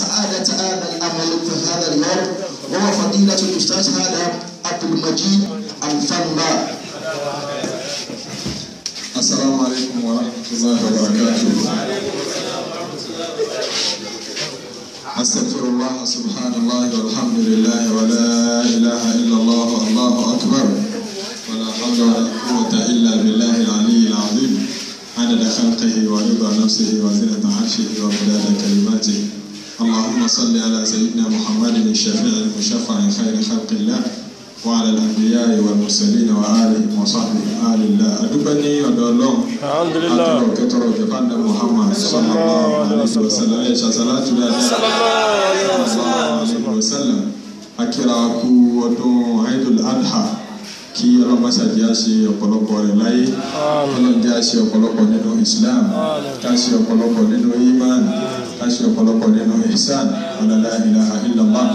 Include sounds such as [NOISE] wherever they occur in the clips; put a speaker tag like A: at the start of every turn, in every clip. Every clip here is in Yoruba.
A: سعادة هذا الأمل في هذا اليوم هو فضيلة الأستاذ هذا عبد المجيد الفنبا السلام عليكم ورحمة الله وبركاته أستغفر الله سبحان الله والحمد لله ولا إله إلا الله الله أكبر ولا حول ولا قوة إلا بالله العلي العظيم عدد خلقه ورضا نفسه وزنة عرشه ومداد كلماته اللهم صل على سيدنا محمد الشفيع المشفع خير خلق الله وعلى الأنبياء والمرسلين وآلهم وصحبه آل الله أدبني ودولهم الحمد لله أترى كترى محمد صلى الله عليه وسلم يا صلى الله عليه وسلم أكرا كو ودو عيد الأضحى kí ọlọ́mọṣà jẹ́ àṣe ọ̀pọ̀lọpọ̀ rẹ̀ láyé ọlọ́run jẹ́ àṣe ọ̀pọ̀lọpọ̀ nínú Islam ká ṣe ọ̀pọ̀lọpọ̀ nínú iman ká ṣe ọ̀pọ̀lọpọ̀ nínú ihsan ọ̀làlá ilaha illallah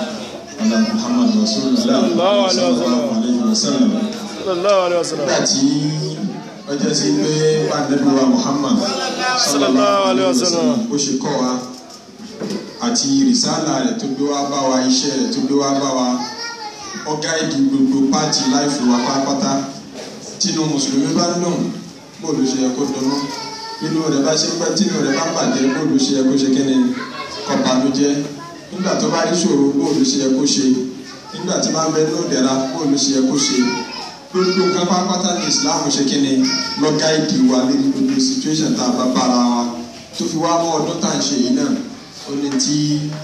A: ọ̀là Muhammad rasulullah sallallahu alayhi wa sallam. nígbà tí ọjọ́ sí pé pàdébùwà Muhammad sallallahu alayhi wa sallam ó ṣe kọ́ wa àti rìsálà rẹ̀ tó gbé wá bá wa iṣẹ́ rẹ̀ tó gbé wá bá wa ọ̀gá ìdí gbogbo pàtì láìfò wa pátápátá tínú mùsùlùmí bá ń dùn bó ló ṣe yẹ kó dunnú nínú rẹ̀ bá ṣe pẹ́ tínú rẹ̀ bá bàjẹ́ bó ló ṣe yẹ kó ṣe kíni kọ̀bánújẹ́ nígbà tó bá rí ṣòro bó ló ṣe yẹ kó ṣe nígbà tí máa ń bẹ ní òdẹ̀ra bó ló ṣe yẹ kó ṣe gbogbo nǹkan pátápátá ní ìsìláàmù ṣe kíni lọ́gá ìdí wa nínú gbogbo situation tá a bá bára wa tó fi wá mọ́ ọdún tá à ń ṣe yìí náà ó ní tí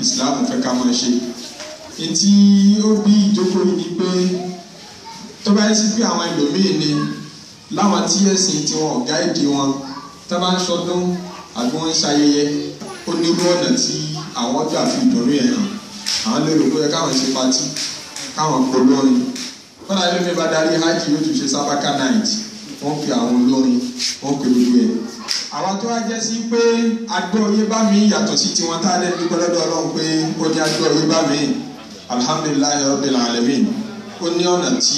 A: ìsìláàmù fẹ́ ká máa ṣe etí ó bí ìjókòó yìí ni pé tó bá yẹ sí pé àwọn ẹlòmíín ni láwọn tí ẹ̀sìn tiwọn ọ̀gá èdè wọn tá bá ń sọdún àbí ṣayẹyẹ ó nírú ọ̀nà tí àwọn gbà fi ìdùnnú yẹn hàn àwọn lérò pé káwọn ṣe patí káwọn polórin kọ́nà ilé mi bá darí hajj yóò tún ṣe sábàkà night wọ́n pe àwọn olórin wọ́n pe gbogbo ẹ̀. àwọn tó wá jẹ́ sí pé agbóyè bá mi yàtọ̀ sí tiwọn tá a lẹ́nu gbọ́dọ̀ ọlọ́run pé ó ní agbóyè bá mi alhamdulilayi rabbil alamin ó ní ọ̀nà tí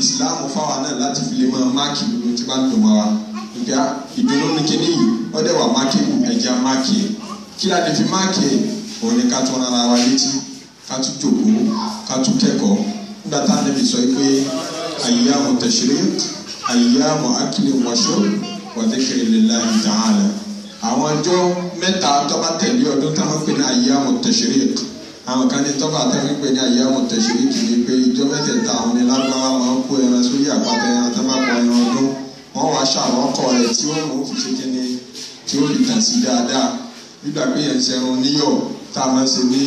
A: islam fáwọn náà láti fi lè máa máàkì nínú tí bá ń dùn mọ́ wa ìgbà ìdùnnú ní kíní yìí ó dẹ̀ wà máàkì ẹ̀já máàkì ẹ̀ kí la lè fi máàkì ẹ̀ òun ni ká tún rárá wa létí ká tún jòkó ká tún kẹ́kọ̀ọ́ nígbà tá a lè sọ pé ayyamu tashriq ayyamu akli wa shurb wa dhikri lillahi ta'ala àwọn ọjọ́ mẹ́ta tó tẹ̀lé ọdún táwọn pè ní ayyamu tashriq àwọn kan ní tọ́ka tẹ́ fi pè ní ayé àwọn tẹ̀sírí kì í pé ijó mẹ́tẹ̀ẹ̀ta àwọn ní lágbára máa ń kó ẹran sórí àpáta ẹran tó bá kọ ẹran ọdún wọ́n wá ṣàrọ́kọ rẹ̀ tí ó mú fi ṣe kíni tí ó fi tàn sí dáadáa nígbà pé yẹn ń ṣẹrun níyọ̀ tá a máa ń ṣe ní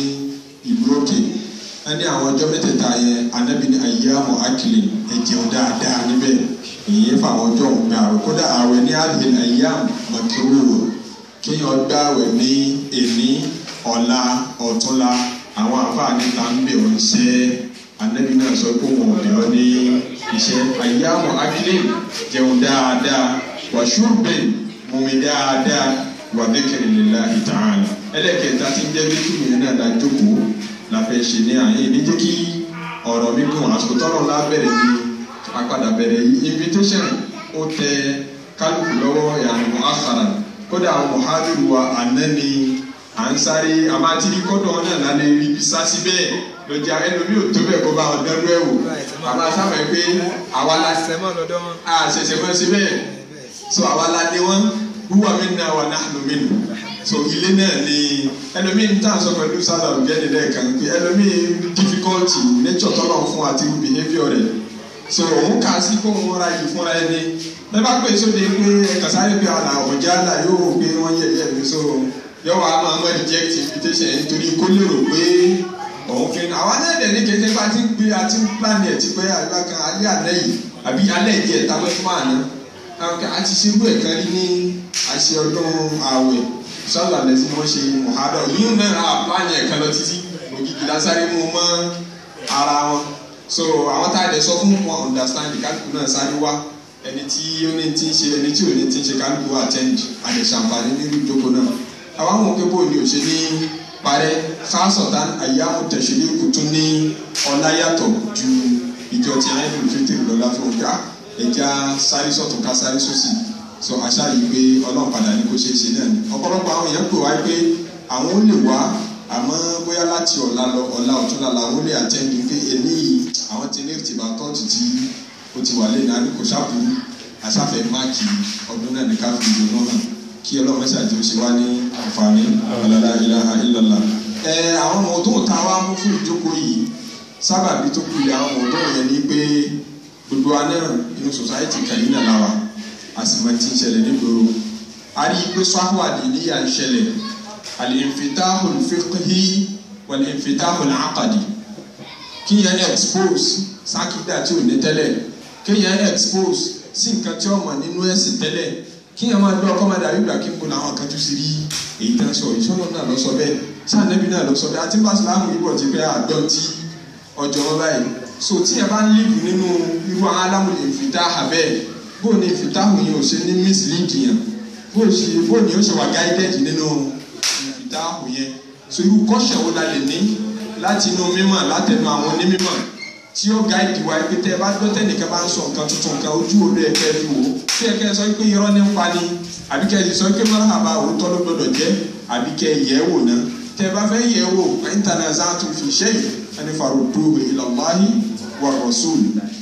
A: ìlú ẹni àwọn ọjọ́ mẹ́tẹ̀ẹ̀ta yẹn anábì ní ayé àwọn akìlì ẹ̀jẹ̀un dáadáa níbẹ̀ èyí fáwọn ọjọ́ òun gbà rẹ̀ kódà ààwẹ̀ ní àbí ayé àwọn mọ̀kẹ́wò kéèyàn gbààwẹ̀ ní èní ọ̀la ọ̀túnla àwọn àfáà níta ń bẹ̀ wọ́n ṣe anabi náà sọ pé wọn ò bẹ̀ wọ́n ní iṣẹ́ àyàmọ̀ akílẹ̀ jẹun dáadáa wàṣúbẹ̀ mumi dáadáa wà dhikri lillahi ta'ala ẹlẹ́kẹ̀ẹ́ta ti ń jẹ́ bí kí nìyẹn náà dájókòó la fẹ́ ṣe ní àyè ní jẹ́ kí ọ̀rọ̀ mi gùn àsìkò tọ́rọ̀ lábẹ́rẹ̀ ni apàdà bẹ̀rẹ̀ yìí invitation ó tẹ kálukú lọ́wọ́ ìyànnú àkàrà kódà àwọn mọ̀hálù wa àná à ń sáré àmọ́ àti ní kọ́dọ̀ náà lálẹ́ rí bí sásí bẹ́ẹ̀ lọ́jà ẹlòmíì ò tó bẹ́ẹ̀ kó bá wọn dánú ẹ̀ wò àmọ́ àsámọ̀ ẹ pé àwa la àṣẹṣẹ mọ́ sí bẹ́ẹ̀ so àwa la ní wọn wúwa mi nà wà náà lómi nù so ilé náà ni ẹlòmíì ń tàn sọ pẹ̀lú sábà òjẹ́ni lẹ́ẹ̀kan pé ẹlòmíì difficulty nature tọ́lọ̀ fún àti behaviour rẹ̀ so òun kà á sí kó òun ra yìí fúnra ẹni lẹ́bàá pé sóde pé kàsáré pé àlà ọ̀já là yóò gbé wọ́n yẹ̀ yẹ̀ mi so yọwọ a máa mọ reject invitation nítorí kó lérò pé òun fi ní àwọn ẹlẹ́dẹ̀ ní kété bá ti ń gbé àti ń plan ẹ̀ ti pé àgbà kan alẹ́ àlẹ́ yìí àbí alẹ́ ìdí ẹ̀ta mẹ́fún àná a ti ṣe irú ẹ̀ kan ní àṣẹ ọdún ààwẹ̀ sọ́dọ̀ àlẹ́ tí wọ́n ṣe mọ̀hádọ́ yìí náà a plan lọ títí ògìgì lásáré mú mọ́ ara wọn so àwọn tá a lè sọ fún wọn understand kálukú náà sáré wá ẹni tí ó ní ti ń ṣe ẹni tí ò ní ti ń ṣe kálukú attend àdèṣàǹfààní nínú ìjókòó náà àwa mọ̀ pé bóyá ò ṣe ní parẹ́ káàsọ̀tàn àyàwó tẹ̀sílẹ̀ kò tún ní ọ̀la yàtọ̀ ju ìjọ ti ayé lòdì tèmi lọ́la fún ọ̀gá ẹja sáré sọ̀tún ká sáré sósì sọ àṣà yìí pé ọlọ́run padà ní kó ṣe é ṣe náà ni ọ̀pọ̀lọpọ̀ àwọn èèyàn pè wá pé àwọn ó lè wá àmọ́ bóyá láti ọ̀la lọ ọ̀la ọ̀túnla làwọn ó lè àtẹ́ni pé eléyìí àwọn ti ní ìtìbà tọ́ọ̀tù tí ó ti wà lẹ́nu àríkò ṣàbùrú àṣàfẹ́ máàkì ọdún náà ní ká fi kí ọlọ́run mẹ́sà jù ṣe wá ní àǹfààní àlàlà ìlàhà ìlàlà. ẹ àwọn ọmọ tó ń ta wá mú fún ìjókòó yìí sábàbí tó kù yà àwọn ọmọ yẹn ni pé gbogbo anẹ́rù inú sòsáyẹ́tì kàyí náà la wa àsìmọ́ ti ń ṣẹlẹ̀ nígboro. a rí i pé sáfù àdìníyà ń ṣẹlẹ̀ al-inftahul fiqhi wal-inftahul aqdi kí yẹn expose sákìdá tí ò ní tẹ́lẹ̀ kí yẹn expose sí nǹkan tí ọmọ nínú ẹ̀sìn tẹ́lẹ̀ kí ẹ máa lọ ọkọ máa dàbí ìgbà kí n bò làwọn kan tún sí rí èyí tán sọ ìṣọ́nà náà lọ sọ bẹ́ẹ̀ sànẹ́bí náà lọ sọ bẹ́ẹ̀ àti bàṣìláàmù ìbọ̀ ti pẹ́ àdọ́tí ọjọ́ wọn báyìí so tí ẹ bá ń lìbù nínú irú alámùlẹ̀ ìfìdá àbẹ́ bó ni ìfìdá òun yóò ṣe ní mísìlíǹdì bó ṣe bó ni ó ṣe wà gáídẹ́ẹ̀dì nínú ìfìdá òun yẹn so irú kọ́ṣẹ̀ wo la lè ní láti mímọ̀ látẹnu àwọn onímọ̀ tí ó ga ìdí wa pé tẹ́ ẹ bá gbọ́ tẹ́nìkan bá ń sọ nǹkan tuntun nǹkan ojú olú ẹ̀kẹ́ rí wò tí ẹ̀kẹ́ sọ pé irọ́ ní ń pa ni àbí kẹ́ ẹ sọ pé mọ́ràbà òótọ́ ló gbọ́dọ̀ jẹ́ àbí kẹ́ ẹ yẹ̀ wò náà tẹ́ ẹ bá fẹ́ yẹ̀ wò intanazatu fi shay'in ẹni faruddu ila Allahi wa rasul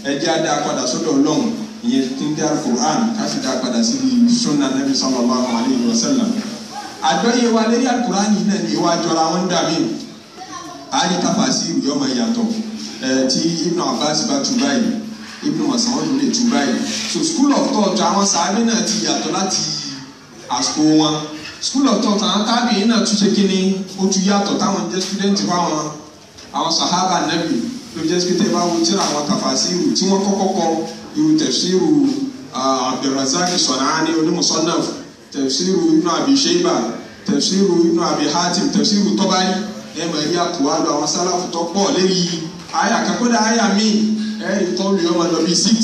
A: ẹ jẹ́ adá padà sọ́dọ̀ ọlọ́run ìyẹn tí ń dá Qur'an ká sì dá padà sí sunna nabi sallallahu alayhi wa sallam àgbọ́yé wa lórí Al-Qur'an yìí náà ni ìwà àjọra wọn dà mí àyíká fàásì ìrù yọmọ ìyàtọ̀ tí Ibn Abbas bá tu báyìí Ibn Mas'ud lè tu báyìí so school of thought àwọn sàábì náà ti yàtọ̀ láti àsìkò wọn school of thought àwọn tábìlì náà tún ṣe kíni ó tún yàtọ̀ táwọn jẹ́ student fáwọn àwọn sahaba nabi ló jẹ́ pé tẹ́ bá wo tíra àwọn tafasiru tí wọ́n kọ́kọ́ kọ irú tafsiru Abdulrazak Sanani onímọ̀sánnáf tafsiru Ibn Abi Shayba tafsiru Ibn Abi Hatim tafsiru tọ́báyì ẹ̀ máa yí àkùwádùn àwọn sálàfù tó pọ̀ lẹ́yìn àyà kakódà àyà míì ẹ̀rí kọ́ọ̀lù yọmọ lọ bíi six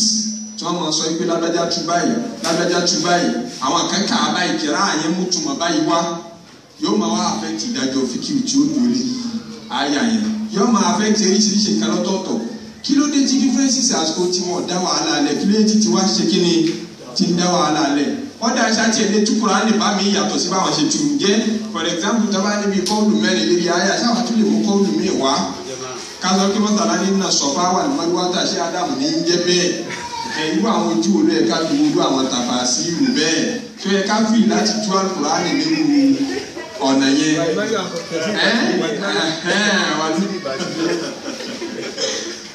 A: tí wọ́n máa sọ pé lágbájá tu báyìí lágbájá tu báyìí àwọn akẹ́kọ̀ọ́ àbáyìí kìrá àyẹ̀ mú tuma báyìí wá yóò máa wá àfẹ́tì ìdájọ́ fíkìrì tí ó dúró àyà yẹn yóò máa àfẹ́tì oríṣiríṣi nǹkan lọ́tọ̀ọ̀tọ̀ kí ló dé tí differences àsìkò tí wọ́n dá wàhálà lẹ̀ kí ló dé tí wọ́n ṣe kí ni ti ń dá wàhálà lẹ̀ ọdẹ
B: aṣáájú ẹni tú Kùránì bá mi yàtọ̀ sí báwọn ṣe tù ń jẹ́ for example tábà níbi kọ́ọ̀lù mẹ́rin lórí ayé aṣáájú
A: lè mú kọ́ọ̀lù mi wá kásọ pé mọ́sálá ní nà sọ̀fà wà ní mọ́lúwátà ṣé ádámù ní í jẹ́ bẹ́ẹ̀ ẹ̀ irú àwọn ojú olú ẹ̀ ká fi wúlú àwọn tàfà sí ìlú bẹ́ẹ̀ tó yẹ ká fi láti tú àkùránì nínú ọ̀nà yẹn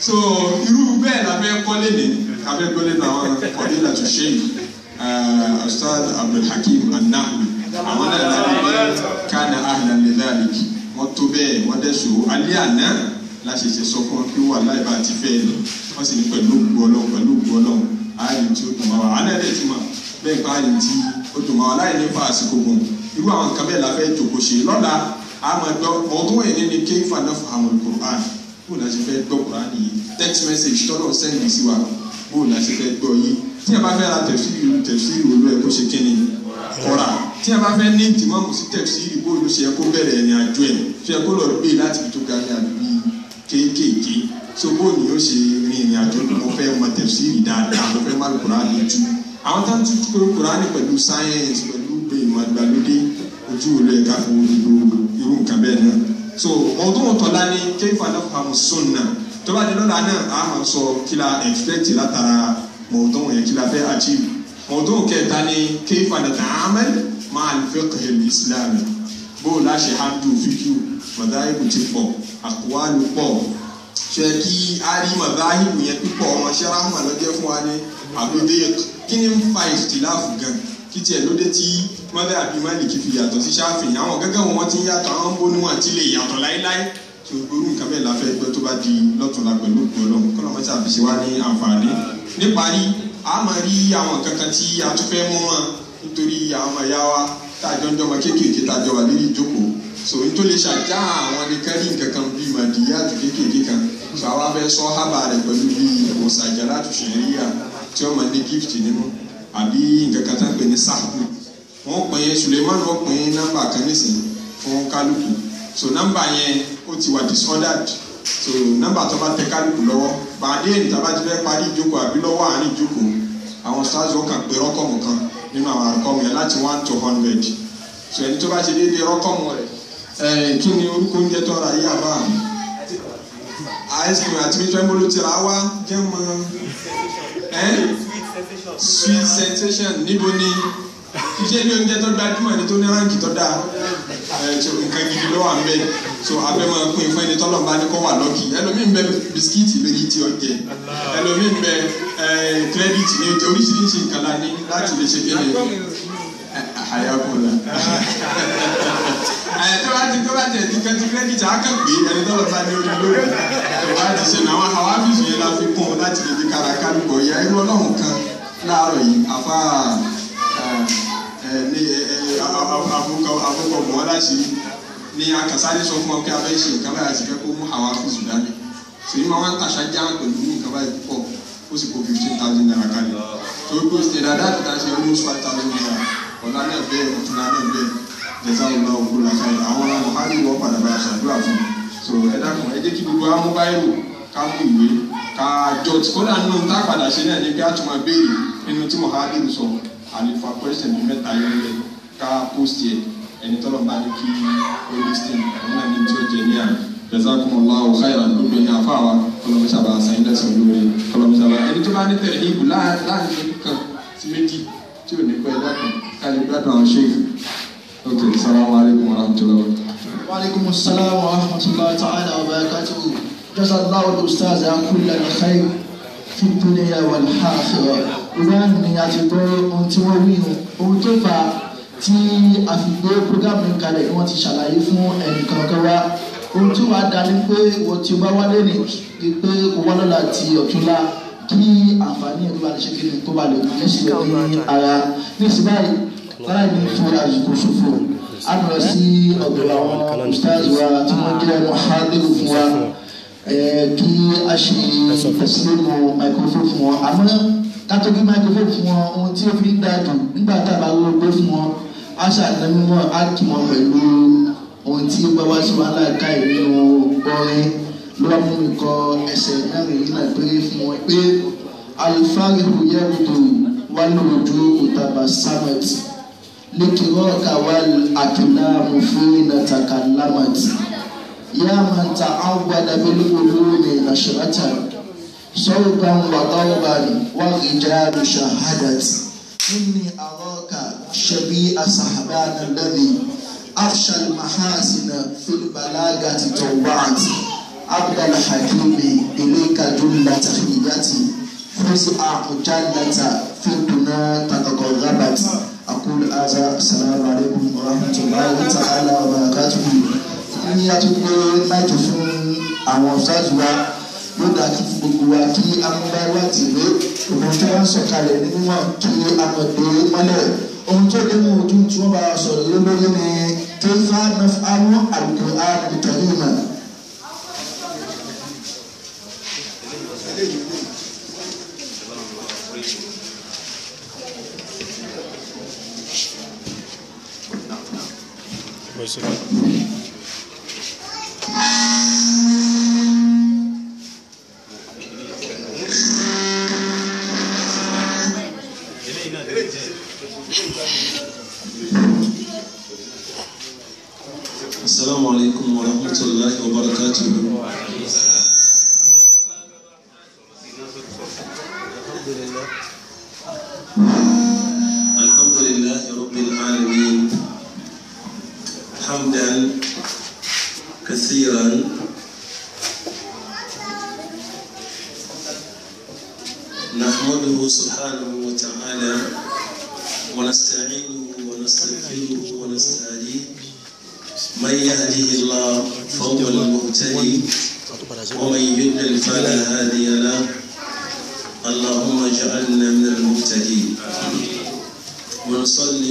A: so irú bẹ́ẹ̀ la fẹ́ kọ́lé ní abẹ́ gbọ́lé náà wọn kọ́lé láti ṣe Ustaz Abdul Hakim An-Nahwi àwọn náà lábẹ́ kánà ahlan li dhalik wọ́n tó bẹ́ẹ̀ wọ́n dẹ̀ so àná láṣẹṣẹ sọ fún wọn kí ó wà láì bá ti fẹ́ lọ wọ́n sì ní pẹ̀lú ògbó ọlọ́run pẹ̀lú ògbó ọlọ́run ààyè tí ó dùn máa wà alẹ́lẹ́ tí mà bẹ́ẹ̀ pa ààyè tí ó dùn máa wà láì ní fa àsìkò gùn irú àwọn nǹkan bẹ́ẹ̀ la fẹ́ ṣe lọ́la àmọ̀dọ́ ọdún wẹ̀nyí ni kí fàdán fún àwọn Qur'an bó la ṣe fẹ́ gbọ́ Qur'an yìí text message tọ́lọ̀ sẹ́yìn sí wa bó la ṣe fẹ́ gbọ́ yìí tí a bá fẹ́ ra tẹ̀síìrì tẹ̀síìrì olú ẹ̀ kó ṣe kíni kọ́ra tí a bá fẹ́ ní ìtìmọ́mù sí bó ló ṣe kó bẹ̀rẹ̀ ẹni àjọ ẹ̀ ṣe kó lọ gbé láti fi tó ga ní àdúgbò kéékèèké so bóun ni ó ṣe rin ìrìn àjò mo fẹ́ mọ tẹ̀síìrì dáadáa mo fẹ́ má lùkùrá mi jù àwọn tó ń tún kúrò kúránì pẹ̀lú sáyẹ́ǹsì pẹ̀lú ìmọ̀ ìgbàlódé ojú rẹ̀ ká fún ìlú irú nǹkan bẹ́ẹ̀ náà so ọdún ọ̀tọ̀lá ni kéfà náà fà mú sùn náà tó bá di lọ́la náà a máa sọ kí expect látara mọ̀ọ́dún yẹn kí la fẹ́ achieve mọ̀ọ́dún kẹta ni kéfà náà tààmẹ́ máa fẹ́ kẹ̀lé islam bó o láṣẹ handle fíkú mọ̀dáyé kò ti pọ̀ àkùwánu pọ̀ ṣe kí arímọ̀ báyìí yẹn pípọ̀ ọmọ ṣẹ́ráhùn àlọ́jẹ́ fún wa ní àbúdé kí ni ń fa ìtìláàfù gan kí tiẹ̀ lóde tí mọ́lẹ́ àbí málìkì fi yàtọ̀ sí ṣáfihàn àwọn gẹ́gẹ́ wọn ti ń yàtọ̀ àwọn bónú àti lè yàtọ̀ láéláé tí o gbórú nǹkan bẹ́ẹ̀ láfẹ́ gbọ́ tó bá di lọ́tọ̀ọ̀la pẹ̀lú òkú ọlọ́run kọ́nà mọ́tà fi ṣe ní àǹfààní. níparí a máa rí àwọn kankan tí a tún fẹ́ mú wọn nítorí àwọn ọmọ ìyá wa tá a jọ ń jọmọ kéékèèké tá a jọ wà lórí ìjókòó so nítorí lè ṣàjá àwọn nìkanrí nkankan bíi màdìyà àti kékeré kan so àwa fẹ́ sọ hábà rẹ̀ pẹ̀lú bíi òsàjàrà àtúnṣe ríà tí wọ́n máa ní gift nínú àbí nkankan tá a pè ní sáàpù wọ́n pè é sulemanu wọ́n pè in nọ́mbà kan nísìnyí fún kálukú so nọ́mbà yẹn ó ti wà disordered so nọ́mbà tó bá tẹ kálukú lọ́wọ́ bàdé ìtàbájú fẹ́ parí ìjókòó àbí lọ́wọ́ àárín ìjókòó àwọn stars ó kàn pé rọ́kọ̀mù kan nínú àwọn àkọ́mù yẹn láti one to hundred so ẹni tó bá ṣe déédéé rọ́kọ̀mù rẹ̀ Eh, kí ni orúkọ oúnjẹ tó ra yí àbá ice cream àti mítíwá mbolo ti ra wá jẹ́ mọ́ eh? sweet sensation níbo ni iṣẹ́ ní oúnjẹ tó gbajúmọ̀ ni tó ní ránkì tó dáa eh, nǹkan gidi ló wà nbẹ so abẹ máa pín fún ẹni tọ́lọ̀ bá ní kó wà lọ́kì ẹlòmíì ń bẹ bisikíìtì lórí ti ọ̀jẹ̀ ẹlòmíì ń bẹ kírẹ́dìtì ní oúnjẹ oríṣiríṣi nǹkan la ní láti lè ṣe kéde àyàkùn la. [LAUGHS] tó bá ti tó bá tiẹ̀ nìkan ti kírẹ́dìtì akẹ́kọ̀ọ́ ẹni tó lọ bá ní orí lórí ìwà àdìsẹ́ náà àwọn àwọn áfíìsì yẹn la fi kún un láti lè di kàràkà lùkọ̀ ya irú ọlọ́run kan láàárọ̀ yìí afá ní àbúkọ àbúkọ mọ́lá sí ní akásáré sọ fún ọ pé abẹ́ ṣe nǹkan báyà ti fẹ́ kó mú àwọn áfíìsì dání sèyí máa ń tàṣà já pẹ̀lú nǹkan báyìí pọ̀ ó sì kó fifteen thousand naira kalẹ̀ tó gbó ṣe dáadáa ti ta ṣe almost five thousand naira ọ̀la náà bẹ́ẹ̀ ọ̀tún náà bẹ́ẹ̀ jẹsà ọlọ òkú làṣà yìí àwọn buhari wọ padà bá ṣàdúrà fún mi so ẹ dákun ẹ jẹ́ kí gbogbo wa mú báyìí ká mú ìwé ká jọ kódà nínú tá a padà ṣe náà ní bí a tún máa béèrè nínú tí buhari sọ àlefa pẹ́sẹ̀ntì mẹ́ta yẹn lẹ ká pósìtì ẹ ẹni tọ́lọ̀ bá ní kí ó lè ṣe ẹni náà ní tí ó jẹ ní àná jẹsà kún ọlọ àwọn káyọ̀rọ̀ ní afá wa kọlọmọṣà bá sàyìn lẹsẹ
B: ẹni tó bá ní tẹ̀lé ìbò láàrin kan sí méjì tí ò ní pẹ́ dákun ká lè gbádùn àwọn ṣéèkì ok salamu alaikum wa rahmatullahi wa barakatuh. wa alaikum salaam wa rahmatullahi ta'ala wa barakatuh. jazakallahu al-ustaz an kulla bi khair fi dunya wal akhirah. ìwádìí ni a ti gbọ́ ohun tí wọ́n wí hàn ohun tó a fi gbé programu kalẹ̀ ni wọ́n ti ṣàlàyé fún ẹnìkankan wa ohun tí wàá da ni pé wọ́n ti wá wálé ní pé kò wá lọ́la ti ọ̀túnla kí àǹfààní ẹ̀rọ bá lè ṣe kí ni kó bá lè mú ní ara ní ìsìn báyìí fara yìí fún àsìkò ṣòfò a lọ sí ọ̀dọ̀ àwọn ustaz wa tí wọ́n jẹ́ muhammed fún wa kí a ṣe tẹ̀sílẹ̀mù microphone fún wọn àmọ́ kátó bí microphone fún wọn ohun tí ó fi ń da dùn nígbà tá a bá wọ́n gbé fún wọn a ṣàtẹnumọ́ a kì wọ́n pẹ̀lú ohun tí bá wá sí wàhálà ká ìrìnnà orin lọ́mú ikọ̀ ẹsẹ̀ mẹ́rin yìí náà pé fún wọn pé alifáàrí kò yẹ kó wà lóòjú òtàbà sámẹ́tì. لكراك والأكلام فينا تكلمت يا من تعود بالقلوب نشرة صوبا وضربا والرجال شهدت إني أراك شبيه صحبان الذي أخشى المحاسن في البلاغة توبعت عبد الحكيم إليك جملة تحياتي خزع مجلة في الدنا تتقربت أقول هذا السلام عليكم ورحمة الله تعالى وبركاته ní a tún gbé láti fún àwọn ṣáàjú wa ló dá kí gbogbo wa kí a mú bá láti lé òun tí wọ́n sọ̀kalẹ̀ nínú wọn kí a mọ̀ dé mọ́lẹ̀ ohun tó lé mú ojú tí wọ́n bá sọ̀rọ̀ lórí ni kéfà àwọn àlùkò àlùkò yìí mọ̀.
A: coisas né?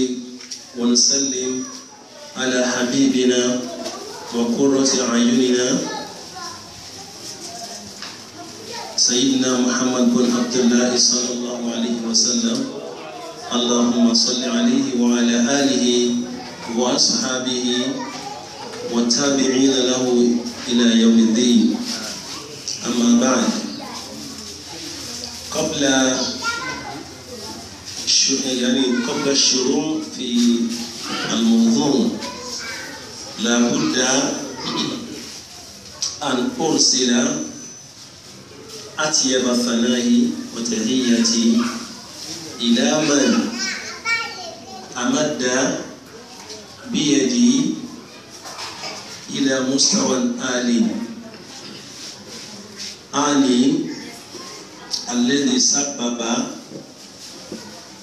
A: نحيي ونسلم على حبيبنا وقرة عيوننا سيدنا محمد بن عبد الله صلى الله عليه وسلم اللهم صل عليه وعلى آله وأصحابه والتابعين له إلى يوم الدين أما بعد قبل يعني قبل الشروع في المنظومة لابد أن أرسل أطيب ثنائي وتحيتي إلى من أمد بيدي إلى مستوى الآلي آلي الذي سبب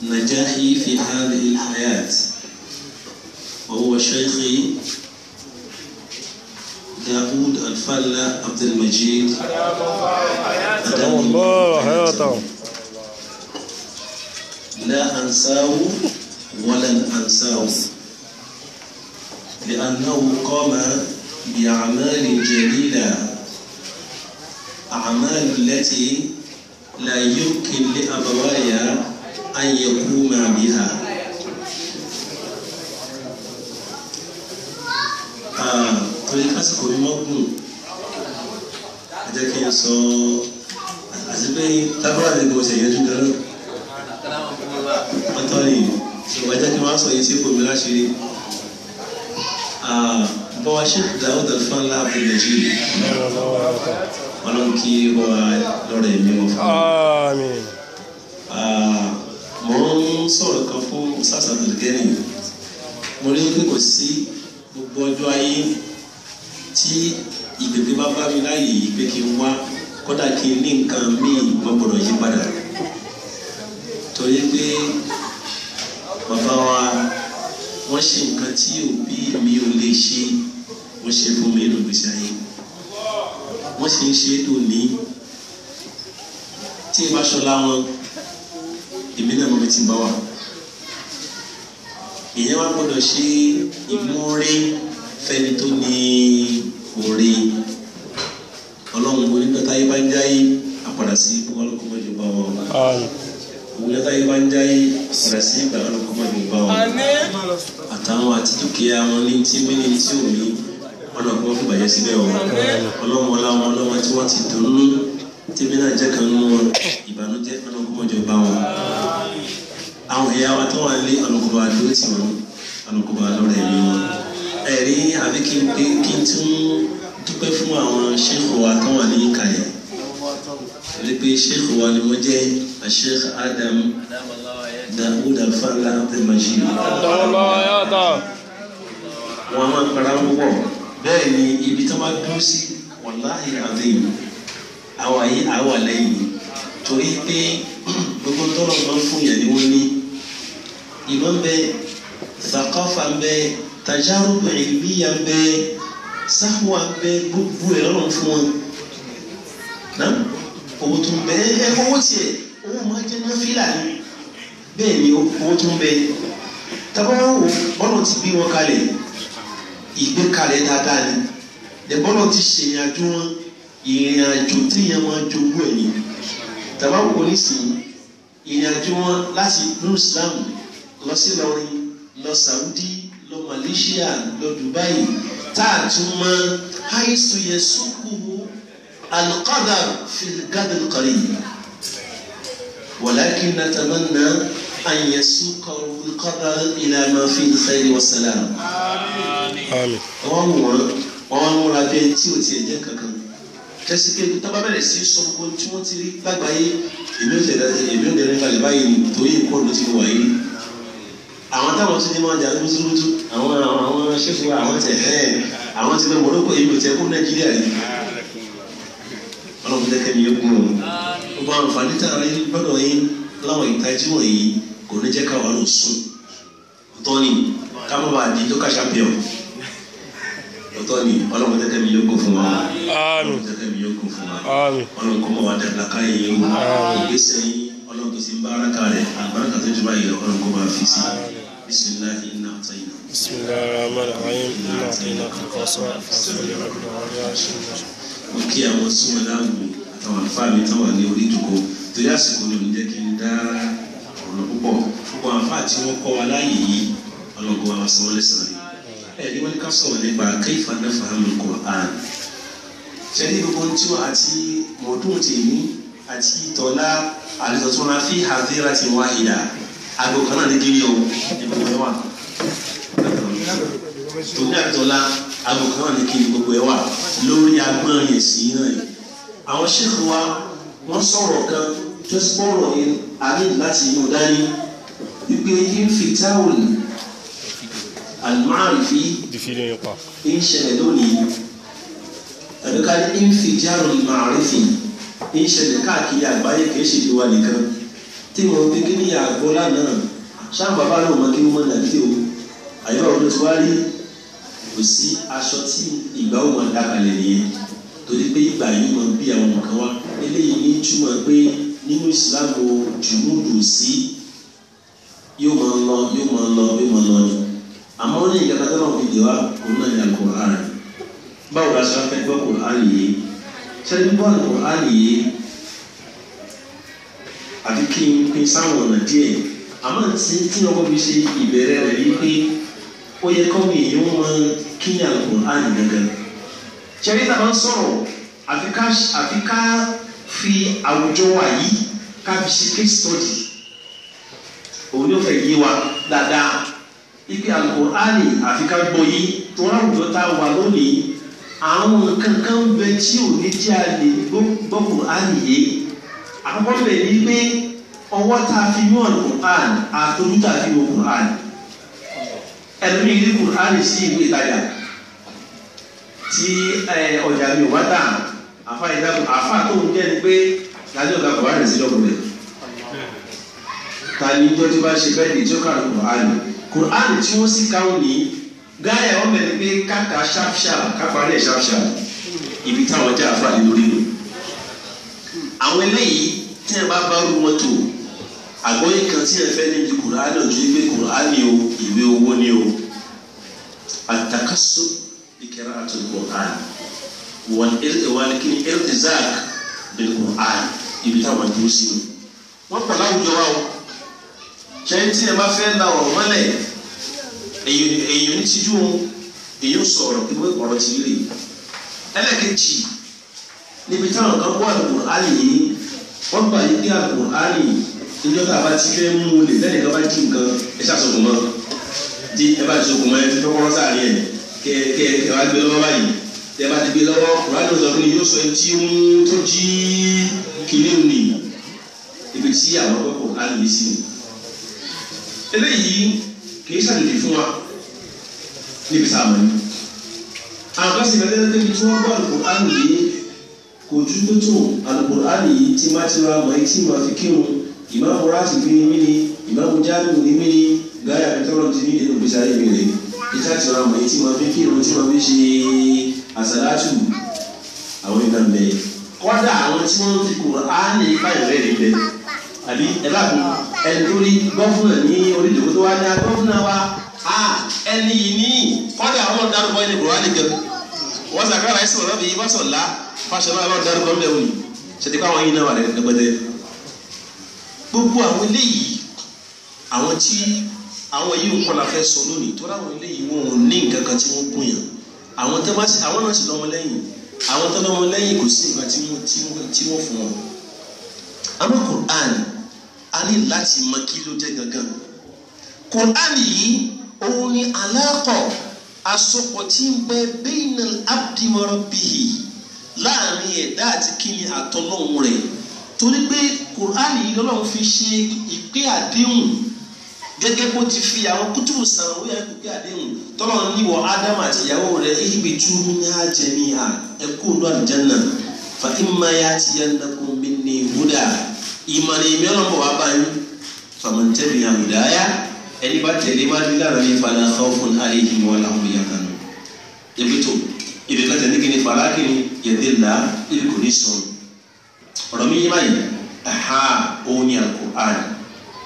A: نجاحي في هذه الحياة وهو شيخي داود الفلا عبد المجيد الله لا أنساه ولن أنساه لأنه قام بأعمال جليلة أعمال التي لا يمكن لأبوايا an yakuma biha kọ́ni kásìkò mi mọ́gùn ẹ jẹ́ kí n sọ àti pé tábàlà ni mo ṣe yẹn dúdú náà ọ̀tọ̀ ni ìwà jẹ́ kí n máa sọ yìí sí kò mi láṣìírí ah, bọ́wá ṣèkù dáwọ́dà fún láàbù nàìjíríà ọlọ́run kí wọ́n lọ́rọ̀ ẹ̀mí wọn
B: fún mi
A: mo ń sọ̀rọ̀ kan fún sàṣàtò gẹ́rin mo rí pé kò sí gbogbo ọjọ́ ayé tí ìgbègbè bá bá mi láàyè yìí pé kí n wá kódà kí n ní nǹkan míì mo gbọ́dọ̀ yí padà torí pé bàbá wa wọ́n ṣe nǹkan tí òbí mi ò lè ṣe wọ́n ṣe fún mi nínú ìgbésí wọ́n sì ń ṣe é dùn ní tí ìbáṣọlá wọn èmi náà mo fi ti bá wa èèyàn wá gbọ́dọ̀ ṣe ìmúrí fẹ́ni tó ní òre ọlọ́run wo nígbà táyé bá ń jáyé àpàdà sí ìgbà ọlọ́kọ́ mọ́jú bá wọn òwúlẹ̀ táyé bá ń jáyé àpàdà sí ìgbà ọlọ́kọ́ mọ́jú bá wọn àtàwọn àti dúkìá wọn ní tí mí ní tí ò ní ọlọ́kọ́ fún bàjẹ́ síbẹ̀ wọn ọlọ́run ọlá ọlọ́run tí wọ́n ti dùn ún tèmi náà jẹ́ kan nínú ìbànújẹ́ ọlọ́kùnmọ̀jọ bá wọn. àwọn ìyá wa tó wà ní ọlọ́kùnmọ̀ àdúró tì wọ́n ọlọ́kùnmọ̀ àlọ́rẹ̀ mi wọn. ẹ̀rí àbí kí n pé kí n tún dúpẹ́ fún àwọn ṣéèkù wa tó wà ní kàyẹ̀. ẹ̀rí pé ṣéèkù wa ni wọ́n jẹ́ Sheikh Adam Dawud Alfala Abdelmajid. wọ́n
B: á máa para wọ́pọ̀ bẹ́ẹ̀ ni
A: ibi tó bá dúró sí wàláhì àdéhùn àwa yìí àwa lẹ́yìn torí pé gbogbo tọ́lọ̀ máa ń fún yẹn ni wọ́n ní ìmọ̀ ń bẹ thaqafa ń bẹ tajarub ilmiya ń bẹ sáwà ń bẹ gbogbo ẹ̀ lọ́rùn fún wọn náà owó tó ń bẹ ẹ owó tiẹ̀ owó máa jẹ́ náà fílà ni bẹ́ẹ̀ ni owó tó bẹ tabawo bọ́lọ̀ ti bí wọn kalẹ̀ ìgbé kalẹ̀ dáadáa ni lẹ́bọ́lọ̀ ti ṣèyàn dún wọn ìrìn àjò téèyàn máa jogún ẹ̀ yìí tàbá wò nísìnyí ìrìn àjò wọn láti inú Islam lọ sí Ìlọrin lọ Saudi lọ Malaysia lọ Dubai tá a tún mọ haisu yasukuhu alqadar fil gadil qarib walakin natamanna an yasuka alqadar àwọn wọn wọn múra tí o tiẹ̀ jẹ kankan tẹ́sí pé tó bá bẹ̀rẹ̀ sí sọ gbogbo tí wọ́n ti rí lágbàáyé èmi ò tẹ̀lé èmi ò tẹ̀lé balẹ̀ báyìí torí nǹkan ló ti wà yìí àwọn táwọn tún ní máa jà lóṣooṣù àwọn àwọn ṣẹ́fù àwọn tẹ̀ ẹ́ àwọn ti lọ mọ̀lọ́kọ̀ èmi ò tẹ̀ kó nàìjíríà yìí ọlọ́run tẹ́kẹ́ mi yókùn o gbogbo àǹfààní tá a rí lọ́dọ̀ yín láwọn ìtají wọ̀nyí kò ní jẹ́ káwọn lò sùn ọ̀tọ̀ ni ká má bàa di lókà champion ọ̀tọ̀ ni ọlọ́run tẹ́kẹ́ mi yókùn fún wa ọlọ́run tẹ́kẹ́ mi kù fún wa ọlọ́run kọ́ mọ̀ wá dàgbàká yìí o ìgbésẹ̀ yìí ọlọ́run kìí sí ń báraka rẹ̀ àbáraka tó jọba yìí ọlọ́run kọ́ bá fi sí bisimilahi inna atayina. bisimilahi rahman rahim inna atayina kankan sọ́ra fasọ́lẹ̀ ọ̀gbìn àwọn ará ṣe ń lọ. mo kí àwọn súnmọ́ láàbù àtàwọn àfáà mi táwọn ní orí ìdòkó torí àsìkò ni òní jẹ́ kí n dá ọ̀rọ̀ púpọ̀ púpọ̀ àfáà tí wọ́n kọ́ wa láàyè yìí ọlọ́gbọ́n àwọn sanwó-ẹlẹ́sàn-án ẹ̀ ní wọ́n ní ká sọ̀rọ̀ ṣẹlẹ̀ gbogbo tí wọ́n àti mọ̀ọ́dún tèmi àti tọ́lá àlùsọ̀tún máa fi àdéhà ti wá ìdá àgbo kan náà nígbìrì o ìgbòho ẹ̀ wà tòun náà tọ́lá àgbo kan náà nígbìrì gbogbo ẹ̀ wà lórí agbọ́n yẹn sí náà yìí àwọn ṣèkù wa wọ́n sọ̀rọ̀ kan tó sọ̀rọ̀ yẹn àmì láti inú dání wípé yín fi táwọn àlùmáàrífì ń ṣẹlẹ̀ lónìí tàbí ká ní ìfìjárò ìmàrífì ń ṣẹlẹ̀ káàkiri àgbáyé kìí ṣe ìlú wa nìkan tí mo ń gbégbé ní àgbo lánàá ṣáà bàbá náà mọ kí wọ́n mọ nàbí o àyẹ̀wò àwọn tó ti wá rí kò sí aṣọ tí ìgbà ó mọ dákalẹ̀ nìyẹn torí pé ìgbà yìí mọ bí àwọn nǹkan wá eléyìí ní túmọ̀ pé nínú ìsìláàmù jùmúdù sí yóò mọ lọ yóò mọ lọ yóò mọ lọ ni àmọ́ ní ìgbà tó náà fi dè wá òun náà ní Al-Qur'an báwo la ṣe fẹ́ gbọ́ kùránì yìí ṣẹ́ni gbọ́ kùránì yìí àfi kí n pín sáwọn ọ̀nà díẹ̀ àmọ́ tí tí ọkọ mi ṣe ìbẹ̀rẹ̀ rẹ̀ yìí pé ó yẹ kọ́ mi èèyàn wọn kí ní àlùkùránì gangan ṣẹ́ni tá a máa ń study òun yóò fẹ́ yé wa dáadáa ipe àlùkùránì àfi ká gbọ́ àwọn nǹkan kan bẹ tí ò ní jẹ́ àlè gbọ́kùn àlìyé àkọ́bẹ̀ ní pé ọwọ́ tá a fi mú Al-Qur'an àtọ́jú tá a fi mú Qur'an ẹ̀mí ní Qur'an sí ìwé ìtajà tí ọjà mi ò wá tà àfa ìdáko àfa tó ń jẹ́ ni pé lájọ́ ọ̀gá Qur'an sí lọ́kùnrin tani ìjọ tí ó bá ṣe bẹ́ẹ̀ ni tí ó kà Qur'an Qur'an tí wọ́n sì káwọn nìyí. Gaya wọn bẹ̀rẹ̀ pé káka ṣáfṣáf káparí ẹ̀ ṣáfṣáf ibi táwọn jẹ́ àfààní lórí lò àwọn eléyìí tí ẹ bá bá rú wọn tó àgbọ́yé kan tí ẹ fẹ́ níbi kùránì ojú ìgbé kùránì o ìwé owó ni o àtàkásù ìkẹrẹ àti kùránì wọn kí ni eltizak bẹ̀rẹ̀ kùránì ibi táwọn dúró sí wọn pẹ̀lú àwùjọ wa o ṣẹ́yìn tí ẹ bá fẹ́ la ọ̀rọ̀ mọ́lẹ̀ èyí ní tijú òun èyí sọ ọ̀rọ̀ pé ọ̀rọ̀ ti rí ẹlẹ́kẹ̀jì níbi táwọn kan wà lóko àlè yìí wọ́n gbà yí pé àpò àlè níjọ́ tá a bá ti fẹ́ mú un lè lẹ́yìn kan bá jí nǹkan ẹ ṣàṣọkùn mọ́ di ẹ bá ṣokùn mọ́ ẹ fi kọ́kọ́rọ́ sáàrin ẹ̀ kẹ kẹ kẹ wá gbé lọ́wọ́ báyìí tẹ bá ti gbé lọ́wọ́ kùránì ọ̀sán fún mi yóò sọ etí ń tó jí kìnìún nìyí ibi tí àwọn kọ́kọ́ àlè yìí sí eléyìí kìí ṣàjòjì fún wa níbi sàmọ̀ ni àwọn kan sì bẹ̀rẹ̀ lẹ́nu débi tí wọ́n gbọ́ àlùkùránì yìí kò ju tó tó àlùkùránì yìí tí má ti ra mọ̀ ẹ́ tí mà fi kírun ìmáàmù ráàsì fi ni mí ni ìmáàmù jáàmù ni mí ni gáyà pẹtrọ́lù ti ní ìdènà òbíṣà yìí mi rè ìta ti ra mọ̀ ẹ́ tí mà fi kírun tí mà fi ṣe àsàlátù ẹ̀dúrí gọ́fúnà ní orílẹ̀-èdè tó wá ní agọ́fúnà wa ẹni yìí ní kọ́dà ọlọ́run dárúkọ ẹni kò wá lè gẹ̀rù wọ́n sàkárà ẹ̀sìn ọ̀rọ̀ bíi wọ́n sọ̀lá fàṣọlá ọlọ́run dárúkọ ńlẹ̀ wòye ṣètìkọ́ àwọn yìí náà wà lẹ́gbẹ̀dẹ́ gbogbo àwọn eléyìí àwọn tí àwọn yìí ń kọ́la fẹ́ sọ lónìí tó láwọn eléyìí wọn ò ní nǹkan kan tí wọ́n gún yàn àwọn tó bá sì àwọn náà sì lọ́mọ lẹ́yìn àwọn tó lọ́mọ lẹ́yìn kò sí nǹkan tí wọ́n fún wọn. àmọ́ Kùránì a ní láti mọ kí ló jẹ́ gangan kùránì yìí òun ni aláàkọ̀ asopọ̀ tí ń bẹ bẹ́ẹ̀nà abdimọ̀rọ̀ bìhì láàrin ẹ̀dá àti kíni àtọ́lọ́hún rẹ̀ torí pé kùránì yìí lọ́lọ́run fi ṣe ìpè àdéhùn gẹ́gẹ́ bó ti fi àwọn kútùbù sàn ó yẹ kúkẹ́ àdéhùn tọ́lọ̀ níwọ̀ ádámù àti ìyàwó rẹ̀ ibi túrú ní àjẹmí à ẹ̀kú lọ́ọ̀dì jẹ́nà fa imma ya'tiyannakum minni huda. Imani èmi ọlọ́mọ wa bá yín fàmọ̀tẹ́bi àwùdáyà ẹni bá tẹ̀lé má ní lára ní fàlà sọ́fún àlejò wọn làwọn ìyá kan aha òun ni àkó àná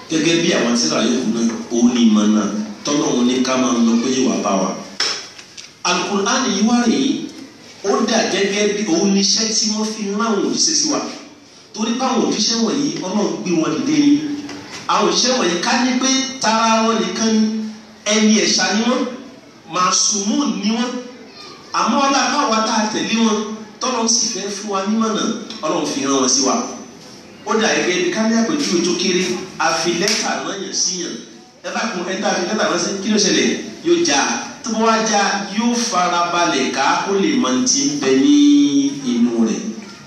A: gẹ́gẹ́ bí àwọn tíra yòókù náà òun ni ìmọ̀ náà tọ́lọ́ òun ní ká máa ń lọ pé yóò wá wa. Al-Qur'an yìí wá rèé ó dà gẹ́gẹ́ bí òun níṣẹ́ tí fi ń ráhùn òṣìṣẹ́ wa torí báwọn òjíṣẹ́ wọ̀nyí ọlọ́run gbé wọn dìde ni àwọn òjíṣẹ́ wọ̀nyí ká ní pé tara wọn nìkan ẹni ẹ̀ṣà ni wọn màsùmù ni wọn àmọ́ ọlá káwa tá a tẹ̀lé wọn tọ́lọ́ sì fẹ́ fún wa nímọ̀nà ọlọ́run fi hàn wọn sí wa ó dà ẹgbẹ́ ẹni ká ní àpèjúwe tó kéré àfi lẹ́tà náà yàn sí yàn ẹ bá lẹ́tà náà sí kí ló ṣẹlẹ̀ yóò já tó bá yóò fara balẹ̀ ká ó lè mọ̀ ti bẹ ní inú rẹ̀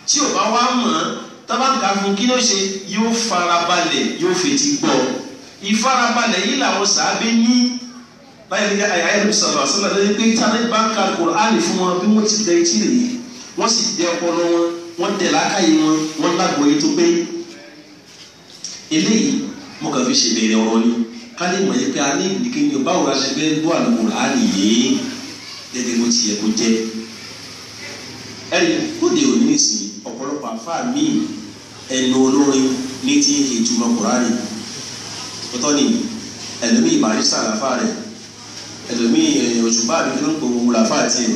A: tí ò bá wá mọ̀ ọ́ tábàǹkà fún kí ló ṣe yóò farabalẹ̀ yóò fetí gbọ́ ìfarabalẹ̀ yìí làwọn sàábé ní báyìí ní àyà ẹ̀rọ sọ̀rọ̀ àṣọlá lórí pé tàbí báńkà Kùránì fún wọn bí wọ́n ti dẹ etí rèé wọ́n sì dẹ ọpọlọ wọn wọ́n dẹ làákàyè wọn wọ́n lágbóyè tó pé eléyìí mo kàn fi ṣèbéèrè ọ̀rọ̀ ni ká lè mọ̀ yẹ pé a ní ìdíkẹ́ ni báwo la ṣe fẹ́ gbọ́ Àlùkùránì yìí gẹ́gẹ́ bó ti yẹ kó jẹ́ ẹ̀rí kó de òní nìsín wàfà míì ẹnu olórin ní ti ìtumọ̀ kùránì ọ̀tọ̀ ni ẹlòmíì barista làfà rẹ̀ ẹlòmíì òṣùpá mi ló ń pò wúlò àfà tiẹ̀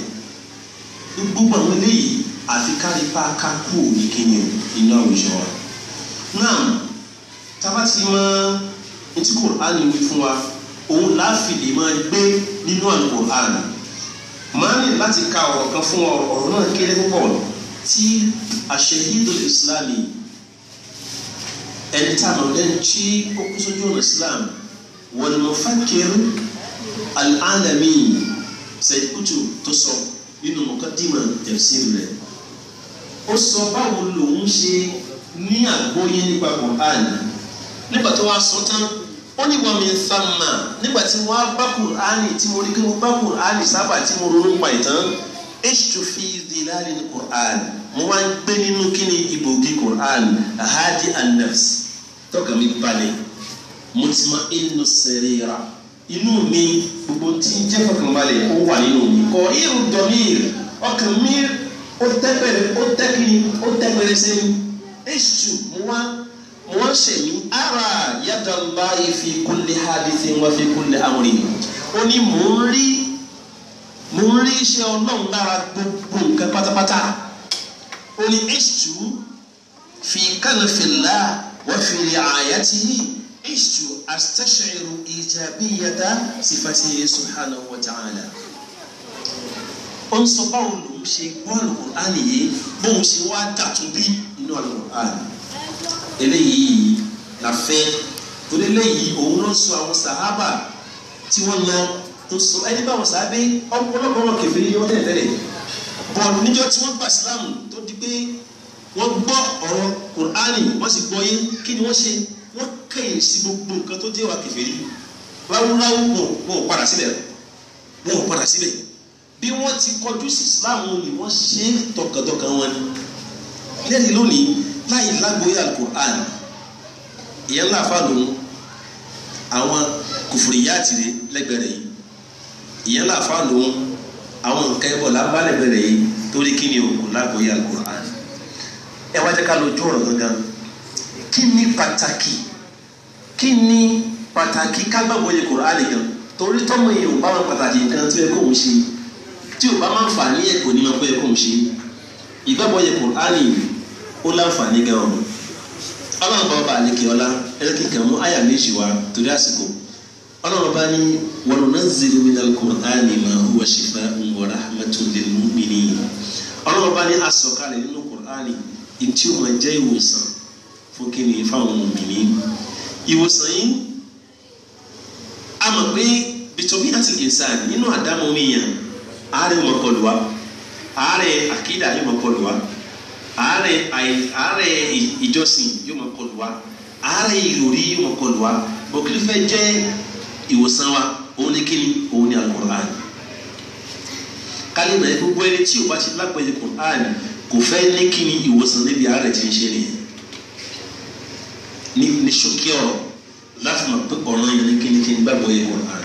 A: gbogbo àwọn eléyìí àfi kárí bá ká kú ní kíni iná òjò wa náà tábà ti mọ etí kùránì wí fún wa òun láàfin lè máa gbé nínú àlùkò àná máa ń lè láti ka ọ̀rọ̀ kan fún ọ̀rọ̀ náà kéré púpọ̀ tí àṣẹyídò ìsìláàmì ẹni tá a nọ lẹ́nu tí ó kú sójú ọ̀nà ìsìláàmù wal mufakkir al-alami Said Qutb tó sọ nínú muqaddimah tafsir rẹ̀ ó sọ báwo lòun ṣe ní àgbóyé nípa Qur'an nígbà tó wá sọ tán ó ní wọn mi sàmà nígbà tí wọn á bá Qur'an tí mo rí kí mo bá Qur'an sábà tí mo ronú pa ìtàn ishtu fi dhilali al-Qur'an mo wá ń gbé nínú kíni ibòji Qur'an hadi an-nafs tọ́ka mi balẹ̀ mutma inú sẹ̀ríra inú mi gbogbo tí ń jẹ́ fọkànbalẹ̀ ó wà nínú mi kọ irun dọ̀míìr ọkàn mi ó tẹ́pẹ̀rẹ̀ ó tẹ́kìní ó tẹ́pẹ̀rẹ̀ sí mi mo wá mo wá ṣèlú ara yadallahi fi kulli hadithin wa fi kulli amrin ó mò ń rí mo rí iṣẹ́ ọlọ́run lára gbogbo nǹkan pátápátá ó ní ìṣù fi kálífìlà wọ́n fi àyàtì yìí ìṣù àtẹ̀ṣẹ̀rù ìjàbíyàtà sífàtì subhanahu wa ta'ala. ó ń sọ báwo lòun ṣe gbọ́ Al-Qur'an bóun ṣe wá dàtúbí inú Al-Qur'an eléyìí la fẹ́ torí eléyìí òun ló ń sọ àwọn sàhábà tí wọ́n lọ tó so ẹni báwọn sábẹ́ ọ̀pọ̀lọpọ̀ wọn kèfèrí yọ tẹ́lẹ̀tẹ́lẹ̀ bọ̀ níjọ́ tí wọ́n gba islam tó di pé wọ́n gbọ́ ọ̀rọ̀ kùránì wọ́n sì gbọ́ yé kí ni wọ́n ṣe wọ́n kẹ̀yìn sí gbogbo nǹkan tó jẹ́ wà kèfèrí láwùláwù wọn ò padà síbẹ̀ wọn ò padà síbẹ̀ bí wọ́n ti kọjú sí islam ni wọ́n ṣe tọkàntọkàn wọn ni lẹ́yìn lónìí láì lágbóyè alukur'an ìyẹn láfa lòun àwọn kùfùrìyà tìrẹ lẹ́gbẹ̀rẹ̀ yìí ìyẹn làfa lòun àwọn nǹkan ẹbọ lábálẹ̀ bẹ̀rẹ̀ yìí torí kí ni òkú lágbóyè Al-Qur'an ẹ wá jẹ́ ká lójú ọ̀rọ̀ gangan kí ni pàtàkì kí ni pàtàkì kágbàgbọ́ yẹ Qur'an gan torí tọ́mọ yìí ò bá wọn pàtàkì nǹkan tó yẹ kó ń ṣe tí ò bá máa ń fà ní ẹ̀kọ́ ní ọkọ̀ ẹ̀kọ́ ń ṣe ìgbàgbọ́ yẹ Qur'an yìí ó láǹfààní gan ọ̀rọ̀ ọlọ́run bá ọba àlekè ọlá ẹ̀rẹ́kìkan mú àyà méjì wá torí àsìkò ọlọ́run bá ní wọn náà zèrè mi náà kùránì mà huwa ṣìfà wa rahmatun lil mu'minin ọlọ́run bá ní asọ̀kalẹ̀ nínú kùránì ntí o máa jẹ́ ìwòsàn fún kí ni fáwọn mùmìnì ìwòsàn yìí a mọ̀ pé bìtọ́bí àti ìsà nínú àdámọ́ nìyẹn àárẹ̀ mọ̀ kọlù wa àárẹ̀ àkídà yóò mọ̀ kọlù wa àárẹ̀ ìjọsìn yóò mọ̀ wa àárẹ̀ ìròrí yóò mọ̀ wa bọ̀kìlì fẹ́ jẹ́ ìwòsàn wa òun ni kíni òun ni alukur'an kálí náà gbogbo ẹni tí o bá ti lápẹ̀lẹ̀ kur'an kò fẹ́ ní kíni ìwòsàn níbi àárẹ̀ tí ń ṣe nìyẹn ní ṣókí ọ̀rọ̀ láti mọ̀ pé ọ̀ràn yẹn ní kíni kíni gbàgbọ́ yẹ kur'an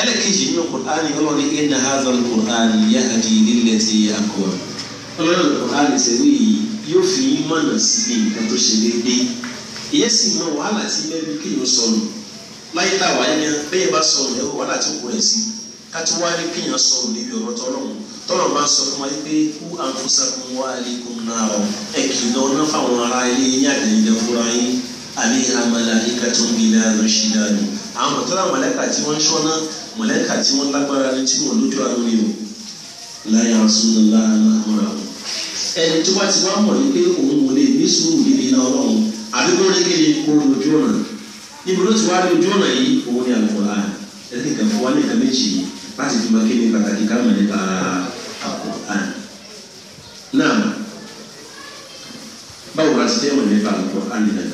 A: ẹlẹ́kejì nínú kur'an yìí ọlọ́run inna hadha kur'an yahdi lillati aqwam ọlọ́run kur'an ìṣèlú yìí yóò fi mọ̀nà síbi nǹkan tó ṣe déédéé ìyẹ́sì mọ wàhálà tí mẹ́rin kéèyàn sọnù láyé tá a wáyé yẹn bẹ́ẹ̀ bá sọ ọ̀nà ẹ̀wọ̀ wàhálà tí kò rẹ̀ sí ká tí wàá rí kéèyàn sọ ọ̀nà ibi ọ̀rọ̀ tọ́lọ́run tọ́lọ́run máa sọ fún wa pé kú àǹfọ̀sàkùn wa àlékún náà ọ̀ ẹ̀ kì í lọ ná fáwọn ará ilé yín àtẹ̀yìnlẹ̀ fúnra yín àbí amala ìka tó ń bilẹ̀ àná ṣì dànù àwọn tọ́lá mọ̀lẹ́kà tí wọ́n ń ṣọ́ná mọ̀lẹ́kà tí wọ́n lágbára ni tí wọ́n lójú àánú ni o láyà sùnúlá àmọ́ra ẹni tó bá ti wá mọ̀ ní pé òun ò ní sùúrù níbi iná ọlọ́run àbí kó rẹ́gẹ́rẹ́ kó lójú ọ̀nà níbo ló ti wá lójú ọ̀nà yìí òun ni Al-Qur'an ẹ̀sìn kìkan fún wa ní ìka méjì yìí láti fi máa kéde pàtàkì ká mọ̀ nípa Al-Qur'an. náà báwo la ti fẹ́ mọ̀ nípa Al-Qur'an nìkan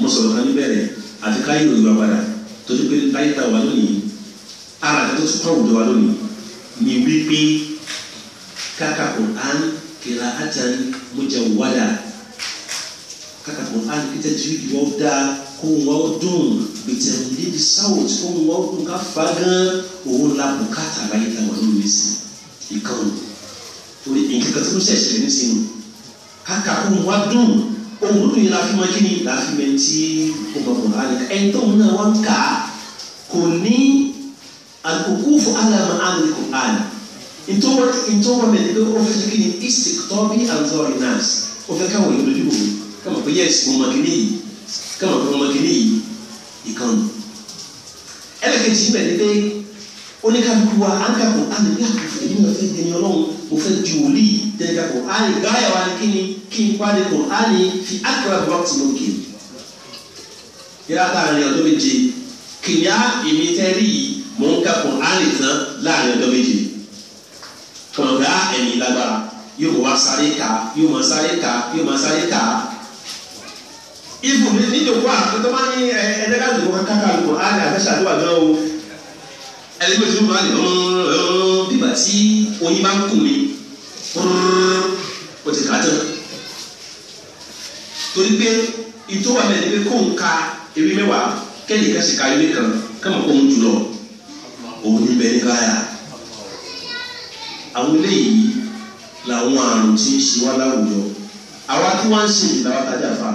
A: mo sọ̀rọ̀ kan níbẹ̀rẹ̀ àti ká yìí lòyún apadà tó ti pé láyé ta wà lónìí ara àti tó sùpọ̀ òjò wa lónìí ni wípé káka Qur'an kìlá àtàn mojawada káka Qur'an kìtẹ́jú ìwọ́ dáa kóhùn wa ó dùn bìtẹ̀lì di sáwòt kóhùn wa ó dùn ká fa gan òun la bùkátà láyé ta wà lónìí sí ìkànnì torí nǹkan tó ṣẹ̀ṣẹ̀ ní sínú kàkà kóhùn wa dùn ohun tó dùn yìí láfi máa kíni láfi máa ti kó bá bọ̀ láàrin ẹni tó ń náà wá kà á kò ní àkókò fún alàmà àlè kò àlè ntoma ntoma bẹ níbi o fẹ́ kí ni istik tọbi azọri nas o fẹ́ ká wọnyi kama ko yẹs mo káwọn ọ̀dọ́ ọmọ kìíní yìí ìkan nù. ẹlẹ́kẹ̀jì bẹ̀ ni pé oníkàlùkù wa ankàkù àmì ní àkùfẹ́ yìí wọ́n fẹ́ dẹni ọlọ́run mo fẹ́ ju òlì dẹni kàkù àyè gáyà wa kí ni kí n pa dẹkọ̀ àyè fi àkàrà bọ̀ tì ló kè. yàrá láàrin ọdún méje kìnìà èmi tẹ́ rí yìí mò ń kàkù àyè tán láàrin ọdún méje. kọ̀ọ̀dà ẹ̀mí lágbára yóò wá sáré ká yóò máa sáré ká yóò máa sáré ká ibù nídòkó àtúntò máa ní ẹ̀ẹ́dẹ́gbà lòkó káká lòkó àlẹ́ àfẹ́sàdúrà náà o ẹlẹ́gbẹ́ tí ó máa lè bíbà tí oyin bá ń kù mí o ti kà á tán torí pé ìtòwà mẹ́rin pé kó ń ka ewé mẹ́wàá kẹ́lì kan sì ka ewé kan kẹ́mọ̀ kó ń jùlọ òun ní bẹ́ẹ̀ ní káyà àwọn eléyìí làwọn àrùn tí ń ṣe wá láwùjọ àwa tí ń sìn làwọn tajà fa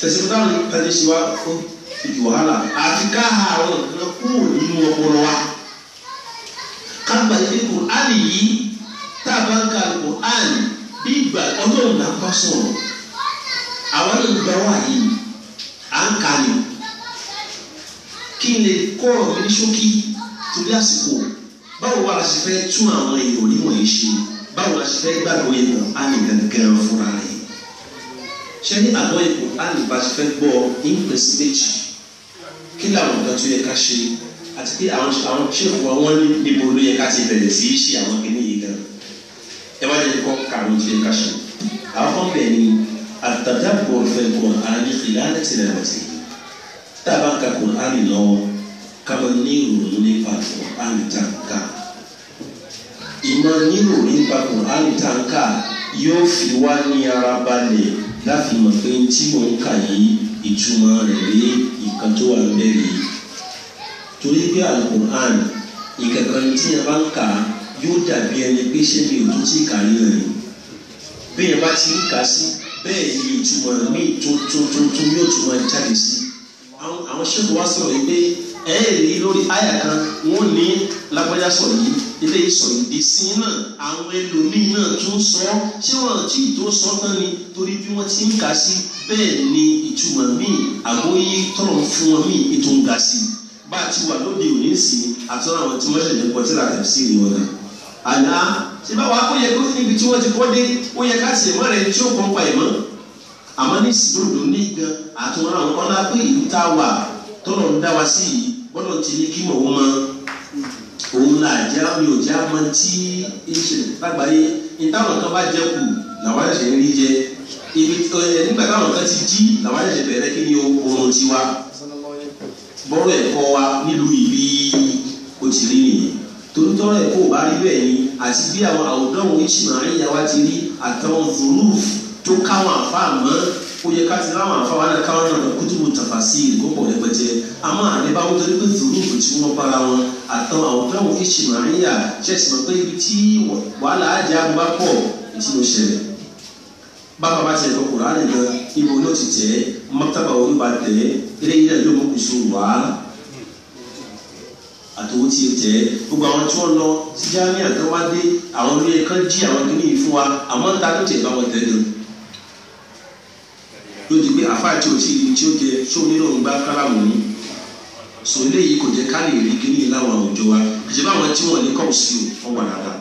A: tẹ̀síkútà tàbí ṣe wá fún ìdí wàhálà àti ká àwọn ìpínlẹ̀ kúrò nínú ọpọlọ wa ká gbàgbé ní kùránì yìí tá a bá ń ka kùránì bí ìgbà ọlọ́run là ń bá sọ̀rọ̀ àwọn yóò gbà wá yìí à ń kà ní kí n lè kọ́ ọ̀rọ̀ ní ṣókí torí àsìkò báwo wà láti fẹ́ tún àwọn èèyàn onímọ̀ yìí ṣe báwo láti fẹ́ gbàgbọ́ yẹn kùránì gẹ́gẹ́ fúnra rẹ̀ ṣé ní àwọn ipò àlùbá ti fẹ́ gbọ́ ìpèsè méjì kí làwọn nǹkan tó yẹ ká ṣe àti pé àwọn àwọn ṣèkù wa wọ́n ní níbo ló yẹ ká ti bẹ̀rẹ̀ sí í ṣe àwọn kìíní yìí gan ẹ wá jẹ́ kó kàrún tó yẹ ká ṣe àwọn kan bẹ̀ ni àtàdá bọ̀ fẹ́ gbọ́ àní ìlànà tìlẹ̀ wọ̀tì tá a bá ń ka Kùránì lọ́wọ́ ká lọ ní ìròyìn nípa Kùránì tá a ń kà ìmọ̀ ní ìròyìn nípa Kùránì tá a ń kà yóò fi wá ní ara balẹ̀ láti mọ̀ pé tí mò ń kà yìí ìtumọ̀ rẹ̀ rí ìkan tó wà lórí yìí torí pé alukur'an ìkankan tí yẹn bá ń kà yóò dàbí ẹni pé ṣé mi ò tún ti kà ní ẹ̀yìn bí yẹn bá ti ń kà sí bẹ́ẹ̀ ni ìtumọ̀ mi tuntun yóò tún máa jáde sí àwọn ṣẹ́kù wá sọ̀rọ̀ yìí pé ẹ̀ẹ́rì lórí àyà kan wọ́n ní lágbájá sọ̀rọ̀ yìí ilé ìsọ̀ ìdísìn náà àwọn ẹlòmíín náà tún sọ ọ́ ṣé wọn àti ìtò sọ tán ni torí bí wọ́n ti ń kà sí bẹ́ẹ̀ ni ìtumọ̀ míì àgbóyé tọ̀rọ̀ fún wọn míì ètò ń ga sí i bá a ti wà lóde òní sí i àtúnrà àwọn tí wọ́n ṣẹ̀lẹ̀ pọ̀ tí ra tẹ̀ sí ìrìn ọ̀nà. àná ṣe bá wàá kó yẹ kó níbi tí wọ́n ti kọ́ dé ó yẹ ká sì mọ́ rẹ̀ tí ó kàn pa ìmọ̀ àmọ́ ní ìsìlódò ní ní kí mọ̀ wọ́n máa òun là jẹ́ mi ò jẹ́ àmọ́ tí ń ṣẹlẹ̀ lágbàáyé ìtàwọn kan bá jẹ́ kù làwọn ẹ̀ṣẹ̀ ń rí jẹ ibi nígbà táwọn kan ti jí làwọn ẹ̀ṣẹ̀ bẹ̀rẹ̀ kí ni oorun tiwa bọ́rọ̀ ẹ̀kọ́ wa nílùú ìbí o ti rí nìyẹn torí tọ́rọ̀ ẹ̀kọ́ ò bá rí bẹ́ẹ̀ ni àti bí àwọn àwùjọ òun ìṣìnà ti rí àtàwọn fúrúùfù tó káwọn àfáà mọ́ ó yẹ ká ti láwọn àfáwọn alákàwọn náà kútùbù tàfàsí ìgbọ́pọ̀ rẹpẹtẹ àmọ́ àdébá ó torí pé fúrúùfù tí wọ́n bára wọn àtàn àwùjọ ìṣìmọ̀ríyà ṣẹ̀sì mọ̀ pé ibi tí wàhálà á jẹ́ agbá pọ̀ tí mo ṣẹlẹ̀ bábà bá tiẹ̀ lọ́kùnrin á lè lọ ibo ló ti tẹ̀ mọ́tàbà olúba tẹ̀ eré yíyá ló mú kùsù wá àtòwó ti tẹ̀ gbogbo àwọn tí wọ́n lọ sí jámíà tó wá dé àwọn olóyè kan jí àwọn fún wa àmọ́ ta ló tẹ̀ bá wọn tẹ̀ lọ ló di pé àfa àti òtí yìí tí ó jẹ sómi náà ń gbá kálàmù mú sọ eléyìí kò jẹ ká rí kíní láwọn àwùjọ wa àti báwọn tí wọn lè kọ́ sí o wọn wà dáadáa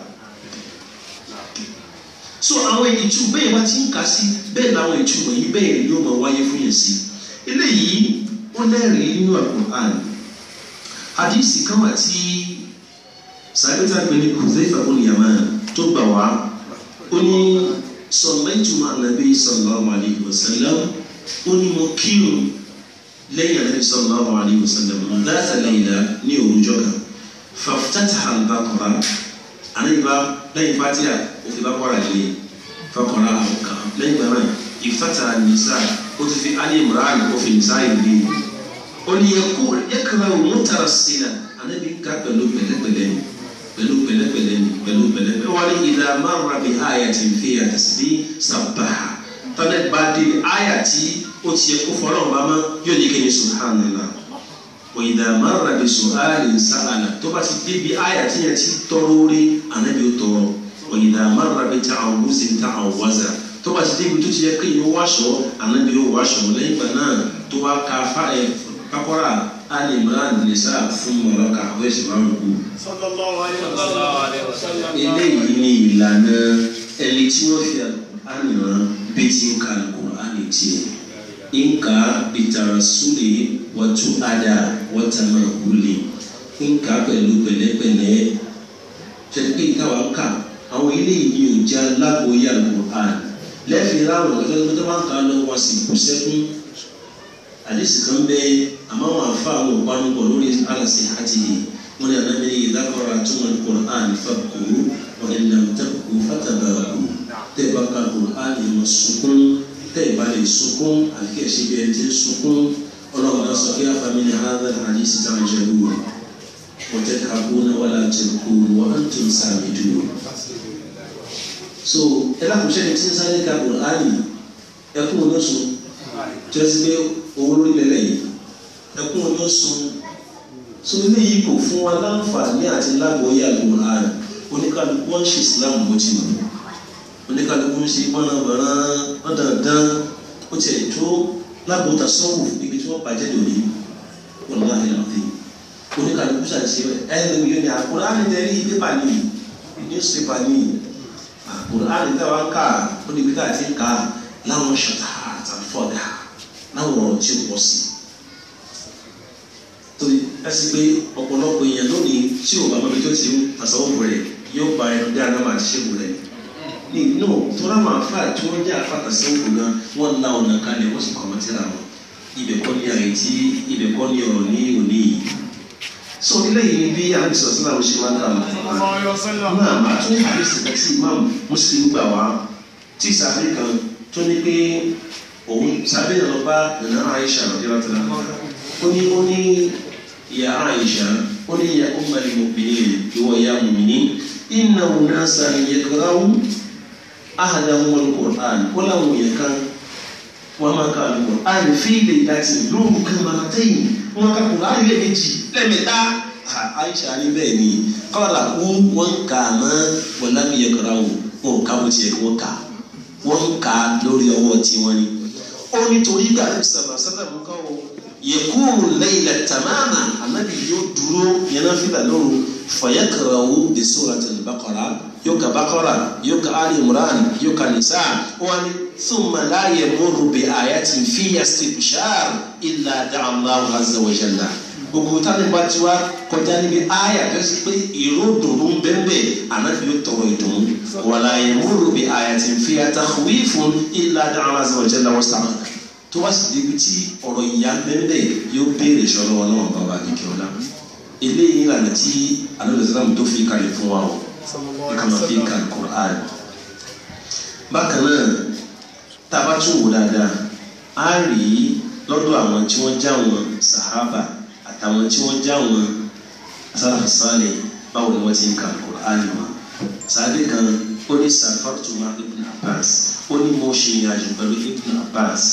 A: so àwọn ìtú bẹ́ẹ̀ wá ti ń kà sí bẹ́ẹ̀ làwọn ìtú wọ̀nyí bẹ́ẹ̀ ni ó máa wáyé fún yẹn sí eléyìí ó lẹ́rìí nínú Al-Qur'an hadisi kan wà tí sàbẹ́tà pé ní Hudhayfa ibn Yaman tó gbà wá ó ní sọ̀mẹ́tù máa nàbí sallallahu alayhi wa sallam ó ní mo kírun lẹ́yìn ànábì sallallahu alayhi wa sallam láti lẹ́yìnlá ní òwúrọ̀ kan fàfitátà àlùbá kọ̀ra àníbá lẹ́yìn fatia òfin bá kọ́ra lé fakọ̀ra àwọn kan lẹ́yìn gbàmọ́ ìfàtà nìsa ó ti fi alẹ́ mìíràn òfin nìsa ìlú ó ní yẹ kó yẹ kàrà òun tàrà sílẹ̀ ànábì ká pẹ̀lú pẹ̀lẹ́pẹ̀lẹ́ yìí pẹ̀lú pẹ̀lẹ́pẹ̀lẹ́ ni pẹ̀lú pẹ̀lẹ́pẹ̀lẹ́ wọ́n ní ìdá márùn-ún àbí àyà ti fi àyà sí ní sàbàá tọ́lẹ̀ bá dé àyà tí ó ti ẹ̀kú fọlọ́run bá mọ́ yóò ní kéde subhanallah wọ́n ìdá márùn-ún àbí sùhálì sàlànà tó bá ti débi àyà tí yẹn ti tọrọ orí ànábi ó tọrọ wọ́n ìdá márùn-ún àbí ta'awuzin ta'awaza tó bá ti débi tó ti yẹ kéde wáṣọ ànábi wáṣọ lẹ́yìn gbà náà tó wá ka fáyẹ alimran nisa fún mọlọka àwọn èsì máa ń kú. eléyìí ni ìlànà ẹni tí wọ́n fi ànìràn bí ti ń ka Al-Qur'ani tiẹ̀ nka bitarasuli wọ́tú ada wọ́tàmà ìwúlé nka pẹ̀lú pẹ̀lẹ́pẹ̀lẹ́ tẹ̀lé káwá kà àwọn eléyìí ni ò já lágbóyè Al-Qur'ani lẹ́fìí ráwọ̀ lọ́dọ́dọ́dọ́ máa ń kà lọ́wọ́ sí kù sẹ́kún kan bẹ́ẹ̀ àmọ́ àwọn àfa àwọn òpá nípò lórí alàsè àti wọn ni àdámẹ́ yìí lákọ̀ọ́ra àtúmọ̀ Al-Qur'an fàkùrù wa in lam tàkù fàtàbàrù tẹ́ bá ka Al-Qur'an yìí mọ̀ sunkún tẹ́ bá lè sunkún àfikẹ́ ṣe bí ẹni tí sunkún ọlọ́run náà sọ pé àfàmì ni hadha al-hadith ta'jalun wa tadhabuna wa la tabkun wa antum samidun so ẹlẹ́kùnṣẹ́ ni tí ń sáré ka Al-Qur'an yìí ẹkún olóṣù tí wọ́n ti gbé owó lórí lẹ́lẹ́yìí ẹkún oní sun so eléyìí kò fún wa láǹfààní àti lágbóyè àgbò ààrẹ oníkàlùkù wọn ṣe islam bó ti wù oníkàlùkù ń ṣe gbọ́nàbọ̀rán ọ̀dàndán ó tiẹ̀ tó lágbóta sọ́wọ́ ibi tí wọ́n bàjẹ́ lórí wọn lọ́wọ́ àyè lọ́dẹ oníkàlùkù ṣàṣe ẹlẹ́mi yóò ní àkùrá nítorí pépà ni newspaper ni àkùrá nítorí wọn kà ó níbi tá a ti kà láwọn ṣọta àtàfọ́dà láwọn ọ̀rọ̀ tí ó pọ̀ sí i tó ẹsì pé ọ̀pọ̀lọpọ̀ èèyàn lónìí tí ò bá mọ̀ bí tó ti ń tasawọ́pù rẹ̀ yóò ba ẹnu dé àná máa ṣe wù rẹ̀ nínú tọ́lá máa fà tí wọ́n jẹ́ àfàtà sẹ́wọ̀n gan wọ́n la ọ̀nà kalẹ̀ wọ́n sì kọ́mọ tí ra wọn ibẹ̀ kọ́ ni àyè tí ibẹ̀ kọ́ ni ọ̀rọ̀ ní òní yìí sọ nílẹ̀ yìí ni bí àbísọ̀ sílá o ṣe máa ń kàlọ́
B: náà máa tún àbísọ̀
A: tẹ́tí imam muslim gbà wá tí sàbẹ̀ kan tó ní pé òun sàbẹ̀ yẹn lọ bá ó ní ó ní. ìyá Aisha ó ní ya ummul mu'minin ìwọ ya mùmíní inna nasan yaqra'u ahdahumul Qur'an ó láwọn yẹn kan wọ́n máa ka Al-Qur'an fi laylatin lóru kamaratayn wọ́n ka Qur'an lẹ́ẹ̀mejì lẹ́ẹ̀mẹ́ta ah, Aisha ní bẹ́ẹ̀ ni kọ́lá kú wọ́n kà mọ́ wọ́n lábì yẹ kọ́ra wò wọn ò ká bó tiẹ̀ kí wọ́n lórí ọwọ́ tiwọn ni. ó nítorí gbà ní sàlàsàlà mú yẹkúrú lẹ́yìnlẹ̀ tàmáàmà anábì yóò dúró yẹnáfíà lóru fàyẹ́kàràwó bi suratul Baqara yóò ka Baqara yóò ka Ali Imran yóò ka nisa wọn ni thumma la yamurru bi ayatin fiya istibshar illa da'a Allahu azza wa jalla gbogbo táni bá tiwa kọjá níbi aya tó ṣe pé ìró dùnú bẹ́ẹ̀ ànáfi yóò tọrọ ìdùnnú wàlàyé múlò bí fi ata wí fún ilà azza wa jalla wọ́n sàmà tó bá sì débi tí ọ̀rọ̀ ìyá bẹ́ẹ̀ yóò béèrè ìṣọ́ lọ́wọ́ náà bàbá àdìkẹ́ ọ̀la eléyìí ìlànà tí alóòsílámù tó fi kalẹ̀ fún wa o ìkàmà fi kalẹ̀ Qur'an bákan náà tá a bá tún wò dáadáa á rí lọ́dọ̀ àwọn tí wọ́n já wọn sàhábà àtàwọn tí wọ́n já wọn sálàfù sálẹ̀ báwo ni wọ́n ti ń kalẹ̀ Qur'an wọn sàádé kan ó ní sàfàtúmá Ibn Abbas ó ní mo ṣe ìrìnàjò pẹ̀lú Ibn Abbas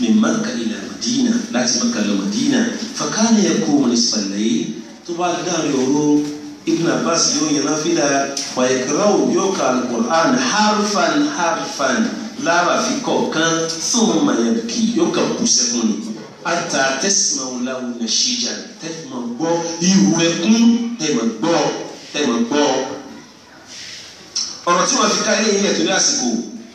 A: min Makkah ila Madina láti Makkah lọ Madina fakana yaqumu nisfal layl tó bá dáre òru Ibn Abbas yóò yẹn náfìlà wa yaqra'u yóò ka al-Qur'an harfan harfan lára fi kọ̀ọ̀kan thumma yabki yóò ka kù sẹ́kùn ni ata tasma'u lahu nashija tẹ́fìmọ̀ gbọ́ ìwú ẹkún tẹ́fìmọ̀ gbọ́ tẹ́fìmọ̀ gbọ́ ọ̀rọ̀ tí wọ́n fi ká ilé yẹn tó ní àsìkò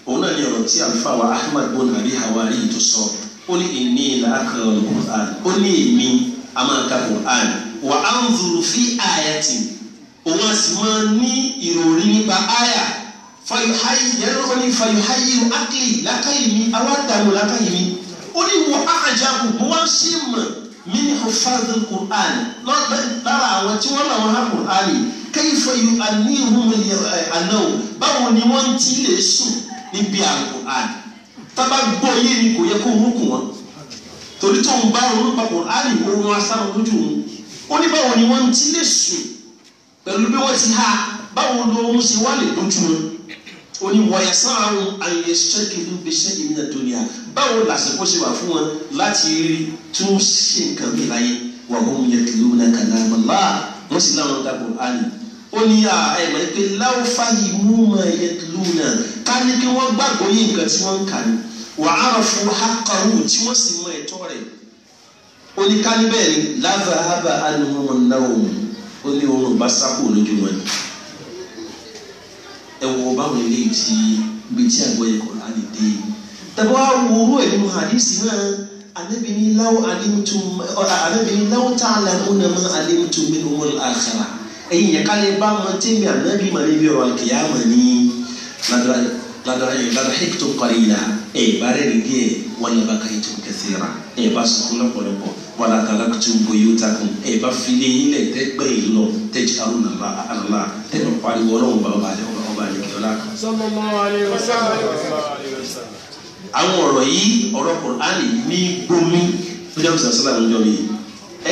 A: òun náà ní ọ̀rọ̀ tí àlùfáà wa Ahmad bọ́ọ̀nù àbí hawari tó sọ ó ní ìní ìlà akọ̀rọ̀ Qur'an ó ní èmi a máa ka Qur'an wà á ń zuru fi ayatin òun a sì máa ní ìròrí nípa àyà fayuhayi yẹn ló ní fayuhayi akili lákàyè mi awádàmú lákàyè mi ó ní wọ àjàbù mo wá sí mọ̀ mí ní hufadhil Qur'an lára àwọn tí wọ́n làwọn ha Qur'an kayfa yu'annihum àníhùn ànáwó báwo ni wọ́n ti lè sùn níbi Al-Qur'an tábà gbọ́ yé ni kò yẹ kó orúkún wọn torí tó ń bá ronú papọ̀ àlè orun asáró lójú wọn ó ní báwo ni wọ́n ti lè sùn pẹ̀lú bí wọ́n ti ha báwo lóorun ṣe wá lè lójú wọn ó ní wọ́n yẹ sára àyè ṣẹ́kìlú bí ṣẹ́kìlú náà ní à báwo làṣẹkó ṣe wà fún wọn láti rí tún ṣe nǹkan mi láyé wàhùn yẹ kìlú náà wọ́n sì láwọn dàgbò àlè ó ní ẹ̀mọ́ pé láwùfá yìí mú mọ ẹ̀yẹ lù náà ká ní kí wọ́n gbàgbọ́ yìí nǹkan tí wọ́n ń kà ní wàhálà fún hákàrù tí wọ́n sì mọ ẹ̀tọ́ rẹ̀ ó ní ká ní bẹ́ẹ̀ ni lábàábà ànúmọ̀ náà ó ní oorun bá sápò lójú wọn ẹ wọ báwọn ilé tí gbèsè àgbọ̀ ẹ̀kọ́ láti dé tàbá wúrú ẹ̀ nínú àdìsí náà anábìrin láwọn alimtum anábìrin láwọn tá a lànà ó nà mọ́ alimtum min umul ẹ̀yin yẹ k'ale bá mọ tẹ́mi ànábì mọ̀ níbi ọ̀rọ̀ àkìyà mọ̀ ní ladarahikito kọ́lé yìí la ẹ̀ bá rẹ̀ ní díẹ̀ wọ́n yẹ bá kàyé tó kẹsẹ̀ ra ẹ̀ bá sọkún lọ́pọ̀lọpọ̀ wọ́n la kàlá tó ń bọ̀ ta kún ẹ̀ bá file yín lẹ̀ tẹ́ gbẹ́ yìí lọ tẹ́ jẹ́ àrùn nàlá àlá tẹ́ bá pariwo ọlọ́run bá ọba àlẹ́ ọba àlẹ́ kìlọ́ la. àwọn ọ̀rọ̀ yìí ọ̀rọ̀ kọ̀ọ̀án ní gbomi bí wọ́n ti sọ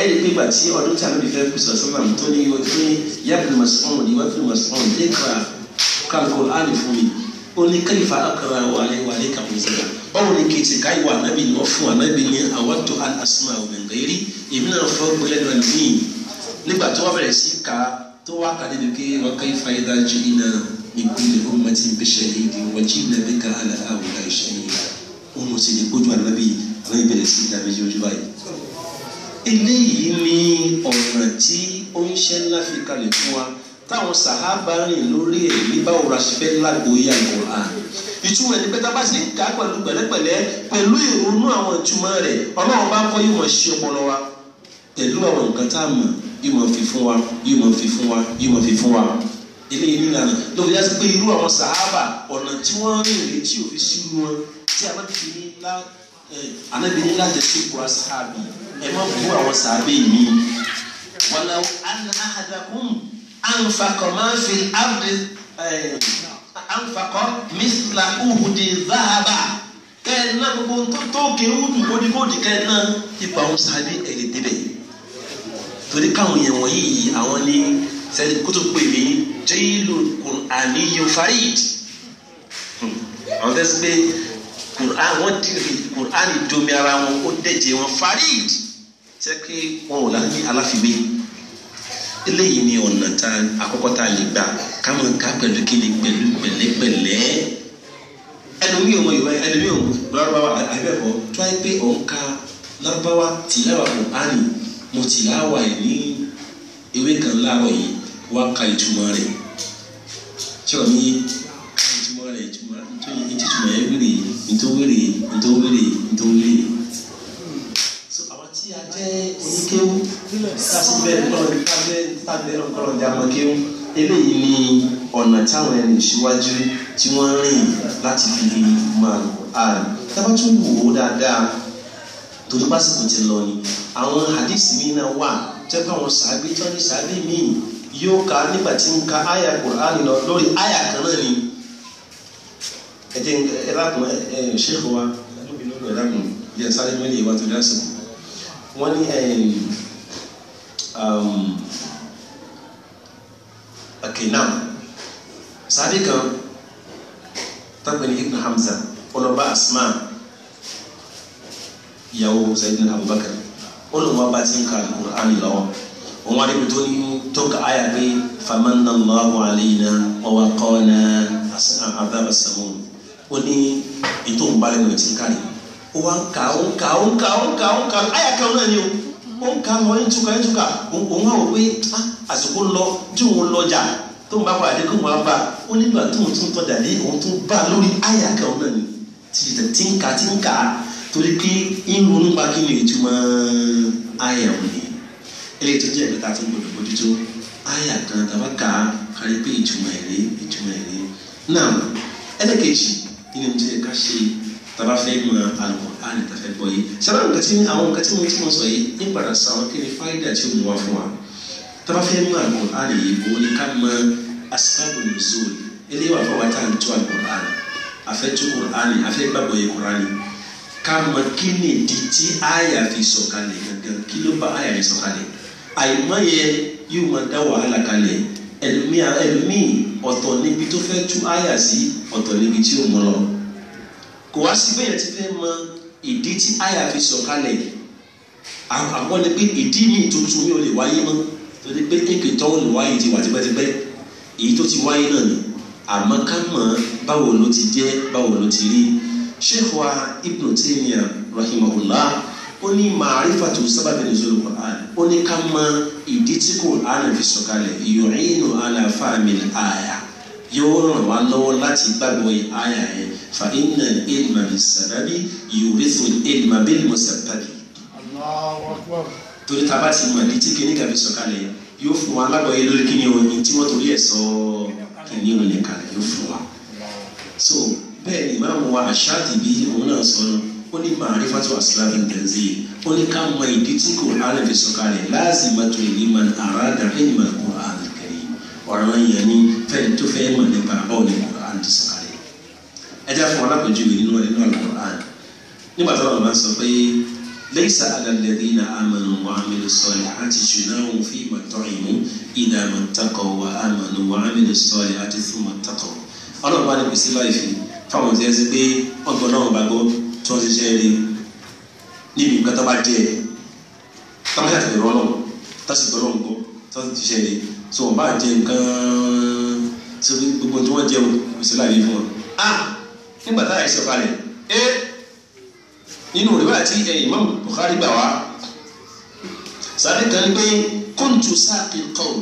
A: ẹ̀rí pé ìgbà tí ọdún tí a lóde fẹ́ kù sọ sọ́mà tó ní ìwé pé yàgùn mọ̀sán òdì wá fún mọ̀sán òdì kà kankọ àlè fún mi ó ní kẹfà àkàrà wàlẹ̀ wàlẹ̀ kà fún sílẹ̀ báwo ni kìtì ká ìwà anábì ni wọ́n fún anábì ní àwọn tó asúnmọ̀ àwọn ẹ̀ǹgà yìí èmi náà fọ́ gbẹlẹ́ náà nìyí nígbà tó wà bẹ̀rẹ̀ sí ká tó wà kàdé ni pé wọ́n ká ifá yẹn dájú yìí náà ní kúlẹ̀ ó mọ̀ tí ń bẹ̀ ṣẹlẹ̀ yìí wọ́n jí nàbí ká àlà àwòrán ìṣẹ̀yìn òun ò sì ní kójú anábì àwọn ìbẹ̀rẹ̀ sí ìdàbẹ̀jẹ̀ ojú báyìí eléyìí ni ọ̀nà tí oníṣẹ́ ńlá fi kalẹ̀ fún wa táwọn sàhábà rìn lórí ẹ̀ ní báwo la ṣe fẹ́ lágbóyè Al-Qur'an ìtumọ̀ ẹni pé tá a bá ṣe ń kà á pẹ̀lú pẹ̀lẹ́pẹ̀lẹ́ pẹ̀lú ìrònú àwọn ìtumọ̀ rẹ̀ ọlọ́run bá kọ́ yóò mọ̀ ṣe ọpọlọ wa pẹ̀lú àwọn nǹkan tá a mọ̀ yóò mọ̀ fi fún wa yóò mọ̀ fi fún wa yóò mọ̀ fi fún wa eléyìí nínú àná ló fi yàtọ̀ pé irú àwọn sàhábà ọ̀nà tí wọ́n rìn rè tí ò fi sí wọn tí a bá ti ní lá ẹ má bú àwọn sàbẹ̀ mi wàlá ahadakum anfakọ máa fi abdi anfakọ mísìlá uhudi záàbà kẹ́ ẹ ná gbogbo tó tó kéwùdù kódìkódì kẹ́ ẹ ná ipa àwọn sàbẹ̀ ẹ̀ lè débẹ̀ torí káwọn yẹn wọ̀nyí àwọn ni sẹ́ni kótó pè ní jẹ́ìlú kùránìyó farid hmm. àwọn tẹ́sí pé kùránì wọ́n dìrì kùránì domi ara wọn ó dẹ̀jẹ̀ wọn farid jẹ́ pé wọn ò láti aláfiwé eléyìí ni ọ̀nà tá àkọ́kọ́ tá a lè gbà ká mọ̀ ká pẹ̀lú kíni pẹ̀lú pẹ̀lẹ́pẹ̀lẹ́ ẹlòmíì ọmọ yorùbá ẹlòmíì ọmọ lárúbáwá àbẹ̀kọ tó wáyé pé òun ka lárúbáwá tìláwà kò ánì mo tìláwà ẹ̀ ní ewé kan láàárọ̀ yìí wá ka ìtumọ̀ rẹ̀ tí o ní ká ìtumọ̀ rẹ̀ ìtumọ̀ rẹ̀ nítorí ìtumọ̀ yẹn wéré nítorí wéré nítorí wéré nítorí wéré jẹ́ oníkéwú kásìbẹ̀ kọ́lọ̀ tábẹ́ tábẹ́ náà kọ́lọ̀ dé àmọ́kéwú eléyìí ni ọ̀nà táwọn ẹni ìṣíwájú tí wọ́n rìn láti fi máa àrùn tábà tún wò ó dáadáa tòtò pásítọ̀ ti lọ ni àwọn hadisi mi náà wà tẹ́pẹ́ àwọn sàábí tọ́ni sàábí míì yóò ka nígbà tí ń ka àyà Kùránì lọ lórí àyà kan náà ni ẹ jẹ́ lákùn ẹ ṣéèkù wa ẹ lóbi lóbi ẹ lákùn yẹ sáré mẹ́lẹ̀ ìwà tó dá sí i wọ́n ní akinam um, um, sáàdì kan tábìlì ní ibn hamza ọlọ́ba asma ìyàwó sayyidina abubakar olùwà bá ti ń ka alukur'an lọ́wọ́ wọn wá níbi tó ní tó ka àyà pé famanna Allahu alayna wa waqana adhab as-samum ó ní ètò ìbálẹ̀ náà ti kárí ó wá ń kà ó ń kà ó ń kà ó ń kà ó ń kà áyà kan náà ni o ó ń kà lọ ẹ̀ ń túkà ẹ̀ ń túkà òun á wò pé ah, àsìkò lọ ju òun lọjà tó ń bá pàdé kó wọn bá ó nígbà tó ń tún tọ́jà ní òun tún bá lórí áyà kan náà ni tìtẹ̀ tí ń kà tí ń kà torí pé ń ronú pa kí ni ìtumọ̀ áyà òun ni eléyìí tó jẹ́ ìgbẹ́ta tó gbọdọ̀ bójútó áyà kan tàbá kà á kárí pé ìtumọ̀ ẹ̀rí ìtumọ̀ ẹ̀rí náà ẹlẹ́kẹ̀jì nínú ti tàbá fẹ́ mọ Al-Qur'an tàfẹ́ gbọ́ yìí sábà nǹkan tí àwọn nǹkan tí mo ti mọ sọ yìí ń padà sọ àwọn kí ni fáyidà tí ó mú wá fún wa tàbá fẹ́ mọ Al-Qur'an yìí òun ni ká mọ asbab nuzul eléyìí wà fún wa tá à ń tó Al-Qur'an afẹ́ tó Qur'an afẹ́ gbàgbọ́ yìí Qur'an ká mọ kí ni ìdí tí àyà fi sọ̀kalẹ̀ gangan kí ló bá àyà fi sọ̀kalẹ̀ àyùmọ̀ yẹn yóò máa dá wàhálà kalẹ̀ ẹlòmíì ọ̀tọ̀ níbi tó fẹ́ tú àyà sí ọ̀tọ̀ níbi tí ó mọ lọ kò wá sí bẹ́ẹ̀ ti fẹ́ mọ ìdí tí àyà fi sọ̀kalẹ̀ yìí àwọn ni pé ìdí míì tuntun mi ò lè wáyé mọ́ torí pé èké tó lè wáyé ti wà tipẹ́tipẹ́ èyí tó ti wáyé náà ni àmọ́ ká mọ̀ báwo ló ti jẹ́ báwo ló ti rí Sheikh wa Ibn Taymiyyah rahimahullah ó ní màrífàtò sábàbí nìzọ́lù Qur'an ó ní ká mọ̀ ìdí tí Qur'an fi sọ̀kalẹ̀ yòóyìn nù àlàfáà mi àyà yóò ràn wá lọ́wọ́ láti gbàgbọ́ àyà yẹn fa inna ilma bi sababi yurithu ilma bil musabbabi. torí tá a bá ti mọ̀ ní tí kìíní kàbí sọ̀kalẹ̀ yóò fún wa alágbọ̀ọ́yé lórí
B: kí ni tí wọ́n torí ẹ̀ sọ kìíní oyin kalẹ̀ yóò fún wa. so bẹ́ẹ̀ ni ìmáàmù wa Ash-Shatibi òun náà sọ ọ́nà ó ní màrífàtú àsìlámù tẹ̀sí ó
A: ní ká mọ ìdí tí Kùránì fi sọ̀kalẹ̀ láàzìmọ̀tò ìlímọ̀ àràdà ìlímọ̀ Kùránì ọ̀ràn yẹn ní fẹ́ tó fẹ́ mọ̀ nípa báwo ni Quran ti sọ̀kalẹ̀ ẹ jẹ́ fún alákòjúwe nínú ẹ̀ nínú Quran nígbà tó wọn bá sọ pé laysa ala alladhina amanu wa amilu salihati junahun fima ta'imu idha mattaqaw wa amanu wa amilu salihati thumma ttaqaw ọlọ́run bá ní kò sí báyìí fi fáwọn tí ẹ ti pé ọgbọ́n náà bá gbọ́ tí wọ́n ti níbi nǹkan bá jẹ́ ẹ̀ tó bá yàtọ̀ ìrọ́lọ́ tó sì gbọ́ so wọn bá jẹ nǹkan sórí gbogbo tí wọn jẹ òsì láàyè fún wọn a ah! nígbà tá àìsàn falẹ̀ ẹ nínú rẹ̀ àti ẹ̀yìn mọ́mù Bukhari gbà wá sàdé kan gbé kóńtù sáàkì kan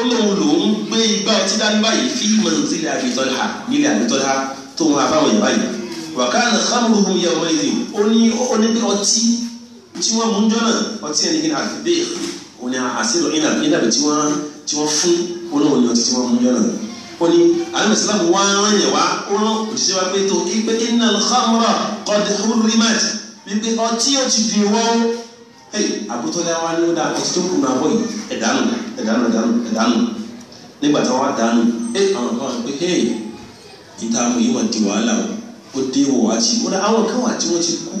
A: ó lóun lòún gbé igbá ọtí dání báyìí fi mọ̀nsílẹ̀ àbítọ́lá nílẹ̀ àbítọ́lá tó ń ha fáwọn yàrá yìí wàkàlà xamuruhum yà wọ́n yìí ó ní ó ní ọtí tí wọ́n mú jọ́nà ọtí ẹni kí ni àfi bẹ́ẹ̀ ó ní àṣírí ìnàbí tí wọ́n tí wọ́n fún olóhùn ní ọtí tí wọ́n mú yọ̀nà ó ní alẹ́ sàlámù wá rán yẹn wá ó rán òṣìṣẹ́ wa pé tó ipe iná lọ́kàmúrà kọ́dé hurrimat wípé ọtí ó ti di wọ́n àbútọ́lá wa ní ó dá ọtí tó kù náà bọ̀ yìí ẹ̀dánù ẹ̀dánù ẹ̀dánù ẹ̀dánù nígbà tí wọ́n dánù ẹ àwọn kan wà pé hey ìta àwọn yìí wọ́n di wàhálà ó dé wọ̀ wá sí i àwọn kan wà tí wọ́n ti kú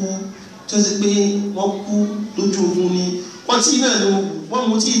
A: tó ṣe pé wọ́n kú lójú ogun ni ọtí náà ni wọ́n mú tí ì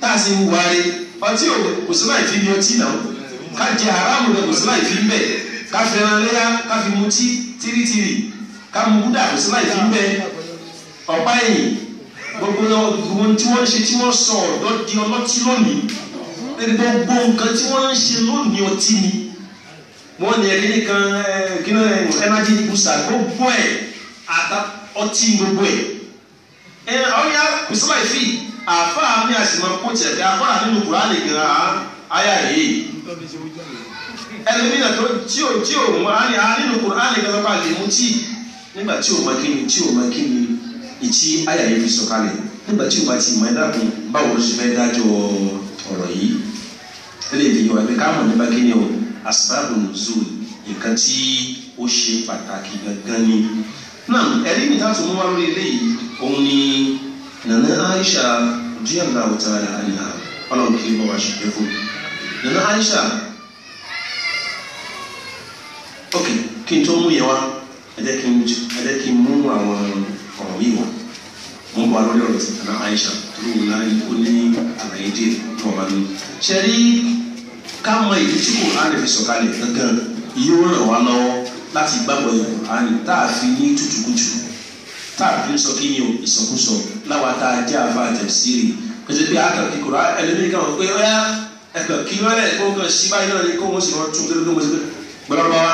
A: tá a ṣe wùwà rẹ ọtí ò kò sí láì fi bí ọtí náà ká jẹ haramu rẹ kò sí láì fi ń bẹ ká fẹ́ràn léyà ká fi mutí tìrìtìrì ká mu gúdà kò sí láì fi ń bẹ ọ̀pá ẹ̀yìn gbogbo ohun tí wọ́n ń ṣe tí wọ́n sọ ọ̀dọ́ di ọlọ́tí lónìí gbogbo nǹkan tí wọ́n ń ṣe lónìí ọtí ni wọ́n ní ẹ̀kíní kan ẹ̀kíní ẹ̀nájí ìbùsà gbogbo ẹ̀ àtà ọtí gbogbo ẹ̀ ẹ̀ eh, ọ̀yà kò sí láì fi. afa mi àsìmọ̀kú tiẹ̀ pé àfáà nínú kùránì gan-an ayà yìí ẹlòmíràn tó tí ò tí mọ nígbà tí ni tí ò mọ kí ìtí ayà yìí fi sọ̀kalẹ̀ nígbà tí o bá ti mọ ẹ̀dá báwo ló yìí o tí ó ṣe pàtàkì gangan ni náà mi tó mú lórí òun ni. nana aisha díẹ̀ bá òtá rẹ̀ àyà ọlọ́run kì í bọ̀ wá ṣùgbọ́n fún nana aisha ok kí n tó mú yẹn wá ẹ jẹ́ kí n mú àwọn ọ̀rọ̀ yìí mo ń bọ̀ lórí ọ̀rọ̀ nana aisha tó ń láyé ó ní àlàyé díẹ̀ tó wà ní. ṣẹ́rí ká mọ ìdí tí kò rárẹ̀ fi sọ̀kalẹ̀ gangan yóò ràn wá lọ́wọ́ láti gbàgbọ́ ìkùránì tá a fi ní tútùkùtù táàbí ń sọ kí ni o ìsọkúsọ láwa tá a jẹ́ àfa àtẹ̀síìrì pèsè bí àkàkí kura ẹlẹ́mìí kan pé ó yá ẹ̀kọ́ kí wọ́n lẹ̀ kó kan sí báyìí náà ni kó wọ́n sì wọ́n tún kéré kó wọ́n sì pé gbọ́dọ̀báwa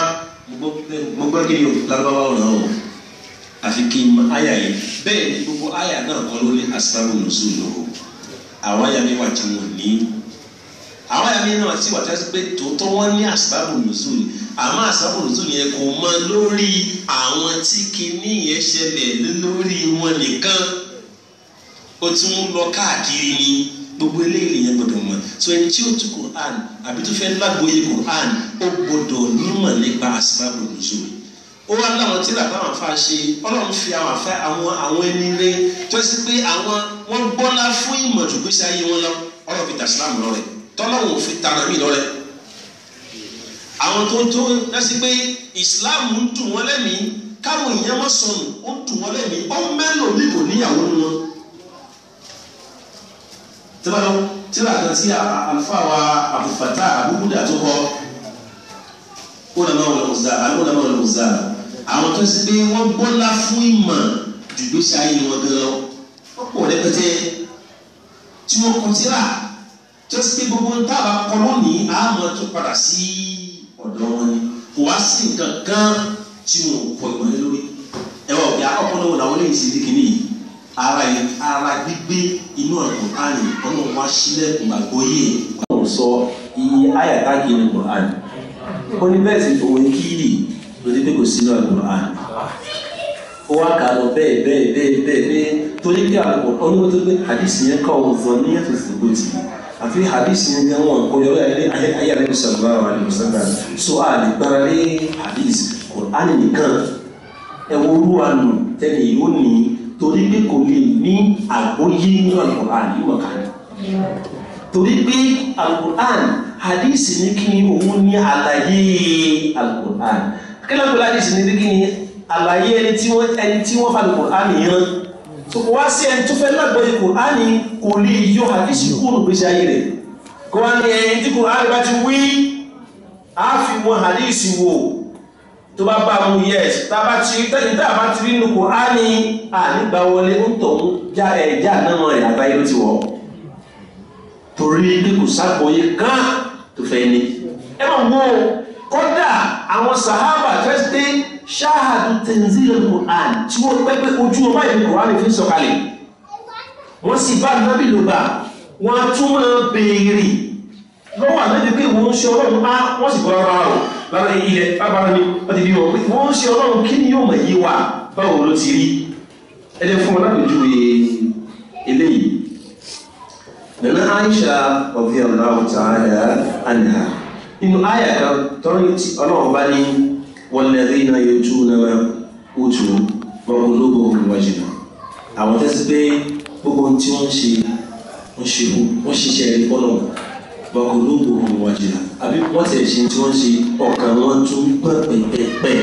A: mo gbọ́ kí ni o lárúbáwá o àfi kí n mọ àyà yìí ni gbogbo àyà náà kọ́ ló ní asinamu nùsùn lò ó mi wà tí mo ní àwọn àyà mi náà sì wà tẹ́sí pé tòótọ́ wọ́n ní àsábù nùzùn ni àmọ́ àsábù nùzùn yẹn kò mọ lórí àwọn tí kinní yẹn ṣẹlẹ̀ lórí wọn nìkan ó ti ń lọ káàkiri ni gbogbo eléyìí yẹn gbọ́dọ̀ mọ̀ so ẹni tí ó tú Quran àbí tó fẹ́ lágbóye Quran ó gbọ́dọ̀ nímọ̀ nípa àsábù nùzùn ó wá láwọn tí làbá àwọn afa ṣe ọlọ́run fi àwọn afa àwọn àwọn ẹni rẹ tó ṣe pé àwọn wọn gbọ́lá fún ìmọ̀ tọ́lọ́wọ̀ fi tara mi lọ́rẹ́ àwọn tó ń tó lásì pé Islam ń dùn wọ́n lẹ́mìí káwọn èèyàn má sọnù ó ń dùn wọ́n lẹ́mìí ó mẹ́lò mi níyàwó wọn. tíwájú tíwájú kan tí àlùfáà wa àbùfàtà àbúkúdà tó kọ ó nàmọ́ wọn lọ́wọ́ zá àwọn nàmọ́ wọn lọ́wọ́ zá àwọn tó sì pé wọ́n gbọ́lá fún ìmọ̀ dùgbésí ayé wọn gan lọ wọ́n pọ̀ rẹpẹtẹ tí wọ́n kọ tíra tẹ́sí pé gbogbo ń tábà kọ́mọ́ ní àmọ́ tó padà sí ọ̀dọ̀ wọn ni kò wá sí nǹkan kan tí wọn kọ ìmọ̀ lé lórí ẹ̀wọ̀n òkè akọ́kọ́ náà làwọn eléyìí sì di kìíní yìí ara yìí ara gbígbé inú ọ̀dọ̀ àrùn ọ̀nà wa sílẹ̀ gbàgbọ́ yìí. wọ́n e. sọ iye àyàtá kìí ní Quran ó ní bẹ́ẹ̀ sì fòun kíìlì lórí pé kò sínú ọ̀dọ̀ àrùn ó wá kà á lọ bẹ́ẹ̀ bẹ́ẹ̀ bẹ́ẹ̀ bẹ́ẹ̀ torí pé àwọn ọ̀nà tó gbé àdìsí yẹn kọ́ ọ̀hún àfi hadith yẹn gan wọn kò yọrọ ayé ayé alẹ́ sọ̀rọ̀ àwọn alẹ́ sọ̀rọ̀ so a lè gbára lé hadith Kùránì nìkan ẹ wo olú àlù tẹ́lẹ̀ yóò ní torí pé kò lè ní àgbóyé nínú Al-Qur'an yìí wọ̀ kàn torí pé Al-Qur'an hadith ní kí ni òun ní àlàyé Al-Qur'an kí ló ń pè hadith ní kí ni àlàyé ẹni tí wọ́n fa al yìí rán tòkò wá sí ẹni tó fẹ́ lágbàáyé kò á ní kò lè yọ àdísì mm. kúrò gbèsè ayé rẹ̀ kò wá ní ẹni tí kò á lè bá ti wí á fi wọn àdísì wò tó bá bá mu yẹs tá a bá ti rí tẹ́lẹ̀ tá a bá ti rí nu kò á ní ànígbà wọlé ń tọ̀ ń já ẹ̀já náà rẹ̀ àgbáyé ló ti wọ̀ torí pé kò ságbọ́yé kán tó fẹ́ ní. ẹ máa wo kódà àwọn sàhábà fẹ́ dé ṣáàdù tẹ̀sílẹ̀ Qur'an tí wọ́n pẹ́ pé ojú ọba ìlú Qur'an fi sọ̀kalẹ̀ wọ́n sì bá nábì ló bá wọ́n tún máa béèrè lọ́wọ́ ànábì pé wọ́n ń ṣe ọlọ́run á wọ́n sì bọ́ ara rọ̀ lára ilẹ̀ bábára mi wọ́n ti bí wọn pé wọ́n ń ṣe ọlọ́run kí ni yóò mọ̀ yé wa báwo ló ti rí ẹni fún wọn lábẹ́jú eléyìí nana Aisha radiyallahu ta'ala anha nínú àyà kan tọ́rí ọlọ́run bá ní walladhina yutuna ma utu wa qulubuhum wajila àwọn tẹ́sí pé gbogbo tí wọ́n ń ṣe ń ṣe wọ́n ṣiṣẹ́ rí kọ́nà wa qulubuhum wajila àbí wọ́n tẹ̀ ṣe tí wọ́n ṣe ọkàn wọn tún pẹ́pẹ́pẹ́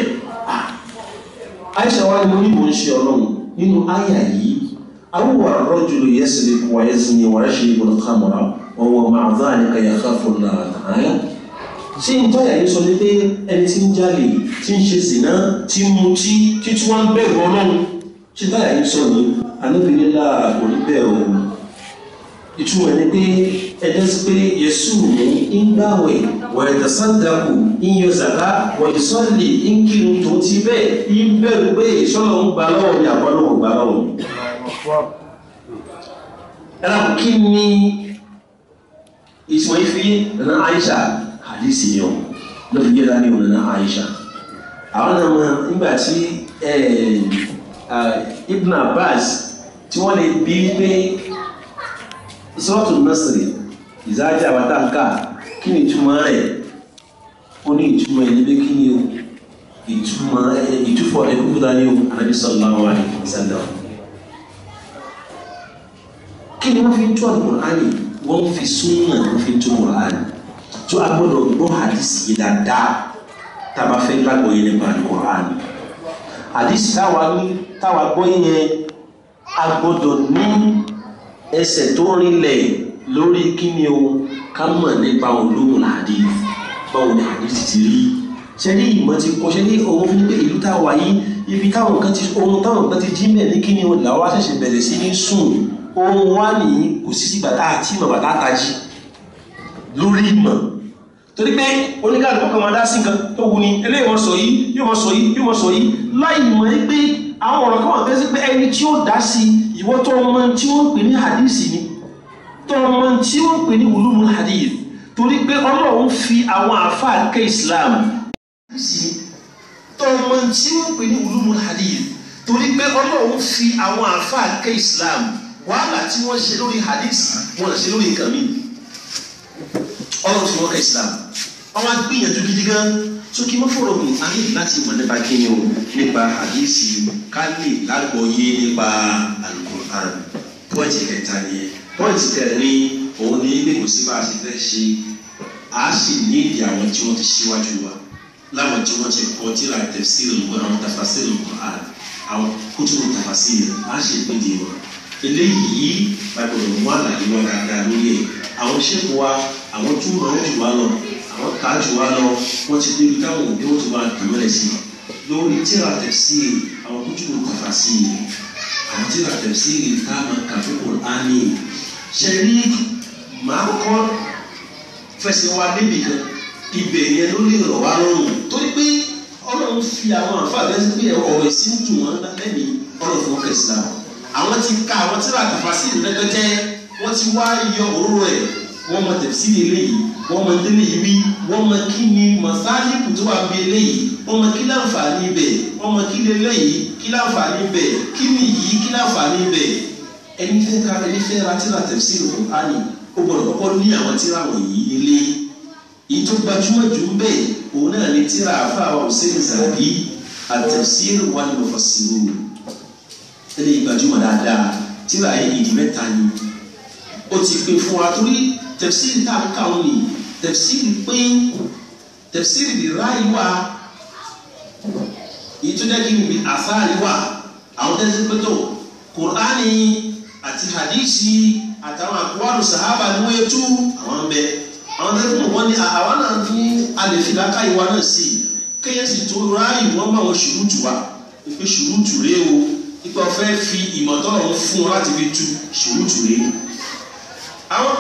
A: Aisha wa ni mo ní ń ṣe ọlọ́run nínú àyà yìí awúwà rọ́jùlù yẹ́sìlẹ̀ kùwà yẹ́sìlẹ̀ wàrẹ́ṣẹ̀ ìbùdókàmọ́ra ọwọ́ màdúrà ní kàyà káfọ́ náà ṣé n tọ́yà yìí sọ ni pé ẹni tí ń jalè tí ń ṣe sìná tí ń mutí tí tí wọ́n ń bẹ̀rù ọlọ́run ṣé tọ́yà yìí sọ ni anábìrin la kò ní bẹ́ẹ̀ o ìtumọ̀ ni pé ẹ̀dá sí pé yẹ̀sù ní ń gbàwẹ̀ wẹ̀ẹ̀dà sàdákù ń yọ zàká wẹ̀ẹ̀dà sọ́ọ̀lì ń kírun tó ti bẹ́ẹ̀ ń bẹ̀rù pé ìṣọ́nà ń gbà lọ́wọ́ ni àbọ̀lọ́wọ́ gbà lọ́wọ́ ẹ̀rọ kí ni ìsìnwó ifi rán Aisha àdìsí yẹn o ló fi gbéra ní ọ̀nà Aisha àwọn ọmọ nígbà tí Ibn Abbas tí wọ́n lè bí pé Suratul Nasri ìzájà àbátáǹkà kí ni ìtumọ̀ rẹ̀ ó ní ìtumọ̀ ẹ̀ níbi kí ni o ìtumọ̀ ìtúfọ̀ ẹ̀kúta ní o Ànábì sallallahu alaihi wasallam kí ni wọ́n fi ń tún Al-Qur'ani wọ́n fi súnmọ̀ wọ́n fi ń tún Al-Qur'ani tó a gbọ́dọ̀ gbọ́ hadisi yìí dáadáa tá a bá fẹ́ gbàgbọ́ yẹn nípa alukoran hadisi táwa ní táwa gbọ́ yẹn a gbọ́dọ̀ ní ẹsẹ̀ tó rinlẹ̀ lórí kíni o ká mọ̀ nípa olóhùn làdí báwo ni hadisi ti rí ṣe ní ìmọ̀ ti kọ́ ṣe ní òun fún pé ìlú táwa yìí ibi táwọn kan ti ohun táwọn kan ti jí mẹ́ ní kíni o làwọn aṣẹ̀ṣẹ̀ bẹ̀rẹ̀ sí ní sùn ohun wá nìyí kò sí sígbà tá a ti bàtà tají lórí ìmọ̀ torí pé oníkàlùkù kan máa dá sí nǹkan tó wù ní eléyìí wọ́n sọ yìí yóò wọ́n sọ yìí yóò wọ́n sọ yìí láì mọ̀ ní pé àwọn ọ̀rọ̀ kan wà fẹ́ sí pé ẹni tí ó dá sí ìwọ tó ọmọ tí ó ń pè ní hadith ni tó ọmọ tí ó ń pè ní ulumul hadith torí pé ọlọ́run fi àwọn àáfàá kẹ́ Islam sí tó ọmọ tí ó ń pè hadith torí pé ọlọ́run fi àwọn àáfàá kẹ́ Islam wàhálà tí wọ́n ṣe lórí hadith wọ́n ṣe lórí nǹkan mìíràn ọlọ́run fi wọ́n kẹ́ islam ọmọ agbìyànjú gidi gan so kí n má fọ̀rọ̀ gùn a ní láti mọ̀ nípa kíni o nípa àdìsí ká lè lágbọ̀ọ́yé nípa alukur'an pọ́ǹtì kẹta ni pọ́ǹtì kẹrin òun ni ilé kò sí bá a ti fẹ́ ṣe a sì ní ìdí àwọn tí wọ́n ti ṣíwájú wa láwọn tí wọ́n ti kọ́ tíra tafsir àwọn tafsir alukur'an àwọn kútùrù tafsir a sì ní ìdí wọn eléyìí lágbọ̀dọ̀ mú àlàyé wọn dáadáa lórí ẹ̀ àwọn ṣẹ́kù wa àwọn tó ràn án jù wá lọ àwọn kà á jù wá lọ wọ́n ti débi táwọn òbí wọn tó máa dùn lẹ̀ sí lórí tíra tẹ̀sí àwọn kújúkú kàfà sí i àwọn tíra tẹ̀sí ká máa kàfé Kùránì ṣe rí màá kọ́ fẹsẹ̀ wa débi kan ibẹ̀ yẹn ló lè rọ̀ wá lọ́rùn torí pé ọlọ́run fi àwọn àǹfààní ẹ̀sìn pé ọ̀rọ̀ ẹ̀sìn dùn àwọn ti ka àwọn tí ra tàfàsí rẹpẹtẹ wọ́n ti wá yọ òróró ẹ̀ wọ́n mọ tẹ̀sí eléyìí wọ́n mọ délé yìí wí wọ́n mọ kí ni mọ̀sáàlì kùtù wà bí eléyìí wọ́n mọ kí láǹfààní bẹ̀ wọ́n mọ kí lélẹ́yìí kí láǹfààní bẹ̀ kí ni yìí kí láǹfààní bẹ̀ ẹni fẹ́ ka ẹni fẹ́ ra tí ra tẹ̀sí rẹ̀ hàní ó gbọ́dọ̀ kọ́kọ́ ní àwọn tí ra wọ̀nyí ilé yìí tó gbajúmọ̀ jù ń bẹ̀ òun náà ni tí ra àfa àwọn òṣèlú sàbí àtẹ̀sí rẹ̀ wà ní mọ̀fàsíwò eléyìí gbajúmọ̀ dáadáa tíra yìí ìdí mẹ́ta ni ó ti pè fún wa torí tẹ̀síìrì tá a kà ó nì tẹ̀síìrì pín tẹ̀síìrì lè ráàyè wá èyí tó jẹ́ kí n bí àsáàlì wà àwọn tẹ́sí pé tó kùránì àti hadísì àtàwọn àkúwárò sàhábà ni wọ́n yẹ tú àwọn bẹ àwọn tẹ́sí pé wọ́n ní àwọn náà ní alẹ́ fìlà káyìí wa náà sí kéèyàn sì tó ráàyè wọ́n bá wọn o nípa ọ̀fẹ́ fi ìmọ̀tọ́nà ń fún ọ láti fi tu ṣòwútù rè é. àwọn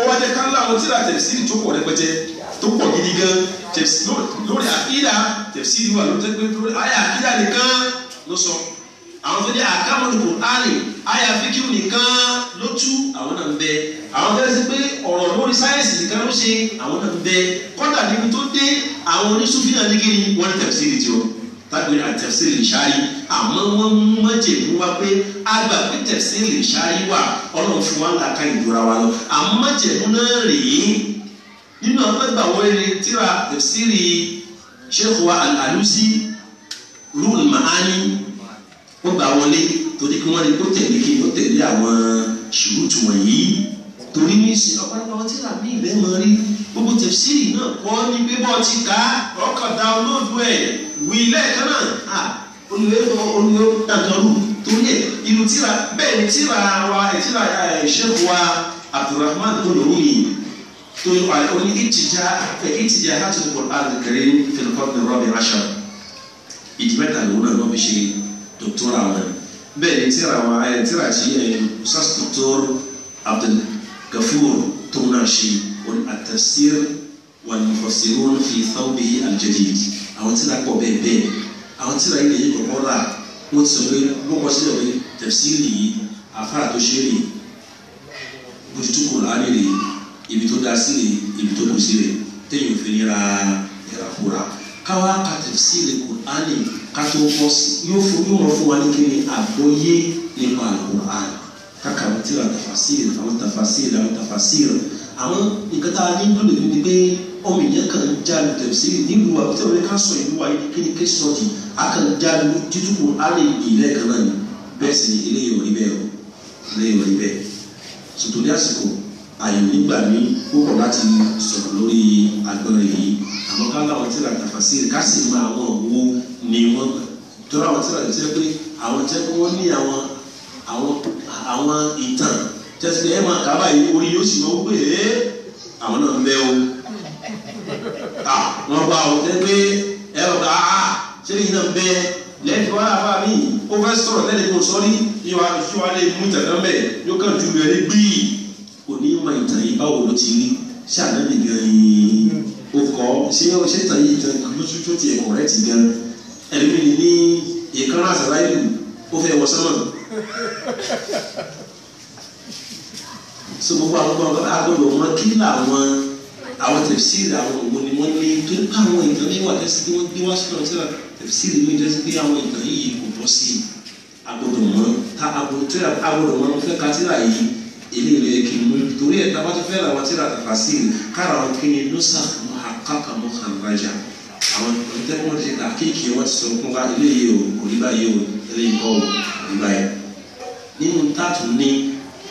A: ọwọ́ jẹ́ kánlá àwọn tíra tẹ̀síìrì tó pọ̀ rẹpẹtẹ tó pọ̀ gidi gan lórí àkídà tẹ̀síìrì wà ló tẹ́gbẹ́ lórí àyà àkídà nìkan ló sọ. àwọn tó jẹ́ àkàmọ́nù kùránì àyà fíkìrù nìkan ló tú àwọn náà ń bẹ. àwọn tó ti pé ọ̀rọ̀ lórí sáyẹ́nsì nìkan ló ṣe àwọn náà ń bẹ. kọ́dà níbi tó dé àwọn oníṣúfì náà ní kí ni wọ́n tẹ̀síìrì tiwọn tábìlì àtẹ̀síìrì àmọ́ wọ́n mú májèmú wá pé àgbà pé tẹ̀sí lè ṣááyí wà ọlọ́run fi wá ń la ká ìdúrà wa lọ àmọ́ májèmú náà rèé nínú àpẹ́gbà wọlé tíra tẹ̀sírì Sheikh wa Al-Alusi rúùn màání wọ́n gbà wọlé torí kí wọ́n rí kó tẹ̀lé kí wọ́n tẹ̀lé àwọn ṣùrùtù wọ̀nyí torí ní ìsìn ọ̀pọ̀lọpọ̀ àwọn tíra mi ìbẹ́ mọ rí gbogbo tẹ̀sírì náà kọ́ ní bíbọ̀ ti ká ọkọ̀ da olóògbé olùyẹ̀tọ̀ olùyẹ̀tọ̀rù torí ẹ̀ ìlú tíra bẹ́ẹ̀ ni tíra wa tíra ṣẹ́fù wa Abdulrahman tó lòun yìí tó ní ìtìjà fẹ ìtìjà láti ní Qur'an kẹrin fẹlifọ́tì rọ́bì rashà ìdí mẹ́ta lòun náà lọ́ọ́ fi ṣe dọ́kítọ́rà wọn bẹ́ẹ̀ ni tíra wa tíra ti sas dọ́kítọ́r Abdul Gafur tó náà ṣe at-tafsir wal-mufassirun fi thawbihi al-jadid àwọn tíra pọ̀ bẹ́ẹ̀ bẹ́ẹ̀ àwọn tíra yìí lèyí kọ̀kọ́ rà ó ti sọ pé lọ́kọ̀ sílẹ̀ pé tẹ̀síìrì yìí àfárà tó ṣe rèé bójútó kò láàrin rèé ibi tó dá sí rèé ibi tó kù sí rèé téèyàn ò fi ní ra ìràkúra káwá ka tẹ̀síìrì kùránì ká tó bọ́ sí yóò fún yóò mọ̀ fún wa ní kíni àgbóyé nípa àlùkùránì káka àwọn tíra tàfàsíìrì àwọn tàfàsíìrì àwọn tàfàsíìrì àwọn nǹkan tá a ní lónìí ni pé ọmọ ènìyàn kan jáde tẹ̀sí nílùú àbí tẹ̀wọ́n ká sọ ìlú wa yìí kíni kí sọ́ọ̀tì a kan jáde ní títúkù alẹ́ ìlẹ̀ kan náà ni bẹ́ẹ̀ sì ni eléyìí ò rí bẹ́ẹ̀ o eléyìí ò rí bẹ́ẹ̀ sòtò ní àsìkò àyè nígbà mí púpọ̀ láti sọ̀rọ̀ lórí agbára yìí àmọ́ ká láwọn tíra tàfàsí ká sì mọ àwọn owó ni wọ́n tọ́ra àwọn tíra tẹ́ pé àwọn tẹ́ pé wọ́n ní àwọn àwọn ìtàn tẹ́sí ẹ̀ máa kábàáyé orí yóò sì máa wọ́n pé àwọn náà ń bẹ́ o wọn bá àwọn tẹ pé ẹ ọ ká ah, ṣé kí n náà bẹ lẹ́yìn tí wọ́n á bá mi ó fẹ́ sọ̀rọ̀ lẹ́yìn kò sọ́rí yóò wá fi wá lé mú ìtàkùn bẹ́ẹ̀ yóò kàn ju rẹ̀ gbìyì kò ní mọ ìtàn yìí báwo ló ti rí ṣáà lẹ́yìn gan-an ó kọ́ ṣé ó ṣe ìtàn yìí ìtàn lóṣù tó tiẹ̀ kọ̀ rẹ̀ ti gan ẹ̀rí mi ní ìkànnà àṣàlá ìlú ó fẹ́ wọ sọ́nà so gbogbo àwọn gbọ́dọ̀ agbọ́dọ̀ wọn kí làwọn àwọn tẹ̀fsìrì àwọn òwò ni wọ́n ní tó ń bá àwọn ìtàn ní wàtẹ́ sí wọ́n gbé wá sọ̀rọ̀ sí tẹ̀fsìrì ní ìjọsí pé àwọn ìtàn yìí kò bọ́ sí agbọ́dọ̀ mọ́ ta agbọ́dọ̀ mọ́ fẹ́ ka tíra yìí èlé rẹ̀ kì í mú torí ẹ̀ tábà tó fẹ́ ra wọn tíra tafasiri kára wọn kí ni nusa muhaqqaqa mukharaja àwọn tẹ́ wọ́n ti ta kéèkì wọ́n ti sọ̀rọ̀ kúnra ilé yìí o kò ní báyìí o ilé yìí kọ́ o kò ní báyìí nínú tààtù ní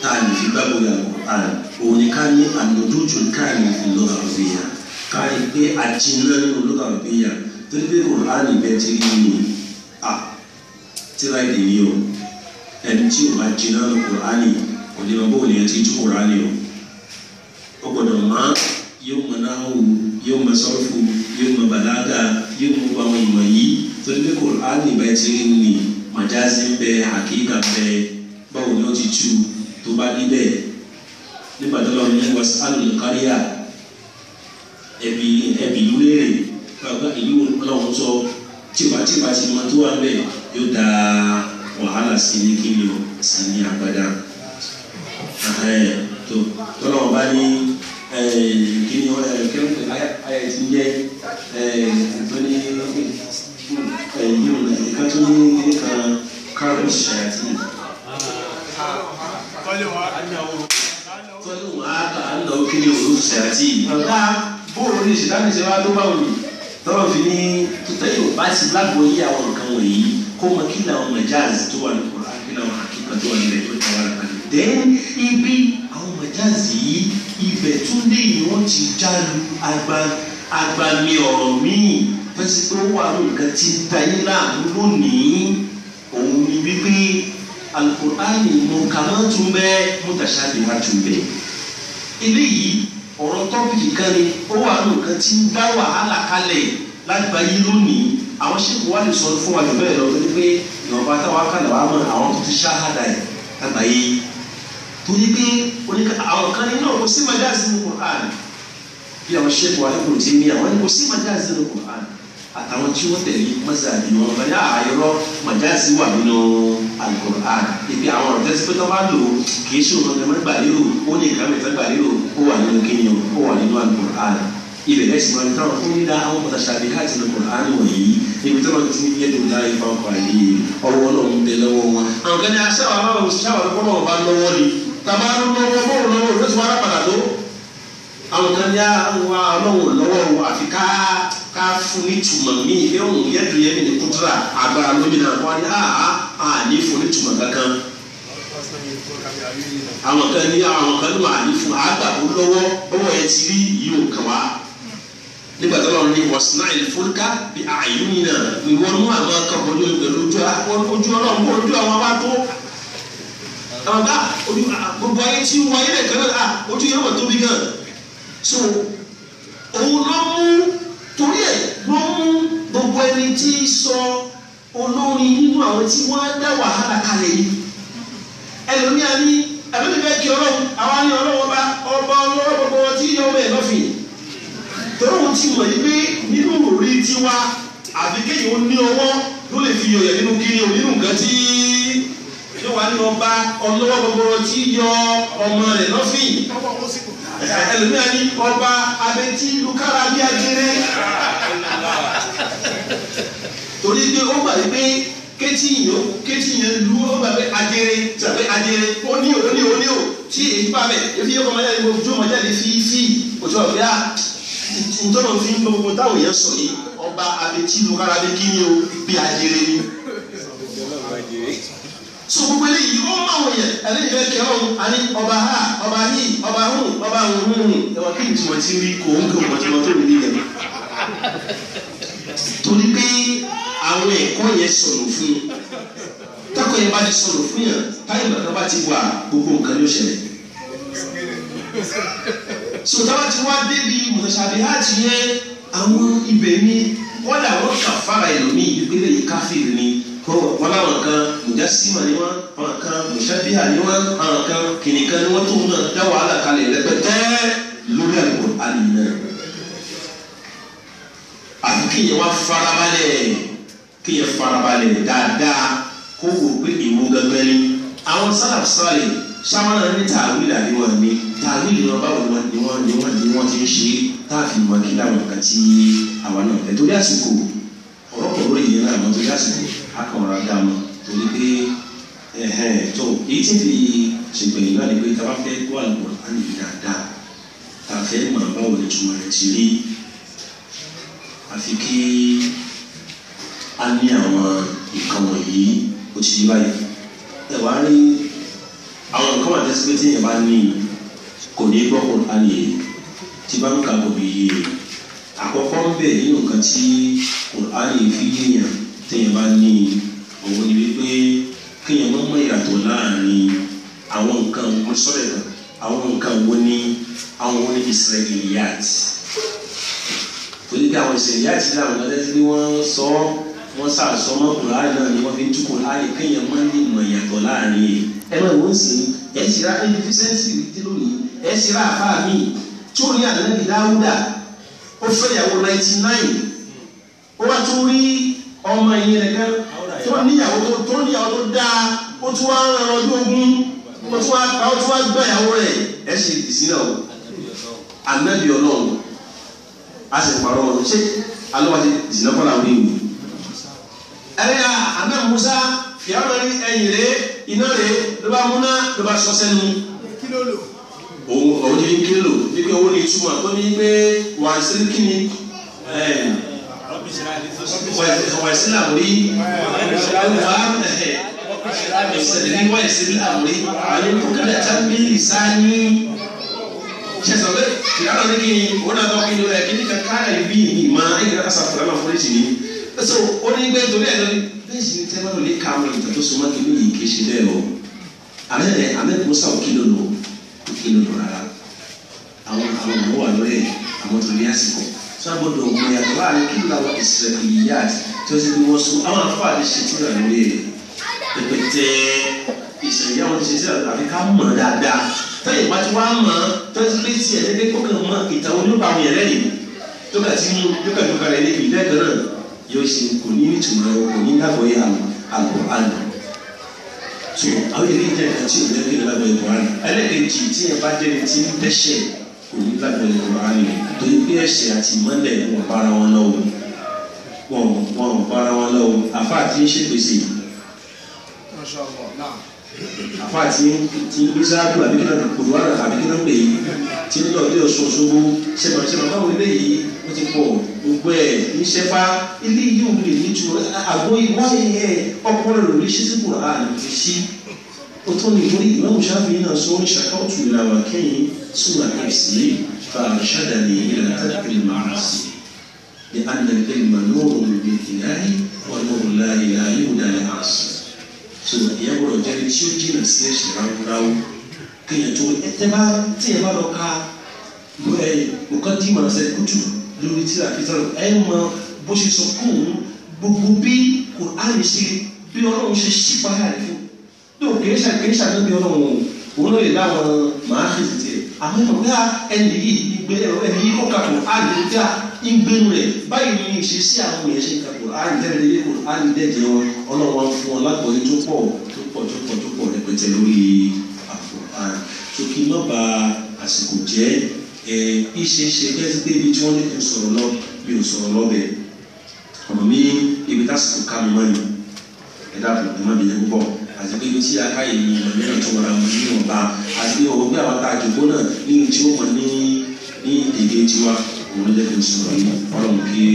A: tààlì fi gbàgbọ́ yàgò àná òun ni ká ní àlòdújù káàní lọ́gà òbíyà ká rí pé àjìnà nínú lọ́gà òbíyà torí pé kòránì bẹ́ẹ̀ ti rí ni à tíra èdè ni o ẹni tí o bá jìnà lọ kòránì òní ma bóun yẹn ti tú kòránì o ó gbọdọ̀ má yóò mọ náà wù yóò mọ sọ́ọ̀fù yóò mọ bàlágà yóò mọ gbọ́ àwọn ìmọ̀ yìí torí pé kòránì bẹ́ẹ̀ ti rí ni màjáde ń àkíkà ń báwo ni ó ti tú tó bá níbẹ̀ nígbà tó lọ ní west alul káríà ẹbí ẹbí ìlú léèrè gbàgbà ìlú ọlọ́run sọ tìpátìpá ti mọ tó wà ń bẹ̀ yóò da wàhálà sí ní kí ni o sí ní agbada tó tọ́lọ́wọ́n bá ní kí ni kẹ́kẹ́ ayé ti ń jẹ́ tó ní yóò nà ìka tó ní kan kárọ̀ ìṣàyàtì. society. ọ̀gá bóòlù ní ìṣèdáni ṣe wá ló bá wù tọ́wọ́ fi ní tuntun yóò bá ti lágbóyè àwọn nǹkan wọ̀nyí kó mọ kí làwọn majaz tó wà ní kura kí làwọn akíkan tó wà nílẹ̀ tó tẹ̀ wà lọ́kàn. then ibi àwọn majaz yìí ibẹ̀ tún lé ìwọ́n ti já lu agbami ọ̀rọ̀ míì pẹ́sí tó wà lórí ti ń yín láàmú lónìí òun ni wípé alukur'ani mọ̀kàmá tún bẹ́ẹ̀ mọ̀tàṣá ti wá tún bẹ́ẹ̀ eléyìí ọ̀rọ̀ tọ́pìkì kan ni ó wà ní nǹkan tí ń dá wàhálà kalẹ̀ lágbàáyé lónìí àwọn ṣèkò wà lè sọ fún wa jù bẹ́ẹ̀ lọ wípé pé ìwọ̀nba táwa kalẹ̀ wà mọ̀ àwọn tó ti ṣáhádà ẹ̀ lágbàáyé torí pé àwọn kan nínú kò sí majazi ní Qur'an bí àwọn ṣèkò wà ní kò tí ní àwọn kò sí majazi ní Qur'an àtàwọn tí wọ́n tẹ̀lé mọ́sàbí wọn wọn ní àyọ̀rọ̀ màjáàsì wà nínú Al-Qur'an ibi àwọn ọ̀rọ̀ tẹ́sí pé tó bá lò kì í ṣe òun ọ̀gá mẹ́gbà lérò ó ní ìka mẹ́fẹ́ gbà lérò ó wà nínú kíni ó wà nínú Al-Qur'an ibẹ̀ lẹ́sìn máa ń tán fún nídá àwọn mọ̀tàṣàbí láti nínú Al-Qur'an wọ̀nyí ibi tí wọ́n ti ní yẹ́dù dá ifá ọkọ̀ àyè ọwọ́ náà ń bẹ lọ́wọ́ wọn. àwọn kan ní aṣáwọ̀ aláwọ̀ ṣáwọ̀ lọ́wọ́ náà bá lọ́wọ́ ni tàbá ká fún ìtumọ̀ míì ẹ̀hún yẹ́dùn yẹ́dùn ní kúndúrà agbára lómìnira wọn ni àá ah, àní ah, fún ìtumọ̀ kankan. àwọn kan ní àwọn kan nù àní fún àgbàbọ̀ lọ́wọ́ ọwọ́ ẹ ti rí yóò kàn wá. nígbà tó lọ́run ní wọ̀sánà ìfúnká bí àyùnì náà ìwọ nú àwọn akọ̀kọ̀ yóò gbẹ lójú ojú ọlọ́run ojú àwọn bá tó. àwọn bá gbogbo ayé tí wọ́n ayé rẹ̀ kan náà ah, ojú yẹn wọ̀ tóbi gan. so òun lọ́ mú torí ẹ̀ ló mú gbogbo ẹni tí í sọ olórin nínú àwọn tí wọ́n dá wàhálà kalẹ̀ yìí ẹlòmíà ní ẹlòmíà bẹ́ẹ̀ kí ọlọ́run àwa ní ọlọ́run bá ọba ọlọ́run gbogbo wọn tí yọ ọmọ ẹ̀ lọ́fìn torí òun ti mọ̀ yí pé nínú òrí tiwa àfi kéyìn ó ní ọwọ́ ló lè fi yọ̀yọ̀ nínú kiri o nínú nǹkan tí yóò wá ní ọba ọlọ́wọ́ gbogbo wọn tí yọ ọmọ rẹ̀ lọ́fìn. ọwọ́ ó ẹlòmíràn ní ọba abẹ́tí lukara bí ajẹrẹ torí pé ó gbà wípé kétí yìnyín kétí yìnyín lu ó gbà pé ajẹrẹ tàbí ajẹrẹ ó ní o ó ní o ó ní o tí èyí bá bẹ ebi yóò kọ́ ọmọdé yẹn ojú ọmọdé yẹn fi fi ojú ọ̀gbẹ́ à ntọ́nà fi ń gbogbo táwọn yẹn sọ yìí ọba abẹ́tí lukara bí kí ni o bí ajẹrẹ ni so gbogbo eléyìí ó máa wọ yẹ ẹlẹ́yìn bẹ́ẹ̀ kẹ́ ọ́n àní ọba ha ọba hi ọba hùn ọba hùn ẹwà kí ni tiwọn ti rí kò ń kí wọn ti wọn tó lè rí yẹn. torí pé àwọn ẹ̀kọ́ yẹn sọ̀rọ̀ fún un tákọ̀ yẹn bá ti sọ̀rọ̀ fún yàn táyì bàtà bá ti wà gbogbo nǹkan ló ṣẹlẹ̀. sọ̀tà ti wá débi mọ̀tàṣàbí láti yẹ àwọn ibẹ̀ mi wọ́n dà wọ́n kà fara ẹ̀lòmíì ìpínlẹ̀ yìí káfíìn ni tó wọn làwọn kan mùjásímà ni wọn àwọn kan mùsábíà ni wọn àwọn kan kìnìkan ni wọn tó ń náà dá wàhálà kalẹ̀ rẹpẹtẹ lórí àgbò àlùmọ́ àfi kéèyàn wá farabalẹ̀ kéèyàn farabalẹ̀ dáadáa kó wò pé ìwọ gẹ́gẹ́ ni àwọn sálàf sálẹ̀ sáwọn ní tàwílì àríwá ni tàwílì wọn báwo ni wọn ni wọn ni wọn ti ń ṣe táàfin mọ kí láwọn kan tí àwa náà ẹ torí àsìkò ọ̀rọ̀ pọ̀ lórí ìyẹn náà mọ torí àsìkò akọ̀rọ̀ dà mọ́ torí pé ẹ̀hẹ́n tó èyí tí fi ṣègbẹ̀yìn náà ni pé tá a bá fẹ́ gbọ́ àlùkò àná dáadáa tá a báwo ni túmọ̀ rẹ̀ ti rí àfi kí a ní àwọn nǹkan wọ̀nyí ó ti di báyìí ẹ wàá rí àwọn nǹkan wà tẹ́sí pé tí èèyàn bá ní kò ní gbọ́ kò á nìyẹn tí bá ń ka kò ní yé àkọ́kọ́ ń bẹ̀ nínú nǹkan tí kò á nìyẹn fi téèyàn bá ní òun ni wípé kéèyàn máa mọ ìyàtọ̀ láàrin àwọn nǹkan òun sọ̀rọ̀ ẹ̀dá àwọn nǹkan wo ni àwọn wo ni israeliyat onídàá àwọn israeliyat láwọn ọ̀dọ́ tí wọ́n sọ wọ́n sàṣọ mọ́ kùránì náà ni wọ́n fi ń tú kùránì kéèyàn máa ní ìmọ̀ ìyàtọ̀ láàrin yìí ẹ máa wọ́n sìn ẹ̀ ṣe ra ẹnifísẹ́ǹsì rí dé lónìí ẹ̀ ṣe ra àfáà míì tí ó ní àdánù ìdáwúdà ó fẹ́ ìyàwó ninety ó wá tún rí ọmọ yìí nìkan tí wọ́n níyàwó tó tó níyàwó tó dáa ó tún wá ń ran ọdún ogún ó tún wá pa ó tún wá gbọ́ ìyàwó rẹ̀ ẹ ṣe ìsínà o ànábì ọlọ́run a sì pàrọ̀ ọ̀run ṣé alọ́wàdì ìsínà kọ́ làwọn èèyàn ẹ̀rẹ́ ànábì Musa fìyàwó rẹ̀ ẹ̀yìn rẹ̀ iná rẹ̀ ló bá múná ló bá sọ sẹ́nu òun òun ti ń kílò wípé owó ni ìtumọ̀ tó ní pé wàá sí kíni. ويسر الأمري ومسلمين ويسر الأمري علمتك لتنبي لساني sẹsọ bẹ kìlára ní kí ni wọn náà tọ́ kí ni wọn yà kí ni ka kára yìí bí yìí máa ẹ yẹra kásá fúlẹ́ máa fúlẹ́ jìnnì ẹsọ ó ní gbẹ torí ẹ lórí bẹ́ẹ̀ sì ni tẹ́lẹ̀ lórí ká àwọn ìtàtó sọmọ kí ni yìí kì í ṣe bẹ́ẹ̀ o àmì ẹ̀ àmì musa ò kí ló lò ó kí ló lò rárá àwọn àwọn ìmọ̀ wà lórí àwọn tó ní àsìkò sábọ̀dọ̀ òun yàtọ̀ láàrin kí ló àwọn ìṣẹ̀lẹ̀ ìyá àti tó ṣe ni wọ́n so àwọn àfáàdé ṣe tí wọ́n lóye pẹpẹtẹ ìṣẹ̀lẹ̀ ìyá wọn ṣe sí àfi ká mọ̀ dáadáa tẹ́yìn bá ti wá mọ̀ tọ́jú pé tiẹ̀ dédé kó kàn mọ́ ìtàn olóba àwọn yẹn lẹ́yìn tó kà sí mú yóò kà lóka lẹ́yìn ìlú ẹ̀kọ́ náà yóò ṣe kò ní ìtumọ̀ kò ní dàgbọ́ yẹ àlọ́ àlọ́ so àwọn yẹn ní ìjẹ́ ìtàn tí ò òní gbàgbọ́ ní
B: ọ̀rọ̀ ayò torí pé ẹ̀ṣẹ̀ àti ìmọ́lẹ̀ wọn bára wọn lọ́wọ́ wọn wọn
A: bára wọn lọ́wọ́ àfa àti ń ṣèpèsè àfa àti ti ń gbé sáájú àbíkínà kòdù wàrà àbíkínà pè é tí ń lọ bí ọ̀ṣun ṣubú ṣẹ̀mọ̀ ṣẹ̀mọ̀ báwo lè yí ó ti pọ̀ gbogbo ẹ̀ níṣẹ́fá ilé yìí ò lè ní ju àgbo ìwọ́n yẹn ọkùnrin rò ní ṣíṣípò àná وطلبني الإمام الشافعي أن أصوم شكوت إلى وكي سوء حفظي فأرشدني إلى ترك المعاصي لأن العلم نور بالله ونور الله لا يهدى لعاصي
C: سوء يقول جاري تشوجي نسيش راو كي يتوى إتبار تيبا لوكا مقدمة زي كتب lórí tí àfihàn ẹ mọ bó
A: ṣe sọ kóun gbogbo bí kò á lè kìí ṣe kìí ṣe àtúntò ọlọ́run òun ló lè láwọn màá fi tètè àmọ́ ẹ̀rọ bí ah, ẹni yìí ìgbé ẹ̀rọ ẹni yìí ó kàkùn àdìjá ìgbénu rẹ̀ báyìí ni ìṣesí àwọn èèyàn ṣe kàkùn àdìjẹ́rẹ́lẹ́ kò àdìjẹ́jẹ́ wọn ọlọ́run fún wọn lágbọ̀ọ́yé tó pọ̀ tó pọ̀ tó pọ̀ tó pọ̀ rẹpẹtẹ lórí àkùrán tó kí má ba àsìkò jẹ́ ẹ ìṣeṣe bẹ́ẹ̀ pé ibi tí wọ́n ní kò sọ̀rọ̀ lọ mi ò sọ̀rọ̀ lọ bẹ́ẹ̀ ọ̀nà mi ibi tásìkò ká mi mọ́ ni ẹ̀dá àbùkù má mi yẹ púpọ̀ àti pé tí a káyè ní ìmọ̀ mìíràn tó ra wọn ní ọ̀ba àti pé ọ̀gbẹ́ àwọn tá a jòkó náà ní ohun tí ó mọ̀ ní ní èdè tiwa òun ló jẹ́ kí n sọ̀rọ̀ yìí ọlọ́run kí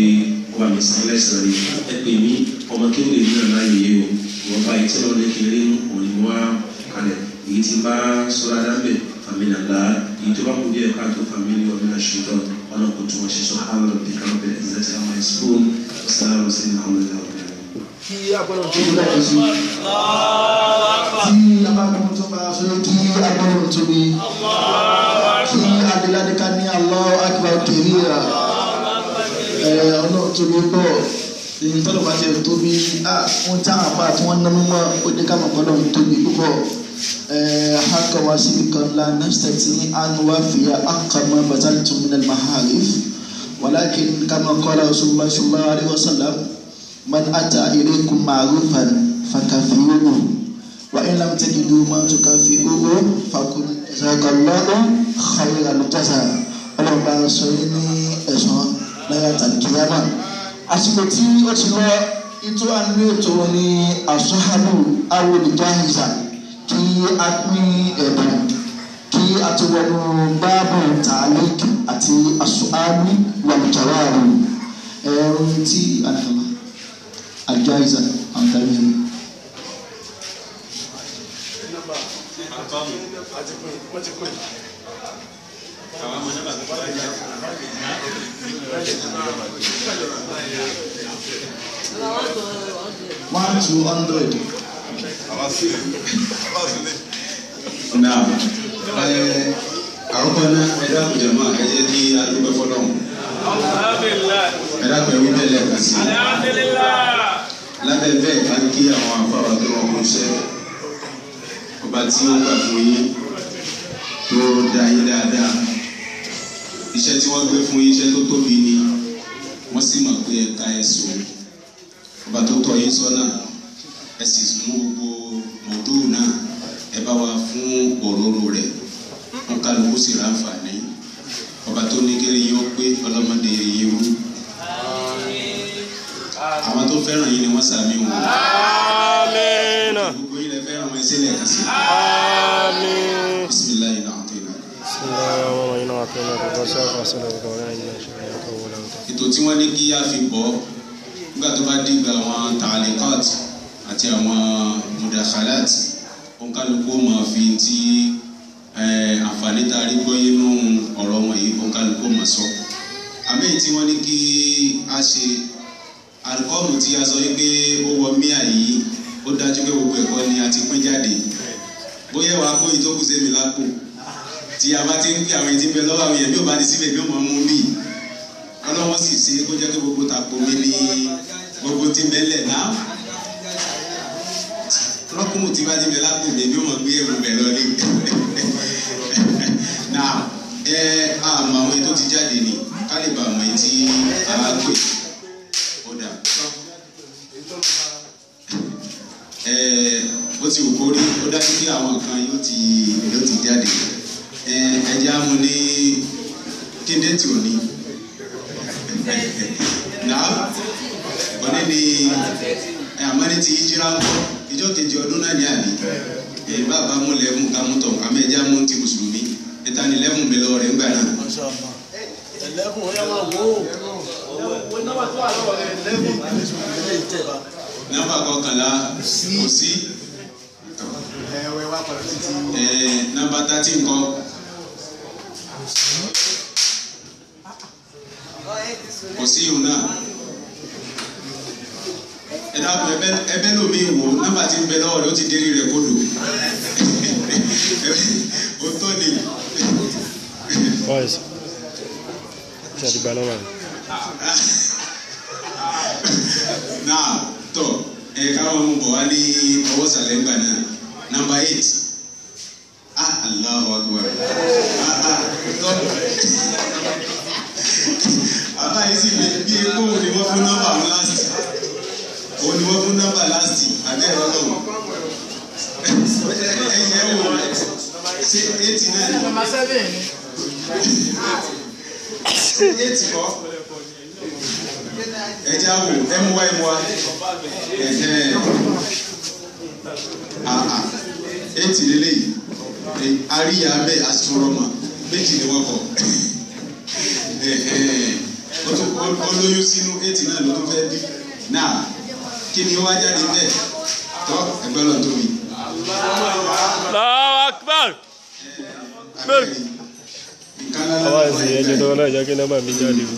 A: kó àmì sàn lẹ́sẹ̀ rẹ̀ ẹ pè mí ọmọ kí ó lè ní ọ̀nà ayẹyẹ o wọ́n bá yìí tí wọ́n lé kiri ní òun ni wọ́n kalẹ̀ èyí ti bá sọ́ra dábẹ̀ fàmílà gbà èyí tó bá kú bí ẹ̀ka tó fàmílì ọ̀mìnà ṣùgbọ́n ọlọ́kùn tó wọ́n ṣe sọ
B: kí agbọ́dọ̀ tó ń bá yẹn ṣe tí abákan tó bá ṣe kí agbọ́dọ̀ tó ní kí adéládéka ní Allahu akbar kẹrí rà ọ̀nà tó ní bọ̀ èyí tọ́lọ̀ bá tiẹ̀ tóbi wọ́n tá àpá tí wọ́n ná mímọ́ ó dé kámọ̀ kọ́lọ̀ tóbi púpọ̀ hakama sílìkan la nẹ́sítẹ̀tì anuwa fìyà akama bàtà tùmínà mahalif wàlákin kámọ̀ kọ́lá ọ̀ṣunbáṣunbá alayhi wa sallam. من أتى إليكم معروفا فكفئوه وإن لم تجدوا ما تكفئوه فقل جزاك الله خير الجزاء ọlọ́run bá sọ yín ní ẹ̀sán náírà tàbí kìláàmà àsìkò tí ó ti lọ ètò àánú ètò ní àṣọhánú awolìjáhìzà kí a pín ẹ̀bùn kí ti wọnú الجائزة عن تاريخ One two hundred. Now, eh, àkọ́kọ́ náà ẹ dákun jàmáà ẹ jẹ́ kí a dúpẹ́ fọ́lọ́run ẹ dàpọ̀ ẹ̀wí bẹ́ẹ̀ lẹ́ẹ̀kan sí i lábẹ́ bẹ́ẹ̀ ká kí àwọn afáwà tó wọn kó ṣẹ́
A: ọba tí ó gbà fún yín tó dá yín dáadáa iṣẹ́ tí wọ́n gbé fún yín iṣẹ́ tó tóbi ni wọ́n sì mọ̀ pé ẹ̀ka ẹ̀sùn ọba tó tọ́ yín sọ́nà ẹ sì mú gbogbo mọ̀ọ́dún náà ẹ bá wa fún òróró rẹ̀ wọn kálukú sì ráǹfààní ọba tó ní kéré yóò pé ọlọ́mọdé yẹ wú. àwọn tó fẹ́ràn
B: yìí ni wọ́n sàmì wò. àmín. gbogbo yìí lè fẹ́ràn ẹ sílẹ̀ kà sí. àmín. bisimilayi náà tó iná. bisimilayi náà wọ́n iná àti iná kò gbọ́sẹ̀ àfàṣẹlẹ̀ kò wọ́n iná ṣẹlẹ̀ kò wọ́n lọ́wọ́. ètò tí wọ́n
A: ní kí a fi bọ́ nígbà tó bá dìgbà àwọn tàlẹ́kọ̀t àti àwọn mudakhalat òǹkàlùkù máa fi ti àǹfààní tá a rí gbọ́ yé nínú ọ̀rọ̀ wọn yìí òǹkàlùkù mà sọ. àmẹ́yìn tí wọ́n ní kí a ṣe alikọ́ọ̀mù tí a sọ yìí ó wọ míà yìí ó dájú pé gbogbo ẹ̀kọ́ ni a ti pín jáde bóyá wàá kó yìí tó kù sẹ́mi lápò tí a bá ti ń pè àwọn ètí bẹ lọ́wọ́ àwọn yẹn bí ó bá ti síbẹ̀ bí ó mọ̀ mú mi ọlọ́wọ́ sì ṣe kó jẹ́ kó gbogbo tàpọ̀ mi ní gbogbo ti bẹ́lẹ̀ náà rọ́kùnmù tí wájú bẹ lápò mi ni ó mọ̀ pé ẹ̀rù bẹ̀ lọ́lé. [LAUGHS] na ẹ àmọ́ àwọn ètò ti jáde ni ká lè bá àwọn ètí alágbè ọ̀dà. ẹ ó ti wù kórí ó dájú pé àwọn kan yóò ti yóò ti jáde ẹ ẹ jẹ́ ní kíndé tí ò ní [LAUGHS] náà òní ni àmọ́ ní ti yíjíra ń bọ̀ ìjọ kejì ọdún náà ní àbí ẹ̀ bàbá mú lẹ́mú ká mú tọ̀ àmọ́ ẹja mú ti mùsùlùmí ìta ni lẹ́mú mi lọ rẹ̀ ńgbà náà. ẹlẹ́kùn ó yá máa wò ó wọ́n náà tó wà lọ́wọ́ rẹ̀ lẹ́mú náfà kọkànlá kò sí. nàmbà tàtí nǹkan. kò sí ìhùn náà
B: ẹ dákun ẹbẹ lómi wò nọ́mbà tí ń bẹ lọ́wọ́ ló ti dérí rẹ kó lò [LAUGHS] ó tó ni. boys ṣe àdìgbà lọ́wọ́ rẹ.
A: náà tọ ẹ káwọn ọmọ bọ̀ wá ní ọwọ́ sàlẹ̀ ńgbà náà nọ́mbà eight ah Allahu Akbar ah ah tọ́ [LAUGHS] bàbá yìí sì bí epo ni wọ́n fún nọ́mbà ńlá sí òun ni wọ́n fún nọ́mbà láti abẹ́ ẹ̀rọ náà ẹ̀yìn wò ṣé eighty náà ṣé eighty kọ́ ẹja wò ẹmuwa ẹmuwa ẹhẹn aha ah. eighty lélẹ́yìí àríyá bẹ́ẹ̀ asọ̀rọ̀ ma méjì ni wọ́n kọ́ ẹhẹn olóyún sínú eighty nine. ló tún fẹ́ bí
B: náà kí ni ó wá jáde bẹ́ẹ̀ tọ́ ẹgbẹ́ lọ tóbi. Àwọn ẹ̀sìn ẹ̀jẹ̀ tó wọlé ìjọ kí nọ́mbà mi jáde o.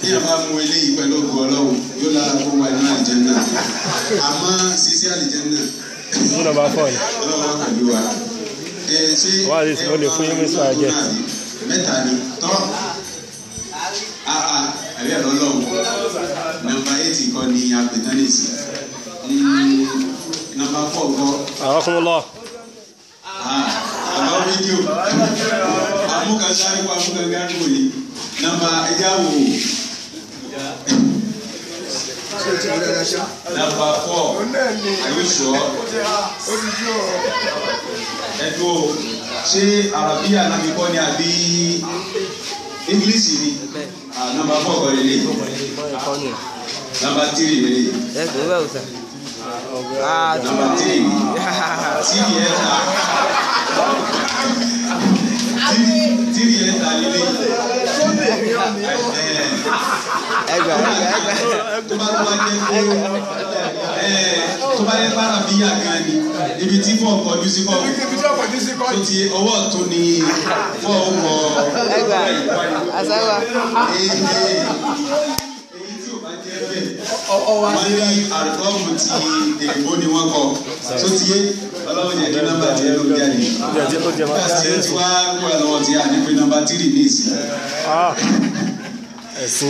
B: Bí a bá mú eléyìí pẹ̀lú ògùn ọlọ́run yóò lára kó wà nínú àlìjẹ́nà. Àmọ́ ṣíṣe àlìjẹ́nà. Mú nọ́mbà fọ́ ni. Ọlọ́run àkàlù
A: wa. Eh, Wọ́n á lè fún olè fún yín mísà Mẹ́ta ni tọ́. Àbí ẹ̀rọ lọ́wọ́. Nọ́mbà eight kọ́ ni apẹ̀tánìsì ní nọ́mbà fọ gbọ. àwọn kò lọ. Number four. amúkàtàrí kó amúkàtàrí kó yìí nọ́mbà ẹja wò. Nọ́mbà fọ àyùsọ ẹdùn o ṣé àràbíyà náà mi kọ́ ni àbí english ni
B: ah, Number four. gbọ́dọ̀ lè nọ́mbà tírì lè. ẹ kò wá òsà. Ah, number three. Three years na. Three years na lele. Ẹgbẹ́ ẹgbẹ́ ẹgbẹ́. Tó bá tó bá jẹ́
A: kó tó bá yẹ bára bí yà gan ni ibi tí fọ́ọ̀ kọjú sí kọ́. Ibi tí ọkọ̀jú sí kọ́. Tó ọwọ́ ọ̀tún ni fọ́ọ̀ wọ̀. Ẹgbẹ́ àṣà wa
B: ọwọ́ àti àlùbọ́ọ̀mù ti èyìnbó ni wọ́n kọ tó
A: ti yé ọlọ́run yẹn kí nọ́mbà tiẹ̀ ló jáde nígbà tí ó ti wá kó ẹ̀ lọ́wọ́ ti à ní pé nọ́mbà tírì ní ìsìn. Ah,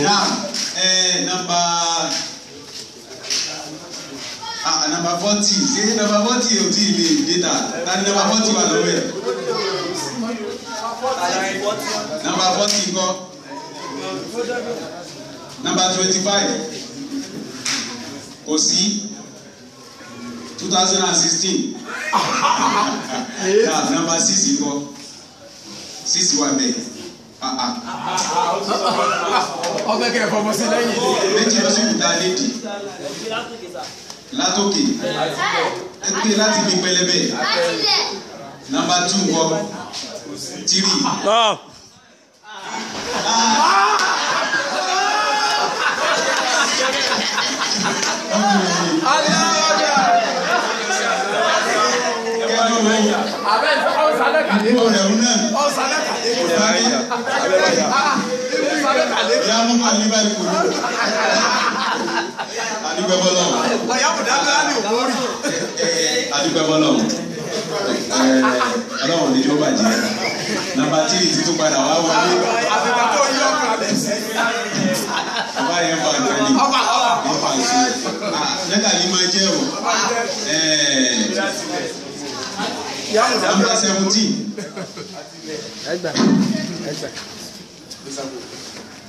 A: náà ẹ nọ́mbà ah, nọ́mbà fọ́tì ṣé nọ́mbà fọ́tì ò tí ì lè déta ta ni nọ́mbà fọ́tì wà lọ́wọ́ ẹ̀
B: nọ́mbà fọ́tì kọ́
A: nọ́mbà twenty five kò sí two thousand and sixteen na number six kọ six wà bẹ́ẹ̀ ọbẹ̀ kẹ́ fọmọ sí lẹ́yìn ilé. méjì ló sì kú tá a lè di. látòkè ẹgbẹ́ láti ní pẹlẹbẹ. nàmbà tù wọ tírì. nínú rẹ̀ ń náà.
C: ìyá mú ma ní báyìí kò ní. adigbẹ́bọ́lọ́. ọ̀yá kò dábẹ́ á ní òwúrọ̀.
A: adigbẹ́bọ́lọ́. Eh, ọlọ́run ní ló bàjẹ́ nàmbà tí ì ti tún padà wá wọlé. àbíkà tó yí ọkọ rẹ sẹ́yìn láyé
B: ọba yẹn fà nǹkan ni ọba ṣe ah, lẹ́tà yìí máa jẹ́ o. nàmbà eh, seventeen.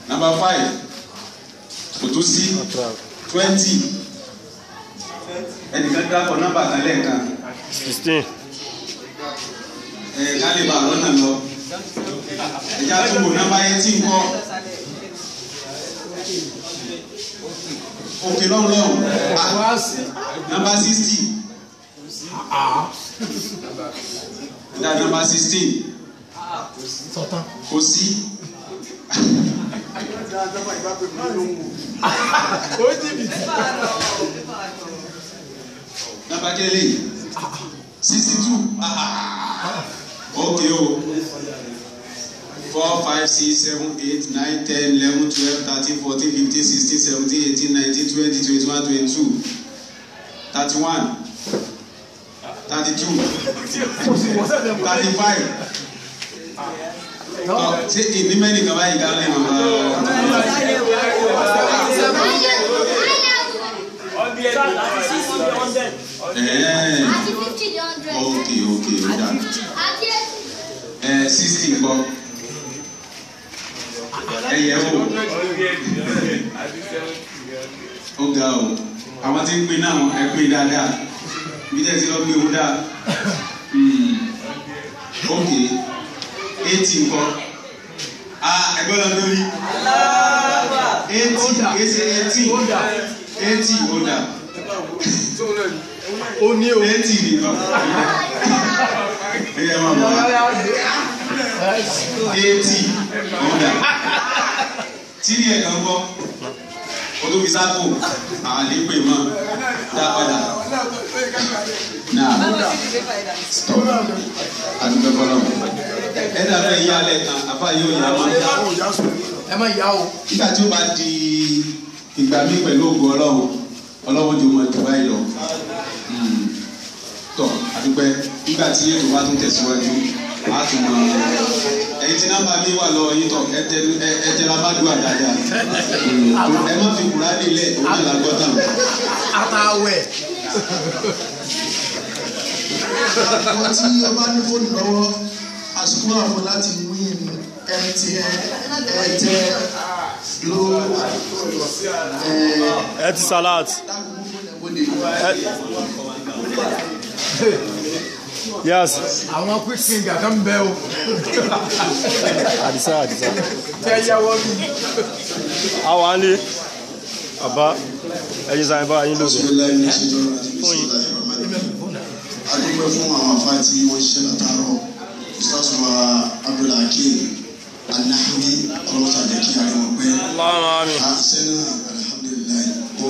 A: nàmbà five kò sí twenty ẹnìkan
C: dákọ̀ nọ́mbà kan lẹ́ẹ̀kan. sixteen. ẹ kálíbà lọ́nà lọ ẹ̀já tó wò nọ́mbà yẹn tí ń kọ́
B: òkè lọ́hùn lọ́hùn nọ́mbà sixty. ẹ̀dá nọ́mbà sixteen. kò sí ó ti bì
A: nàbàjẹ́ lè sixty two ok o oh. four five six seven eight nine ten eleven twelve thirteen fourteen fifteen sixteen seventeen eighteen nineteen twenty twenty one twenty two thirty one thirty two thirty five oh, ṣe ìní mẹ́rin kan báyìí dá lẹ́nu ọ̀la. ọ̀bí ẹ̀ Eh. Okay, okay, okay. Okay. Hey, eh, eh, yeah. àti fifty di hundred. ok ok o da ẹ sixty nǹkan ẹ yẹ wò ó ga o àwọn tí ń pin náà ẹ pin dáadáa bí tẹ́tí lọ pé ó dáa hmm. ok eighty nǹkan ẹgbẹ́ lọ lórí eighty eighty eighty
B: eighty ó dà ó ní o. ẹtì ni ẹ máa mọ ẹtì ọ̀dà
A: tírí ẹ̀ kan gbọ́
B: olórí sáàkó àlépè mọ́ dá padà náà
A: stop àdúgbò kọ́nà ẹ dàbẹ̀ ìyá alẹ́ kan àbá yóò yá
B: máa yá ẹ má yá o.
A: nígbà tí ó bá di ìgbà mi pẹ̀lú ògùn ọlọ́run ọlọ́wọ́ jẹ́ ọmọ ẹ̀jẹ̀ báyìí lọ hmm. tọ́ àdúpẹ́ nígbà tí ètò wa tún tẹ̀síwájú a tún mọ ẹ̀yin tí nọ́mbà mi wà lọ yìí tọ ẹ tẹra bá dùn àdáyà hmm. ẹ má fi kura
B: nílẹ̀ òun náà lágbọ́tà. àtàwẹ̀. wọ́n tí ọba ní fóònù lọ́wọ́ àsìkò àwọn láti wí ẹ̀mí ti ẹ̀ ẹ̀ tẹ́ you know uh, salad yes. àwọn quick finger kan bẹ o. àdìsá àdìsá. tẹ yàwọ mi. àwọn àlè bàbá ẹyin sáyẹn bá yín lóde. fún yín. a fún àwọn afáàtì wọn ṣiṣẹ́ látàárọ̀ ìsásùwà Abdulhakeem anahuri ọlọ́sà jẹ́ kí ariwo pẹ́ àṣẹ́nà alhamdulilayi ó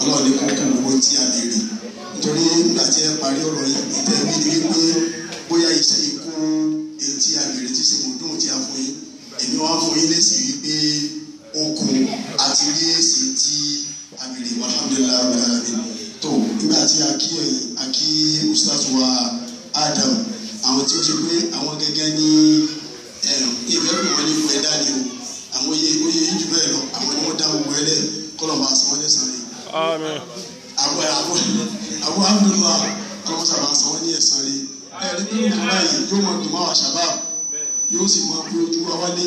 B: ọlọ́ọ̀ni kúnkún owó tí a lè rí nítorí nígbà tí ẹ parí ọ̀rọ̀ yìí ìtẹ́ mi ni wípé bóyá iṣẹ́ ikú èyí tí a lè rí ti ṣe mọ̀ dùn tí a fún yín èmi wá fún yín lẹ́sìn wípé okun àti rí èsì tí a lè rí alhamdulilayi ọ̀rọ̀ rẹ̀ tó nígbà tí a kí ẹ̀yìn a kí ustaz wa Adam àwọn tí ó ṣe pé àwọn gẹ́gẹ́ ní ìfẹ́ kò wọ́n ní fún dání o àwọn oyè oyè jù bẹ́ẹ̀ lọ àwọn ni wọ́n dá gbogbo ẹ lẹ́ máa sọ wọ́n ní ẹ̀sán rẹ̀. àwọn àwọn àwọn àdúrà kọ́lọ̀ sábà sọ wọ́n ní ẹ̀sán rẹ̀ ẹ̀rí bí wọ́n bá yìí yóò máa dùn máa yóò sì máa fi ojú wa wálé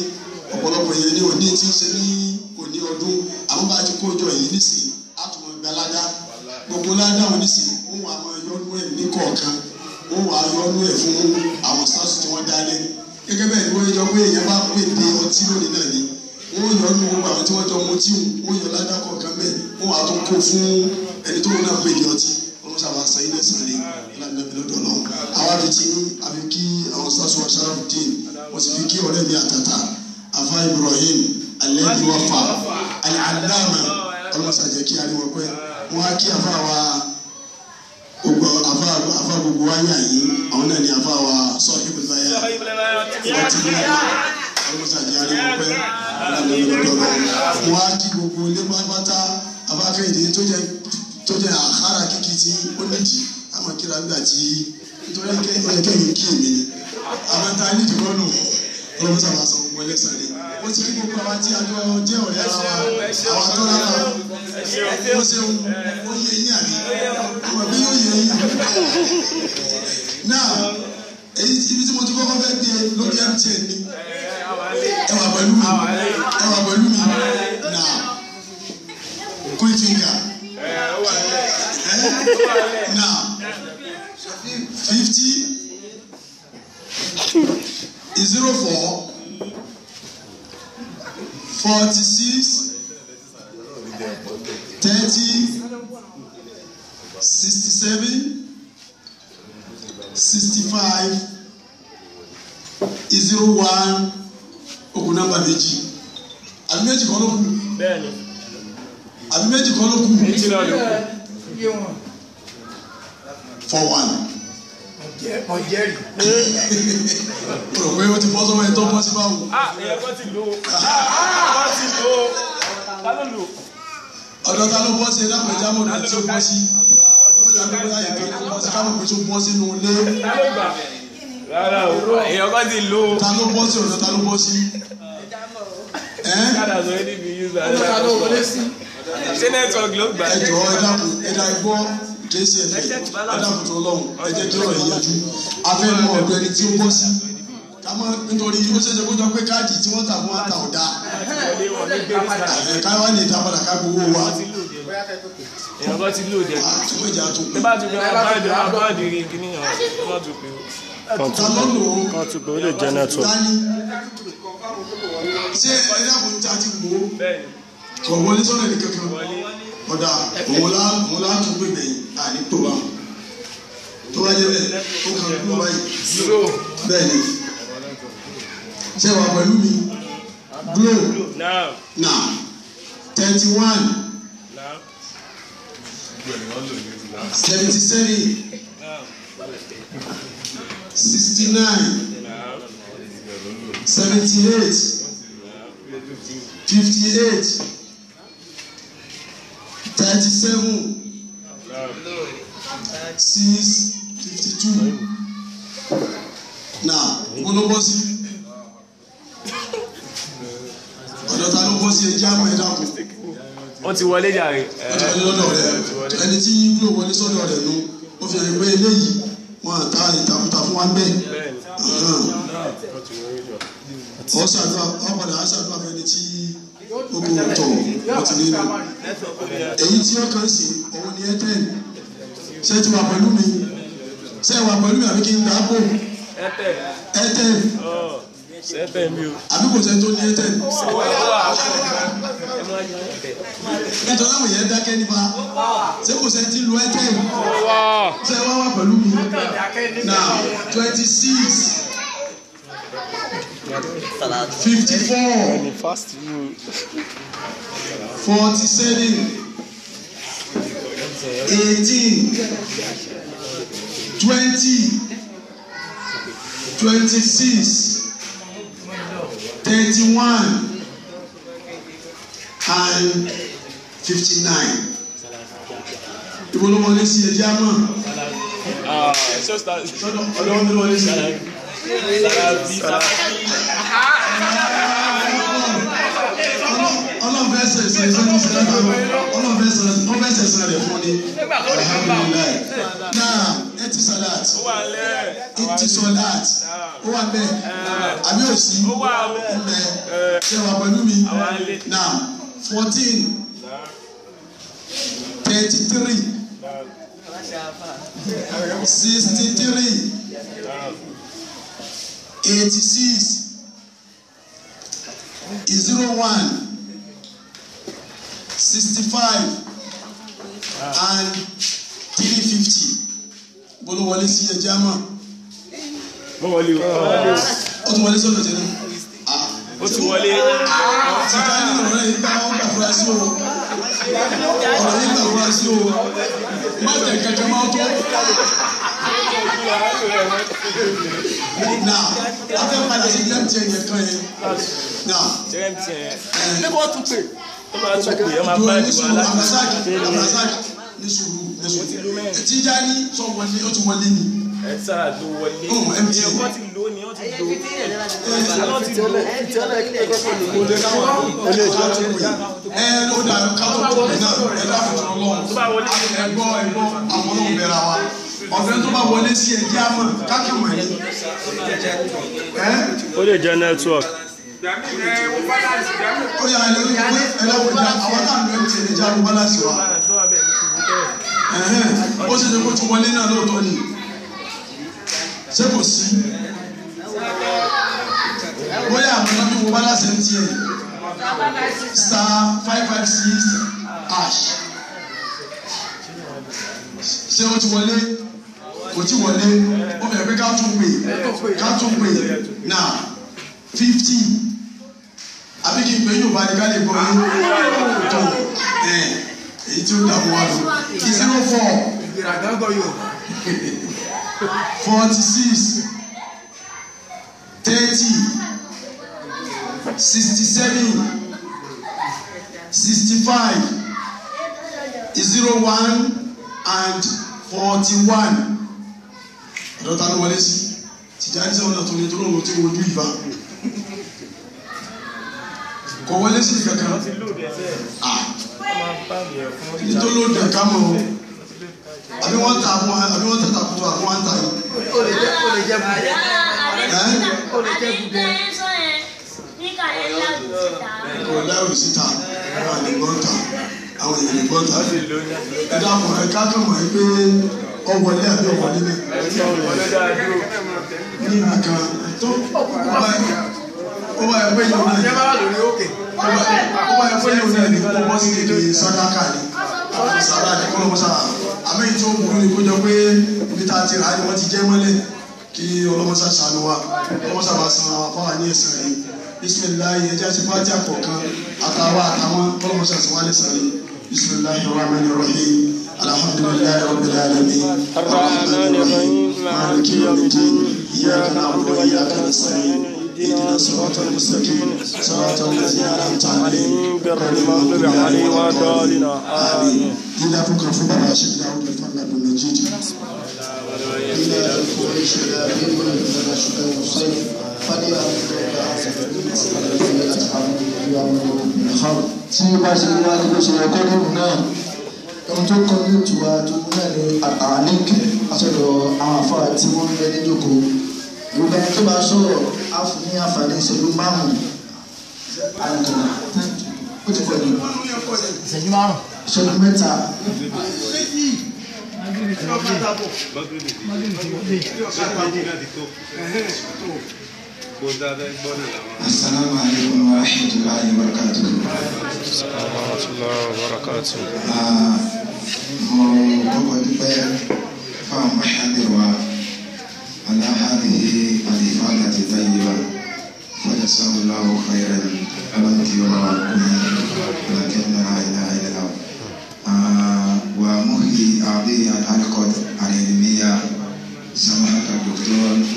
B: ọ̀pọ̀lọpọ̀ yẹn ní òní
A: tí ń ṣe ní òní ọdún àwọn bá ti kó jọ yìí nísìnyí á
B: tún mọ gbalada gbogbo ládà onísìnyí òun àwọn yọnú ẹ̀ ní kọ̀ọ̀kan òun àwọn yọnú ẹ̀ fún àwọn sars gẹ́gẹ́ bẹ́ẹ̀ ni wọ́n yọ pé èèyàn bá pè dé ọtí
C: lónìí náà ni wọ́n yọ nínú gbogbo àwọn tí wọ́n jọ mutí wọ́n yọ ládàkọ̀ kan bẹ́ẹ̀ wọ́n wà tó kó fún ẹni
B: tó náà pè dé ọtí wọ́n sábà sọ ilé sàn ní ìlànà ìlọ́dọ̀ lọ́wọ́ àwọn àti tí àfi kí àwọn sásùn aṣáájú dín wọ́n sì fi kí ọ̀rẹ́ mi àtàtà afa Ibrahim alẹ́bí wọn fa aláàmà ọlọ́sàjẹ́ kí ariwo pẹ́ wọ́n á kí afa wa gbogbo gbogbo wáyé àyè àwọn náà ni afa wa sọ ibùdó ayé ọtí ní àná ọlọmọsá jẹ aríwọpẹ ọlọmọdọdọ fún wa kí gbogbo ilé pátápátá abáfẹ́yìndé tó jẹ tó jẹ àkàrà kíkì tí ó nídìí àmọ́ kíra gbà tí nítorí ẹkẹyìn kí mi ni àbẹ̀tà nídìí lọ́nù ọlọmọsá máa sọ gbogbo ẹlẹ́sàn ó ti rí gbogbo àwa tí a jọ jẹ́ ọ̀rẹ́ ara wa àwọn àtọ́ lára ó ṣeun ó yé yín àbí àwọn ẹbí yóò yé yín. náà èyí ibi tí mo ti kọ́kọ́ fẹ́ gbé e lórí MTN mi ẹ wà pẹ̀lú mi ẹ wà pẹ̀lú mi náà Queen Finger náà fifty zero four forty six thirty sixty seven sixty five zero one okùn nọ́mbà méjì àbí méjì kan ló kù àbí méjì kan ló kù four one mo jẹ́rìí. rò pé o ti bọ́ sọ́wọ́ ẹ tó bọ́ sí báwo. ẹ̀yẹ kan ti lo kan ti lo ta ló lò. ọ̀dọ̀ ta ló bọ́ sí ẹ̀dá pẹ̀lú jámọ̀ náà tí ó bọ́ sí. ọ̀dọ̀ ta ló láyè kan ló bọ́ sí káwọn pèsè bọ́ sínú ilé. rárá o ẹ̀yẹ kan ti lo. ta ló bọ́ sí ọ̀dọ̀ ta ló bọ́ sí. ọ̀dọ̀ ta ló wọlé sí. ṣé nẹ́tíwọ̀kì ló gbà. ẹ jọ̀ọ́ ẹ dákun ẹ dá ẹ gbọ́ jésì ẹ̀fẹ̀ ẹ̀dàkùtù ọlọ́run ẹ̀jẹ̀ kí ọ̀rọ̀ ìyànjú
A: afẹ́ mọ ọ̀dọ̀ ẹni
B: tí ó bọ́ sí kámọ́ nítorí ó ṣẹ̀ṣẹ̀ kó jọ pé káàdì tí wọ́n tà fún wa ta ọ̀dà káwá ní ìta padà ká gbowó wa. ìrànlọ́ ti lò jẹ́ bí bá tún pé abáàdì abáàdì rí kíní yàn wọ́n tún pé wọ́n tún pé ó lè jẹ́ nẹ́tíwọ̀. ṣé ẹ̀dá kò ń ta ti wò ó? kò wọlé sọ́nà ní kankan ọ̀dà òun lá òun lá
A: tún gbé gbẹ̀yìn àní tó bá tó bá yẹ bẹ́ẹ̀ ó kàn kúrò báyìí zero
B: bẹ́ẹ̀ ni ṣé wà pẹ̀lú mi glow na thirty one seventy seven sixty nine seventy eight fifty eight thirty seven six fifty two now mo ló bọ́ sí ọ̀dọ̀ ta ló bọ́ sí ẹjẹ́ àmọ́ ẹ̀dá kù. ó ti wọlé jàre. ó ti wọlé lọ́dọ̀ rẹ̀ ẹni tí wúlò wọlé sọ́dọ̀ rẹ̀ nu ó fi hàn pé eléyìí wọn àtà ìtàkùtà fún wa ń bẹ̀ ọ̀sàdúrà ọ̀padà àṣàdúrà fún ẹni tí
A: gbogbo ọ̀tọ̀ ọtí nínú èyí tí ó kàn sí òun ni airtel ṣé ti wà pẹ̀lú mi ṣé wà pẹ̀lú mi àbí kí n dáàbò
B: airtel àbí kò sẹ́ni tó ní airtel nítorí àwọn èèyàn dákẹ́ nípa ṣé kò sẹ́ni tí lu airtel ṣé wà wà pẹ̀lú mi now twenty six. 54 47 18 20 26 31 and 59 ìbò ló wọlé sí ẹjẹ àmọ́ ọ̀dọ́ wọn ló wọlé ọlọ́fẹ́ sẹ̀sẹ̀ sẹ́nu sẹ́nu ọlọ́fẹ́ sẹ̀sẹ̀ ọlọ́fẹ́ sẹ̀sẹ̀ rẹ̀ fún ni alhamdulilayi náà ẹ ti salat ẹ ti salat ó wà bẹ́ẹ̀ àbí òsì ẹ̀mẹ́ ṣe wà pẹ̀lú mi náà fourteen thirty three sixty three eighty six zero one sixty five and three fifty bolo wọlé sí ẹja mọ. bó wọlé o. ó ti wọlé sọ́dọ̀ tẹ́lẹ̀. ó ti wọlé. ti ká ní ọ̀rọ̀ yìí bá wọn gbà fura o ọ̀rọ̀ yìí gbà fura o má tẹ̀ kẹ̀kẹ́ máa tó now afẹ́ padà sí jẹ́mtì ẹ̀yẹ kan yẹn now jẹ́mtì ẹ̀yẹ ní bọ́ tún pè tó bá tún pè ẹ máa bá ìwà aláàbí ní
A: sùúrù ní sùúrù ìtìjà ní sọ wọlé ó ti wọlé ni ẹ sáà
B: ló wọlé ẹ wọ́n ti lò ní wọ́n ti
A: lò wọ́n ti lò ẹ ti ọ̀lẹ́ kí ẹ kọ́kọ́ lò ó lé káwọn ó lè tó ti pè é ẹ ló dà ká tó
B: tó pè náà ẹ dáhùn tó lọ́wọ́ ẹ gbọ́ ẹ gbọ́ àwọn ọlọ́run bẹ̀rẹ̀ wa
A: ọ̀fẹ́ tó bá wọlé sí ẹ̀ jẹ́ àmọ́ kákìmọ̀ ẹ̀. ó lè jẹ́ network. ó yà ẹ lórí ìwé ẹlẹ́wọ̀n já àwọn
B: náà ló ń tiẹ̀ lè já ló bá láti wá. ó sì ní kó ti wọlé náà lóòótọ́ ni ṣé kò sí. bóyá àwọn náà ló bá láti ń tiẹ̀ star five five six ash ṣé ó ti wọlé kò tí wọlé ó fẹ́ pé ká tún pè ká tún pè na fifty àbí kí n pè yóò bá ní ká lè gbọ́ yín tó ẹ̀ èyí tí ó dààmú wa lò kí zero four forty six thirty sixty seven
A: sixty five zero one
B: and forty-one ìjọba ló wọlé sí tìjà ní sẹ́wọ́n tó ní tó lóun ti wojú ìbá kọ wọlé sí kankan à
A: ní tó lóun dẹ̀ ká mọ́
B: àbí wọ́n ta àwọn àbí wọ́n tẹ̀ta kutu àbí wọ́n ta yìí. o lè jẹ o lè jẹ bùdẹ. o lè jẹ bùdẹ. o lẹ́rù síta àwọn ènìyàn gbọ́ta àwọn ènìyàn gbọ́ta ẹ̀dá mọ̀ ẹ̀ká tó mọ̀ ẹ́ pé ọwọlé àbí ọwọlé ní ní nìkan tó ọba ọba ẹgbẹ́ yìí wọn ni ọba ẹgbẹ́ yìí wọn ni kó bọ́ sí èdè sàdákà ni sàrà ni kó lọ́wọ́ sàrà àmì tí ó burú ni kó jọ pé ibi tá a ti rà á ni wọ́n ti jẹ́ mọ́lẹ̀ kí ọlọ́mọsá ṣàánú wa ọlọ́mọsá bá san àwọn afọ́wà ní ẹ̀sán yìí bisimilayi ẹjẹ́ ti fàájà kọ̀ọ̀kan àtàwọn àtàwọn ọlọ́mọsá sì wá lẹ́sàn yìí bisimilayi rahman rahim. الحمد لله رب العالمين الرحمن الرحيم مالك يوم الدين إياك نعبد وإياك نستعين اهدنا الصراط المستقيم صراط الذين انعمت عليهم غير المغضوب عليهم ولا الضالين امين الى بكره فضل راشد داوود الفضل بن مجيد الى الفريش الى بيت المشكل والصيف فليأخذ خلق سيما سيما كبش يكون ohun tó kọ ní ìtura tuntun náà ni àtàlẹ́kẹ̀ àtọ̀dọ̀ àwọn afárá tí wọ́n ń bẹ ní ìjòkó gbogbo ẹni tó bá sọ̀rọ̀ á fún ní àǹfààní ìṣẹ́jú márùn-ún àǹtọ̀nà ó ti pẹ̀lú ìṣẹ́jú márùn-ún ìṣẹ́jú mẹ́ta.
A: Assalamu alaikum wa rahmatullahi
B: wa barakatuh. منذ عقد فهم حاضر على هذه الإفادة الطيبة وجزاه الله خيرا أنت ولكن لا إله إلا الله ومهي
A: هذه العلمية سماحة الدكتور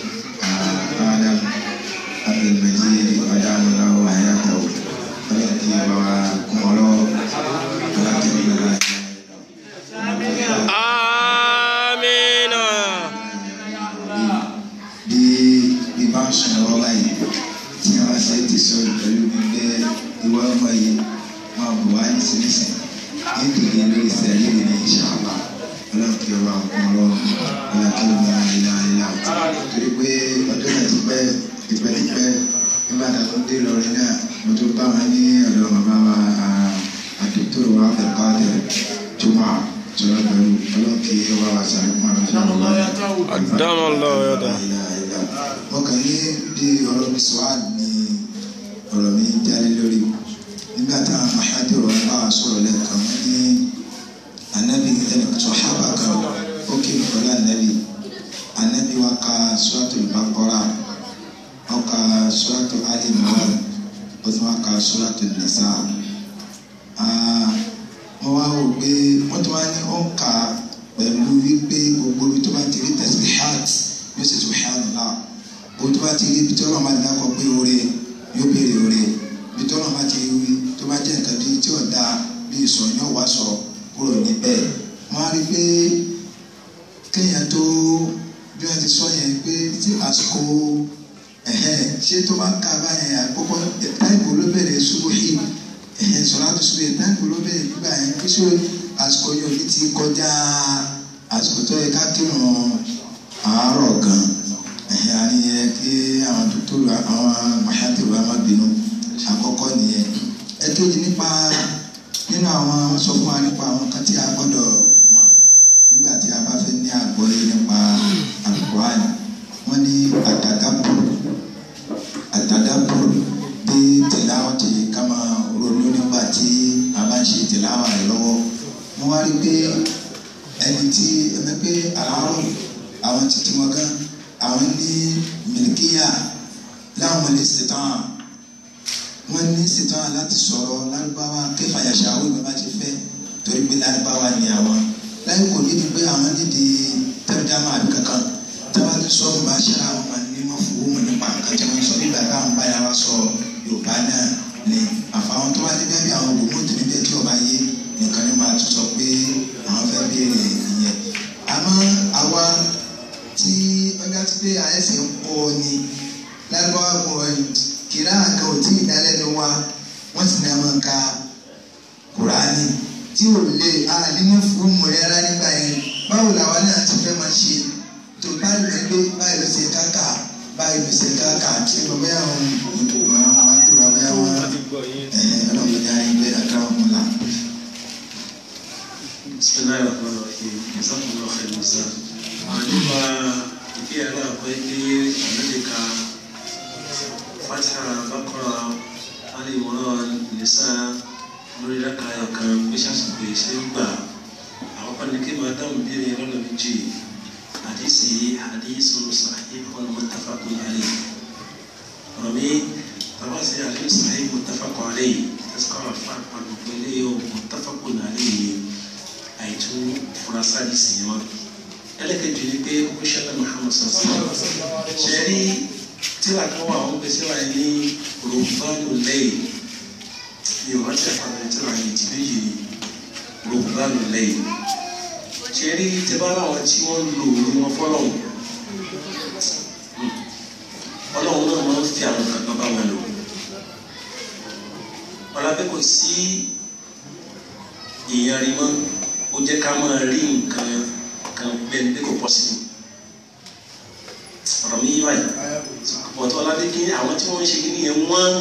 A: Maarifa pia akwai dai annabi ka fatara bakara aliwara nisa lórí raka kan pé sásìkò ìṣe ń gbà àwọn kan ní kí máa dáhùn
B: bí ẹni lọ́nà méjì
A: àdísì àdísù sàhíhì muttafaqun alayhi ọ̀rọ̀ mi bàbá sí àdísù sàhíhì muttafaqun alayhi tẹ́síkọ́ àfa àpapọ̀ ilé
B: muttafaqun alayhi àìtú furasá àdísì yẹn wọn ẹlẹ́kẹ̀jì ni pé ó ṣẹlẹ̀ Muhammad sọ̀rọ̀ ṣe rí tíwà kan wà ó gbèsè wà ní rògbòdánù lẹ́yìn ní
A: ìrántí àpàrọ̀ tíwà yìí ti méjì ní rògbòdánù lẹ́yìn ṣe rí tẹ́bá láwọn tí wọ́n lò ní wọn fọ́lọ́wọ́ ọlọ́run náà máa ń fi àwọn kankan bá wọn lò ọlábẹ́ kò sí ìyanrìmọ́ ó jẹ́ ká máa rí nǹkan kan mẹ́rin pé kò pọ́sibú ọ̀rọ̀ mi yí báyìí bọ̀tọ̀ ọ̀làdé kí àwọn tí wọ́n ń ṣe kí nìyẹn wọ́n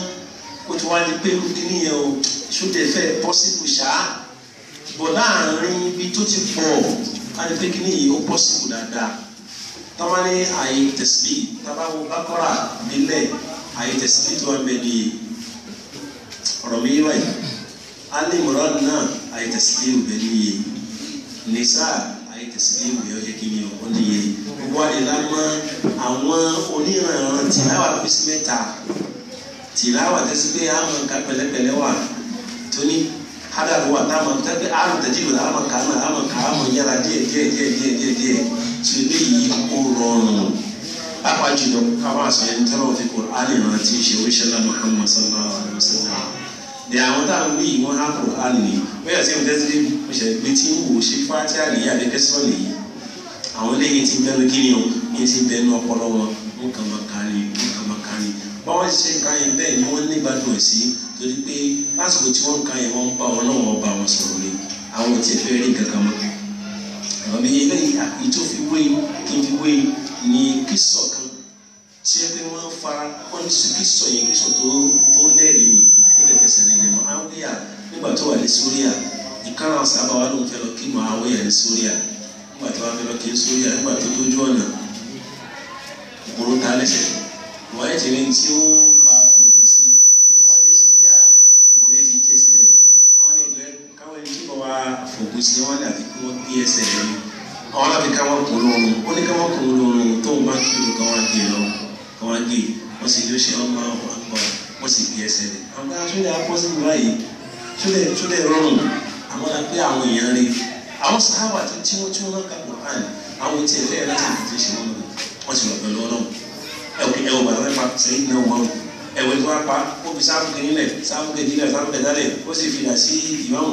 A: ó ti wá di pé kí nìyẹn o ṣúdẹ fẹ́ pọ́sibú ṣáá bọ̀ láàrin ibi tó ti pọ̀ láti pé kí nìyẹn ó pọ́sibú dáadáa tọ́wá ní àyè tẹ̀síbí tábà wo bákọ́rà nílẹ̀ àyè tẹ̀síbí tó wà mẹ́ni ọ̀rọ̀ mi yí báyìí alẹ́ ìmọ̀ràn náà àyè tẹ̀síbí ò bẹ́ẹ̀ níye nìsáà àlẹ́ tẹ̀sílẹ́mù yẹn ó jẹ́ kí ni ó lè yẹ wọ́n lè àwọn oníranran tìláwà bísí mẹ́ta tìláwà tẹ́sí pé àwọn nǹkan pẹ̀lẹ́pẹ̀lẹ́ wà tóní hádàlú wà táwọn tẹ́pẹ́ àrùn tẹ̀jìlù àwọn kan náà àwọn kan àwọn yára díẹ̀ díẹ̀ díẹ̀ díẹ̀ díẹ̀ díẹ̀ tí ó yí kó rọrùn pápá jùlọ káwọn àṣàyàn tẹ́lọ̀ fi kó alẹ́ rántí ṣe oríṣiríṣi Muhammad di àwọn táwọn
C: wí wọn á kó àlè bóyá sí ìmọ̀tẹ́sí débi mo ṣẹ̀ gbé tí wò ó ṣe fáti àlè àbí kẹsàn-án lè yí àwọn eléyìí ti bẹnu kíni o
A: yìí ti bẹnu ọpọlọ wọn ó kàn máa kárí ó kàn máa kárí báwọn ṣe ń ka yẹn bẹ́ẹ̀ ni wọ́n nígbàdùn ẹ̀ sí torí pé lásìkò tí wọ́n ń ka yẹn wọ́n ń bá wọn náà wọ́n bá wọn sọ̀rọ̀ ni àwọn ò tiẹ̀ fẹ́ rí kankan mọ́ àwọn bí eléyìí àpètò fi wé kí n fi wé ni kí sọ̀kan tí ẹ pé wọ́n fara wọ́n ní kí sọ yẹn kí sọ tó nígbà tó wà ní Syria ìkára sábà wà lóun fẹ́ lọ kí Muawiya ní Syria nígbà tó wà fẹ́ lọ kí Syria nígbà tó dójú ọ̀nà ìgboro ta lẹ́sẹ̀ wọ́n ẹ̀ tẹ̀lé ní tí ó fa gbogbo sí kó tó wá dé Syria ìgboro ẹ̀ ti jẹ́ ẹsẹ̀ rẹ̀ wọ́n ní ìgbẹ́ káwọn ẹni tí wọ́n wá fògùn sí wọn dàbí kí wọ́n gbé ẹsẹ̀ rẹ̀ ni àwọn alábi káwọn kò lóorun ó ní káwọn kò lóorun tó ń bá kúrò káwọn gé e lọ káwọn gé e. wọ́n sì yóò ṣe ọmọ túlẹ̀ túlẹ̀ rọrùn àwọn la pé àwọn èèyàn rè àwọn sàhábà tó tí wọ́n tí wọ́n ka Kùránì àwọn tí ẹ fẹ́ láti ìdíje ṣe wọn lò ti wà pẹ̀lú ọlọ́run ẹ wò ẹ wò
C: bàbá mẹ́fà sẹ́yìn náà wọ́n ẹ wò ìtura pa ó fi sáàmù kẹ nílẹ̀ sáàmù kẹ nílẹ̀ sáàmù kẹ dálẹ̀ ó sì fi dàsí ìmáàmù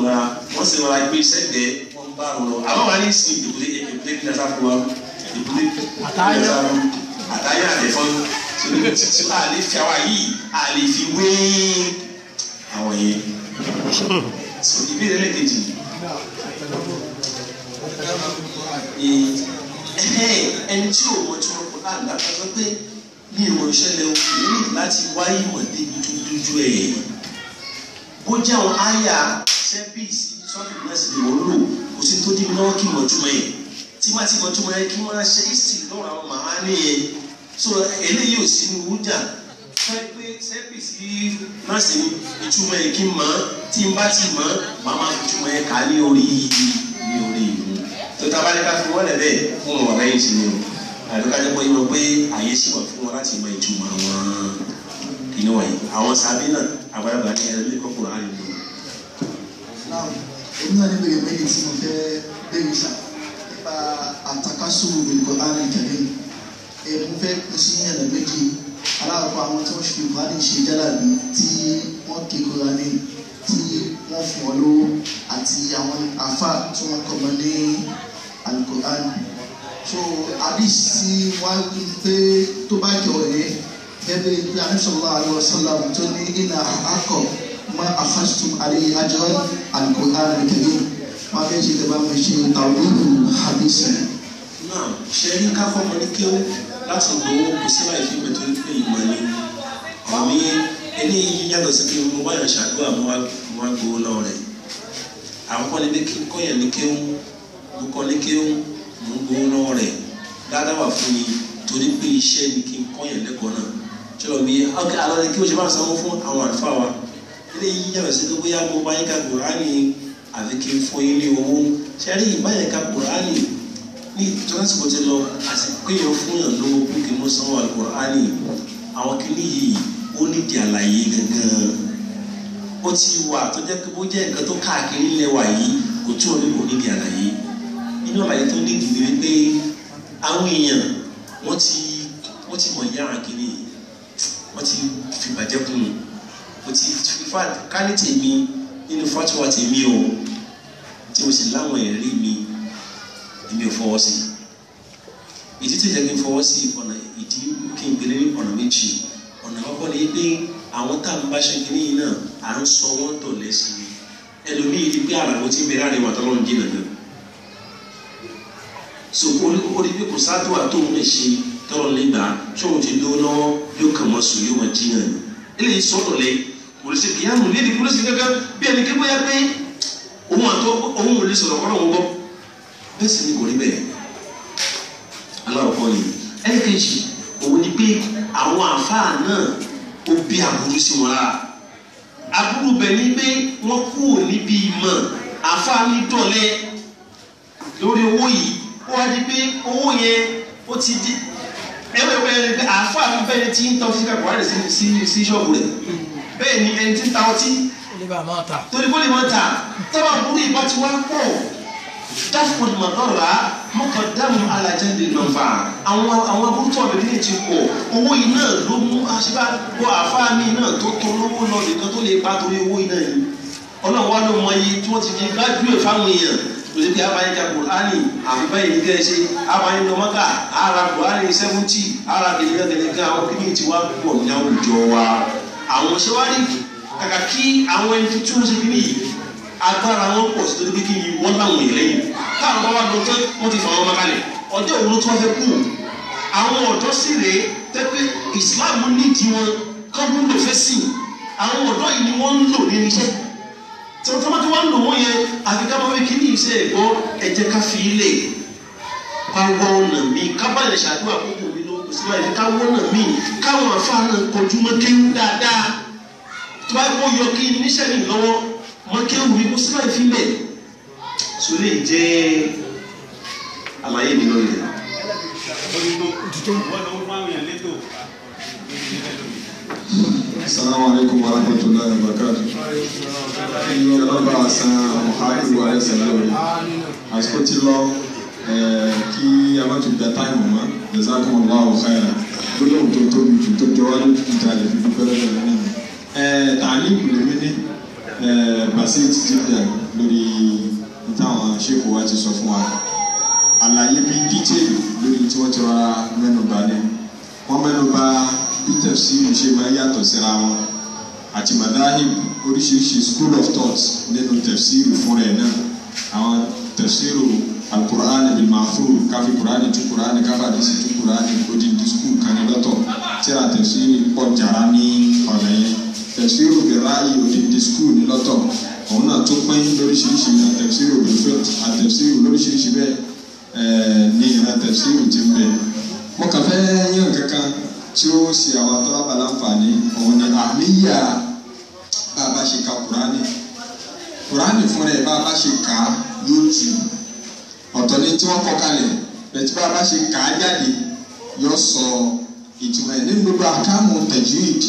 C: wọ́n sì rọra gbé sẹ́gbẹ̀ẹ́ wọ́n bá rọ lọ àwọn wàá ní sin ìdòkúlé ìdòkúlé bí dasa fún wa ìdòkúlé àtàyà àtẹ̀fọ́n tí wọ́n ti ti àlefi ibi ìrẹ́lẹ̀ kejì
A: ẹni tí ò mọ̀ tí wọ́n kọ́ náà lápapọ̀ pé ní ìwọ̀n ìṣẹ̀lẹ̀ òkùnrin láti wáyé ìwọ̀n débi dúdú ẹ̀ bó jẹ́ àwọn àyà sẹ́pìsì sọ́ọ̀tì ìgbésẹ̀ lè wọ́n lò kò sí tó dín náà kí mọ̀túmọ̀ ẹ̀ tí wọ́n ti mọ̀túmọ̀ ẹ̀ kí wọ́n ṣe é sì lọ́rọ̀ àwọn màmá nìyẹn so eléyìí ò sí ní wúdà pé sẹ́pì sí nọ́ọ̀sì ni ìtumọ̀ ẹ̀ kí n mọ̀ tí n bá ti mọ̀ màmá ìtumọ̀ ẹ̀ kà ní
C: orí ní orí ìlú tó tá a bá ní ká fi wọ́n lẹ̀ bẹ́ẹ̀ fún wọn lẹ́yìn sí ni o
A: àdókájọ́ pé inú pé àyè sì wà fún wọn láti mọ ìtumọ̀ àwọn kìnìún wọ̀nyí àwọn sábẹ́ náà àgbàlagbà ní ẹ̀rọ ilé kọ́kùnrin á lè lò. èmi náà ní bèrè méjì tí mo fẹ́ bèrè sà nípa àtàkásù ìkọ̀ àrùn
B: ìkẹ̀lẹ́ mo fẹ́ alákọ̀ọ́kọ́ àwọn tí wọ́n ṣe ìwádìí ṣe jálàbí tí wọ́n ké Kùránì tí wọ́n fún ọ lówó àti àwọn afa tí wọ́n kọ́mọ ní alukoran so hadith sí wáyé pé tó bá jọ ẹ̀ gẹ́gẹ́ bí anisọ̀lá àlọ́ sọ́lá tó ní ìnà àkọ́ mọ afásitùm àlẹ́ àjọ alukoran kẹ́lẹ́ wọn fẹ́ ṣe tẹ́ bá mi ṣe tàwọn olùhàbíṣẹ́. náà ṣe é ká fọmọ ní
A: kéwù láti lò ó kò sí láì fi pẹ̀tẹ́ pé ìmọ̀ ni àmì ẹni yíyàtọ̀ sí pé mo báyọ̀ ṣàdúrà mo wá gbowó lọ rẹ̀ àkọ́kọ́ ni kí n kọ́yàn ní kéwú mo kọ́ ní kéwú mo ń gbowó lọ rẹ̀ dáadáa wà fún mi torí pé iṣẹ́ ni kí n kọ́yàn lẹ́kọ̀ọ́ náà jọlọ bí ọkẹ alọ ni kí o ṣe máa sanwó fún àwọn àlùfáà wa ilé yìí yàtọ̀ sí pé bóyá mo bá yín ka kùránì àfi kí n fún yín ní owó ṣẹ́rí ìbáyẹn ka kùránì ní tọ́lásìkò ti lọ àsìkò èèyàn fún yàn lówó búkì mọ́ sanwó alukur'ani àwọn kìíní yìí ó ní di àlàyé gangan ó ti wà tó jẹ́ pé ó jẹ́ nǹkan tó káàkiri lẹ́wà yìí kò tún ọdún kò ní àlàyé inú àlàyé tó ní ìdí ni pé àwọn èèyàn wọ́n ti wọ́n ti mọ̀ ìyá àwọn kìíní wọ́n ti fìbàjẹ́ kùn wọ́n ti fífa kálí tèmi nínú fatuwa tèmi o tí mo sì láwọn ẹ̀rí mi èmi ò fọwọ́ sí ìdí tó yẹ kí n fọwọ́ sí ọ̀nà ìdí kí n gbélé ọ̀nà méjì ọ̀nà àkọ́kọ́ ni pé àwọn tá à ń bá ṣe kínní yìí náà à ń sọ wọ́n tọ̀ lẹ́sìn ni ẹlòmíì rí pé àràwọ̀ tí ń bẹ̀rẹ̀ àrẹwà tó lọ́n jìnà náà so orí pé kò sádùá tó ń ṣe ti dó lọ́wọ́ yóò kàn mọ́ yóò mọ́ jìnà ni eléyìí sọ̀rọ̀ lẹ kò lè ṣe kìyàmù lédi kúrò sí kankan bí ẹni kí bóyá pé òun àtọ́ òun ò lè sọ̀rọ̀ kọ́ bẹ́ẹ̀ ni kò rí bẹ́ẹ̀ aláwọ̀kọ́ ni ẹ̀ẹ́kejì òun ni pé àwọn àfáà náà ó bí aburú sí wọn lára aburú bẹ̀ ni pé wọ́n kúrò níbi ìmọ̀ àfáà ní dọ̀lẹ́ lórí owó yìí ó wá di pé owó yẹn ó ti di ẹwẹ́wẹ́ rẹ pé àfáà ń bẹ́ẹ̀ tí ń tọ́ sí kàkọ́ rẹ̀ sí ṣọ́ọ̀bù rẹ̀ bẹ́ẹ̀ ni ẹni tí ń ta ọtí torí kó lè máa ta tọ́wọ́ burú ìbá ti wá pọ̀ dáfò mọ̀lọ́ra mọ́kàndámù alájẹ́ndé lọ́fà àwọn àwọn abúrútọ̀ ọ̀bẹ̀rẹ̀ lè ti pọ̀ owó iná ló mú aṣípá bọ́ àfáà mi náà tó tó lówó lọ nìkan tó lè pa torí owó iná yìí ọlọ́run wá ló mọ iye tí wọ́n ti fi gbájúẹ̀ fáwọn èèyàn lórí bí abayé ka kùránì àbúbá yìí nígbà ẹṣẹ abayé lọmọkà ara kùránì sẹfúntì ara gẹlẹgẹlẹgẹ àwọn kìnìún ti wá pọ̀ ní àwùjọ wa àwọn ṣẹwárí kàkà kí àwọn ẹni tuntun ṣe kìnìún yìí agbára wọn pọ̀ sí torí pé kí ni wọ́n láwọn èèyàn lẹ́yìn káwọn bá wà lọ pé wọ́n ti fà wọn makalẹ̀ ọjọ́ òru tó fẹ́ kú àwọn ọ̀dọ́ sì rèé tẹ́pẹ́ Islam nídìí wọn kọ́kún ló fẹ́ sìn àwọn ọ̀dọ́ yìí ni wọ́n ń lò ní iṣẹ́ tọ́mọ́tọ́mọ́tọ́ wọn lò wọ́n yẹ àfikà máa fi kí ní iṣẹ́ ẹ̀gbọ́ ẹ̀jẹ̀ ká fi ilé káwọ́ ọ̀nà mi kábàlẹ̀ ṣàdúrà kókò mi ló kò sí báyìí káwọ́ ọ̀nà mi káwọn àfa náà kọjú mọ́ kéwú dáadáa tó bá yọ kí níṣẹ́ mi lọ́wọ́ mọ kéwù mi kó síbẹ̀ ìfilẹ̀ sólè jẹ́ àlàyé mi lórí rẹ̀. Assalamu alaikum wa rahmatullahi wa barakatuh. Ẹyin ọlọ́ba àṣà Muhammadu wa ẹsẹ̀ lórí. Àsìkò ti lọ kí a má tún gba táìmù mọ́. Jazakumullahu khairan. Gbólóhùn tó tóbi jù tó jọ wá lójú ìjà lè fi dúpẹ́ basit jibdan lórí táwọn ṣèkò wa ti sọ fún wa àlàyé bíi dítèlù lórí tí wọ́n ti wá mẹ́nuba ní wọ́n mẹ́nuba bí tafsiri ṣe máa yàtọ̀ síra wọn àti madahib oríṣiríṣi school of thought nínú tafsiri fúnra ẹ̀ náà àwọn tafsiru alukur'ani bil mahfuz káfí kur'ani tú kur'ani káfí àdìsí tú kur'ani odindi school kan lọ́tọ̀ tí a tafsiri pọ̀ jara ní ọ̀nà yẹn tẹ̀síìrù bẹ̀ráyì òdìdí skul ní lọ́tọ̀ òun náà tó pín lóríṣiríṣi ìran tẹ̀síìrù bẹ̀fẹ́ àtẹ̀síìrù lóríṣiríṣi bẹ́ẹ̀ eh, ní ìran tẹ̀síìrù ti ń bẹ̀. mo kàn fẹ́ yàn kankan tí ó ṣe àwọn atọ́lábà láǹfààní òun ni àníyà bá a bá ṣe ka kùránì kùránì fúnra ẹ̀ bá a bá ṣe kà á yóò tù ọ̀tọ̀ ni tí wọ́n kọ kalẹ̀ bẹ̀tí bá a bá ṣe kà á jáde yóò sọ ìtumọ̀ ẹ̀ ní gbogbo àkàmù tajwid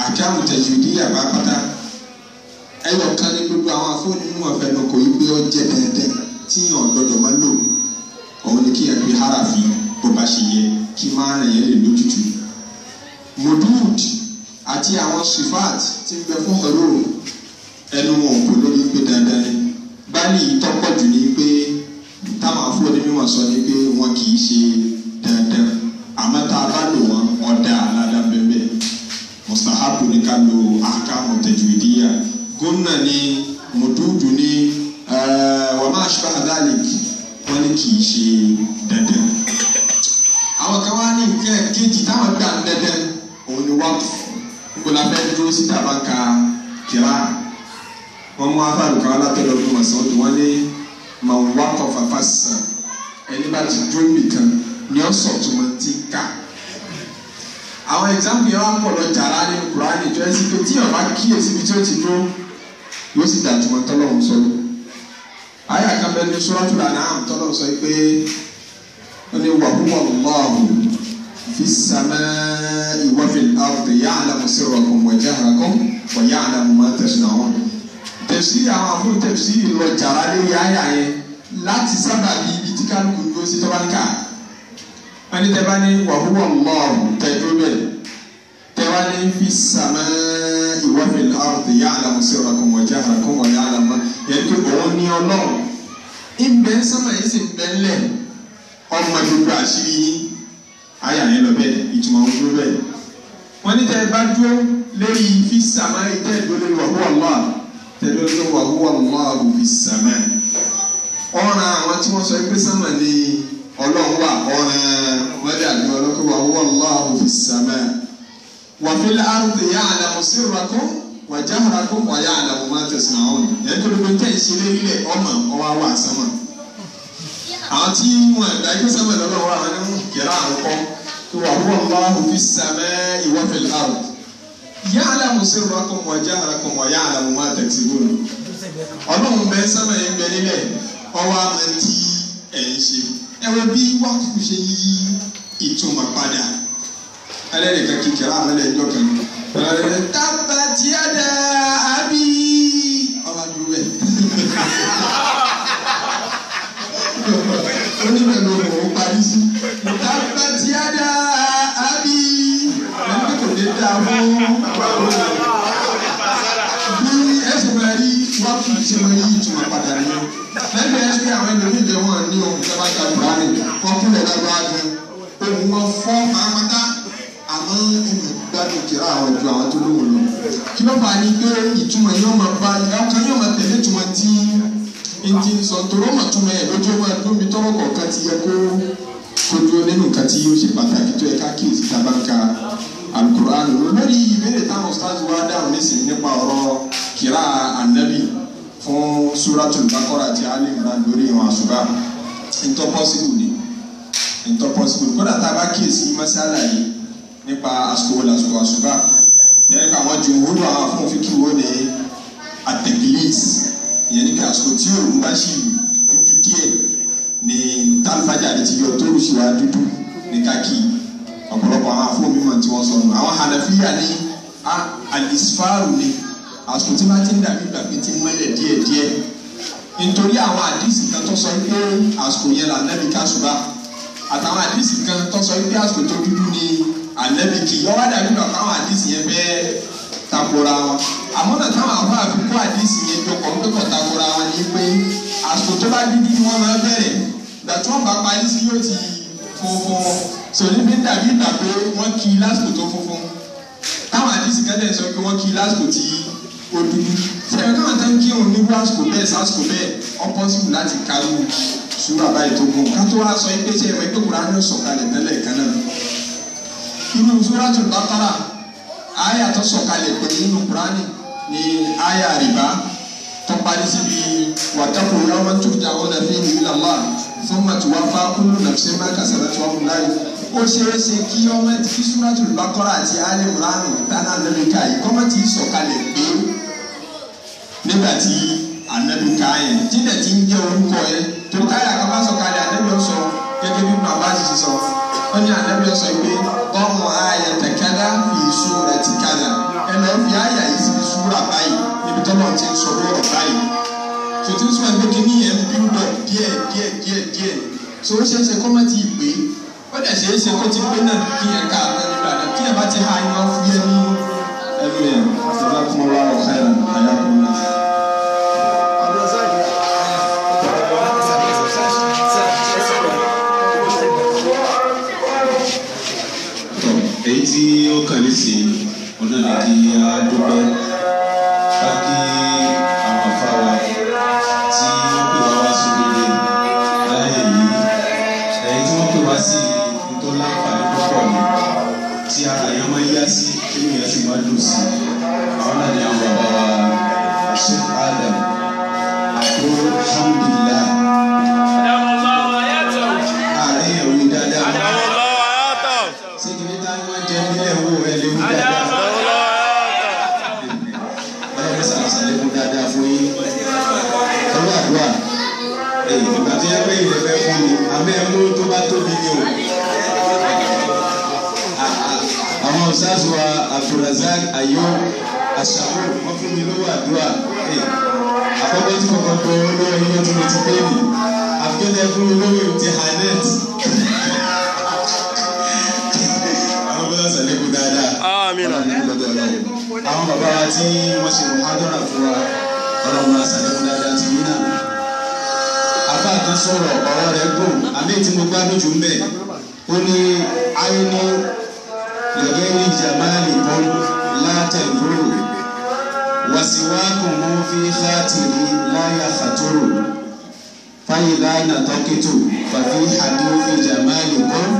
A: àkàmù tẹ̀sídì àbápátá ẹyọ kan ní gbogbo àwọn afọ́nù inú ọ̀fẹ́ náà kò yí pé ó jẹ́ dẹ́ndẹ́ tí yàn gbọ́dọ̀ máa lò òun ni kí yàn gbé harafi bó bá ṣe yẹ kí máa rìn yẹn lè lójútu. modud àti àwọn sifat ti ń bẹ fún ọ̀rọ̀ ẹnu wọn kò lórí pé dandan ni báyìí tọ́pọ̀ jù ní pé táwọn afọ́nù mímọ̀ sọ ni pé wọn kì í ṣe dandan àmọ́ tá a bá lò wọn ọ̀dà aládàbẹ̀ mustahabu ni kando lo ahkamu tajwidiya gómìnà ni mùdúdù ni eh, wa ma ashbaha dhalik wọ́n ní kì í ṣe dandan. àwọn kan wá ní nǹkan kejì táwọn gbà ń dandan taba ka kira wọn mú afáàlù kan alátọ̀dọ̀ fún wọn sọ́dún wọn ní màá wá kọfà fásitì ẹni bá ti dúró nìkan ni ó àwọn ẹ̀xámpù yẹn wà ń pọ̀ lọ jàrá ní kùránì tó ẹsẹ̀ pé tí ọba kíyèsí ibi tí ó ti dúró yóò sì dàtí wọn tọ́lọ́hún sọ lọ. ayé àkàbẹ́ ní sọ́rọ́tù lànà àmì tọ́lọ́hún sọ pé ó ní wàhúwà lọ́ọ̀hù fi sàmẹ́
B: ìwọ́fìn àwùjọ yà á lọ́mọ sí ọ̀rọ̀kùn wọ̀jẹ́ àràkùn wọ̀ yà á lọ́mọ máa tẹ̀sí àwọn. tẹ̀sí àwọn àfún tẹ̀sí lọ jàrá lórí ayé àyẹn láti sábàbí ibi tí kálukú
A: dúró sí tọ́ba ń kà á wọ́n ní tẹ́ bá ní wàhúwọ̀ lọ́ọ̀rù tẹ́jú bẹ́ẹ̀ tẹ́ wá ní fi sàmẹ́ ìwọ́fin ọ̀rùtì yá àlàmù sí ọ̀rọ̀ kọ̀mọ̀ jẹ́ àrà kọ̀mọ̀ yá àlàmù yẹn tó òun ní ọlọ́run ìbẹ́ sọ́mà yìí sì bẹ́ lẹ̀ ọmọ gbogbo àṣírí yín ayà yẹn lọ bẹ́ẹ̀ ìtumọ̀ fi sàmẹ́ tẹ́ dúró lórí wàhúwọ̀ lọ́ọ̀rù tẹ́ dúró lórí fi sàmẹ́ ọ̀ràn àwọn tí wọ́n sọ pé sàmẹ́ ọlọ́run wà ọ̀ràn wẹ́dà ní ọlọ́kọ̀ wà wallahu fis samaa wa fil ardi ya'lamu sirrakum wa jahrakum wa ya'lamu ma tasna'un yẹn tó lóko tẹ̀ ṣe lé nílẹ̀ ọmọ ọwọ́ àwọn àsámà àwọn tí wọn ìdájọ́ sẹ́mẹ̀ lọ́wọ́ wa wọn ní yàrá àkọ́kọ́ tó wà wallahu fis samaa wa fil ardi ya'lamu sirrakum wa jahrakum wa ya'lamu ma taksibun ọlọ́run bẹ́ẹ̀ sẹ́mẹ̀ yẹn bẹ́ẹ̀ nílẹ̀ ọwọ́ àmọ́ ẹ̀ ń ṣe ẹ̀rọ bí wákù ṣe yí ìtumọ̀ padà ẹlẹ́nìkan kíkẹ́rẹ́ àmẹ́lẹ́ ẹjọ́ kan
B: tábàtì ẹ̀dá àbí ọba dúró ẹ̀. onímọ̀ ẹ̀rọ mọ̀ ó parí sí
C: tábàtì ẹ̀dá àbí ẹni kò lè dá fún
B: bí ẹ̀sùn rẹ̀ rí wákù ṣe máa yí ìtumọ̀ padà nìyẹn lẹ́bi ẹni bí àwọn ẹlòmíì jẹ wọn ní ohun tẹ́ bá ta buhari kọ́kúlẹ̀ lágbára gan ohun wọn fọ́ pàápàá àmọ́ ẹnì gbádùn kìrá àwọn ju àwọn tó lóhùn lọ. kí ló fà á ní pé ìtumọ̀ yóò máa bá ọkàn yóò máa tẹ̀lé ìtumọ̀ tí ìdí sọ̀tòrò mọ̀ túmọ̀ ẹ̀ lójú ọmọ ẹ̀dùn mi tọ́wọ́ kọ̀ọ̀kan
A: ti yẹ kó kojú nínú nǹkan tí yóò ṣe pàtàkì tó yẹ ká kíyèsí tábà ń ka alukur'an lórí ìbéèrè táwọn stars wá dáhùn nísìnyí nípa ọ̀rọ̀ kìrá ànábì fún suratul bakora àti ali imran lórí ìwọn àṣùbà ntọ́ pọ́sibù ni ntọ́ pọ́sibù ni kódà tá a bá kíyèsí mọ́sálà yìí nípa àsìkò làsìkò àṣùbà yẹn ká àwọn jùmùúrù àwọn afúnfin kí wọ́n ní àtẹ̀gìlìs ìyẹn ní ká àsìkò tí òun bá sì dúdú díẹ̀ ní tálífàjà àti tìyọ tó ń ṣe wá dúdú ní káàkì ọ̀pọ̀lọpọ̀ àwọn afúnfin mọ̀ tí wọ́n sọnù àwọn hànàfíyà ní ah, alisfaru ni. Ah, àsùn tí bá ti ń dàbí gbàgbé ti mọ́lẹ̀ díẹ̀díẹ̀ nítorí àwọn àdìsí kan tó sọ pé àsùn yẹn là nẹ́bi kásùbà àtàwọn àdìsí kan tó sọ pé àsùn tó dúdú ni ànẹ́bi kì í ọwọ́ dàbí bàbá àwọn àdìsí yẹn bẹ́ẹ̀ takora wọn àmọ́ náà táwọn àwọn àfikún àdìsí yẹn jọkọ̀ ń pẹ́kọ̀ takora wọn ni pé àsùn tó bá dúdú ni wọ́n máa bẹ̀rẹ̀ gbàtí wọ́n bá parí sí yóò ti funfun sòní bí dàbí ìgbà pé wọ́n kí lásìkò tó funfun táwọn àdìsí kan tẹ̀ sọ pé odidi ṣe ẹ̀ka àwọn tán kírun ní wàásù bẹ́ẹ̀ sàásù bẹ́ẹ̀ ọ̀pọ̀sibù láti kárú sùúrù àbáyé tó gùn ká tó wá sọ pé ṣe ìwé gbẹ̀kúrà ní sọ̀kalẹ̀ tẹ́lẹ̀ kan náà inú Suratul Baqara
B: àyà tó sọ̀kalẹ̀ pẹ̀lú inú Kùránì ní àyà rìbá tó parí síbi wàtàkùn yawman turja'una fihi ila Allah thumma tuwaffa kullu nafsin ma kasabat wa hum la yuzlamun ó ṣeé ṣe kí ọmọ tí súnájú lọ́kọ́rọ́ àti
A: alimuranu dáná lẹ́mìkà yìí kọ́mọ́ tí sọ̀kalẹ̀ gbé nígbà tí anabika yẹn jíndẹ̀ tí ń jẹ́ orúkọ yẹn tó káyà kọ́ bá sọ̀kalẹ̀ anabi sọ gẹ́gẹ́ bí bàbá ṣe sọ ó ní anabi sọ pé
B: ọmọ ayẹ tẹ̀kẹ́dá fi sùn rẹ̀ ti kádà ẹ lọ́ọ́ fi ayà yìí sí sùúrà báyìí níbi tọ́lọ́ ti ń sọ lọ́rọ̀ báyìí tuntun sọ ẹgbẹ́ kìíní yẹn build up díẹ̀ díẹ̀ díẹ̀ díẹ̀
A: so ó ṣeé ṣe kọ́mọ́ ti ó dẹ̀ ṣe é ṣe kó ti pé náà kí ẹ̀ka àtẹnugbàdà kí ẹ̀ bá ti ha
B: iná fúyẹ́ ní ẹnu ẹ̀ ṣẹlá tí wọ́n wá ọ̀ṣẹ́ àyàkùnrin. tí wọ́n ṣe mọ̀hádọ́rà fún wa
A: ọlọ́run àṣàlẹ́kùn dáadáa ti yín náà. afa kan sọ̀rọ̀ ọ̀rọ̀ rẹ̀ gùn àmì tí mo gbádùn jù ń bẹ̀ ó ní àìní lẹ́gẹ́ ní jamali kan látẹ̀gbòrò wàsíwákùn mọ́ fi látìrí láyà fàtòrò fáyidá nàtọ́kítù fàfi àdéhùn jamali kan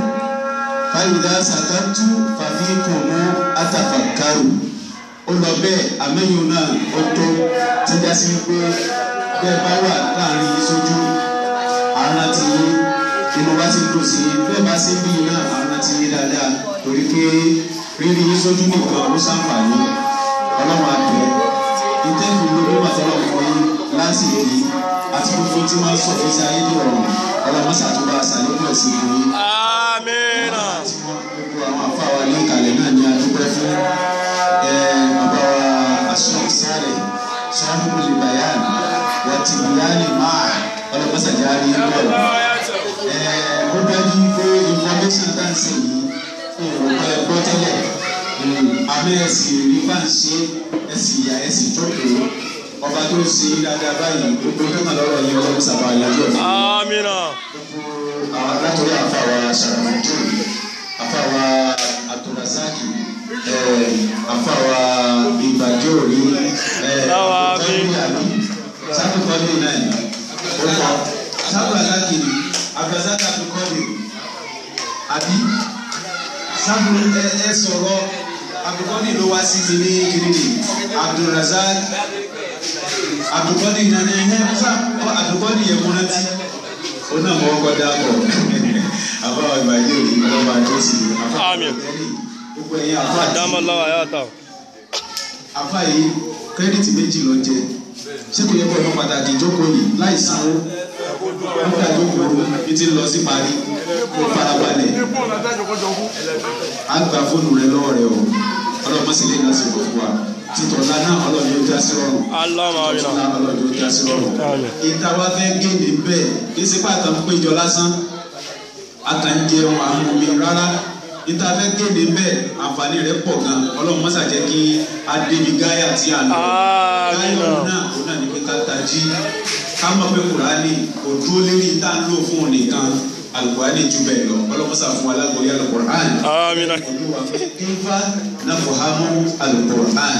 A: fáyidá sàkàtù fàfi kùnú àtàfàkàrù ó lọ bẹ́ẹ̀ amẹ́yìn náà ó tó ti dá sí
B: pé bẹ́ẹ̀ bá wà láàrin yìí sójú ara ti yí inú bá ti dùn sí bẹ́ẹ̀ bá sí bí iná ara ti yí dáadáa torí pé rírí yìí sójú nìkan ló ṣàǹfààní ọlọ́run àbẹ̀ ìtẹ́kùn lórí màtọ́lọ̀ fún yín láti èyí àti gbogbo tí wọ́n sọ fún sí tó rọrùn ọlọ́run ṣàtúbà ṣàlékún ẹ̀sìn fún yín. àmín. tí wọ́n gbogbo àwọn afáwa ní ìkàlẹ̀ náà ní adúgbò fún basu misali sahibul bayan wa tibyani máa masa jáde ń bọ̀ ẹ ó dájú pé information
A: dáǹsì yìí èrò pé gbọ́ tẹ́lẹ̀ hmm, àmì ẹ̀sìn rí fáǹsì ẹ̀sìn ìyá ẹ̀sìn jókòó ọba tó ń ṣe dáadáa báyìí gbogbo tó kàn lọ́wọ́ yìí ọlọ́run sábà yọjọ́ fún un. gbogbo
B: àwọn alákòóyè àfàwà sàràmọ́jọ́ àfàwà àtọ̀ràsáàkì àfàwà ìbàjẹ́ òní àbùtánì àbí sákòkọ́lé náà ó kọ sábà lákìrì abrazaka àbùkọ́lé àbí sábà ẹ sọ̀rọ̀
A: àbùkọ́lé ló wá sí mi ní kìrìnì Abdulrazak àbùkọ́lé náà ẹ̀ sá àbùkọ́lé yẹ kó rántí
B: ó náà mọ́ ọkọ̀ dáàbọ̀ [LAUGHS] àbáwọ̀ ìbàjẹ́ òní lọ́ba tó sì àfàwọ̀ ìbàjẹ́ òní gbogbo ẹ̀yin àfa yìí. àdámọ́ lọ́wọ́ ayé ọ̀tọ̀.
A: àfa yìí kírẹ́dìtì méjì ló jẹ ṣé kò yẹ kó ọmọ pàtàkì jókòó yìí láì sanwó nígbà tó kúrò ní ti lọ sí parí kó farabalẹ̀ á gba fóònù rẹ lọ́wọ́ rẹ o ọlọ́mọsílẹ̀ náà sì wọ̀ fún wa titọla náà Ọlọ́run yóò sí ọrùn titọla Ọlọ́run yóò já sí ọrùn ìtawá fẹ́ géèmì bẹ́ẹ̀ kí sípà kan péjọ lásán a kàn ń jẹun rárá níta fẹ́ kéde bẹ́ẹ̀ àǹfààní rẹ̀ pọ̀ gan ọlọ́run mọ́sà jẹ́ kí adébi gáyà tí a lọ gáyà náà òun náà ní pé ká tají ká mọ̀ pé kùránì kò dúró lérí tá à ń lò fún nìkan alukurani ju bẹ́ẹ̀ lọ ọlọmọsà fún alágbóyè alukur'an. amina. olúwa kífa nafuhamu alukur'an.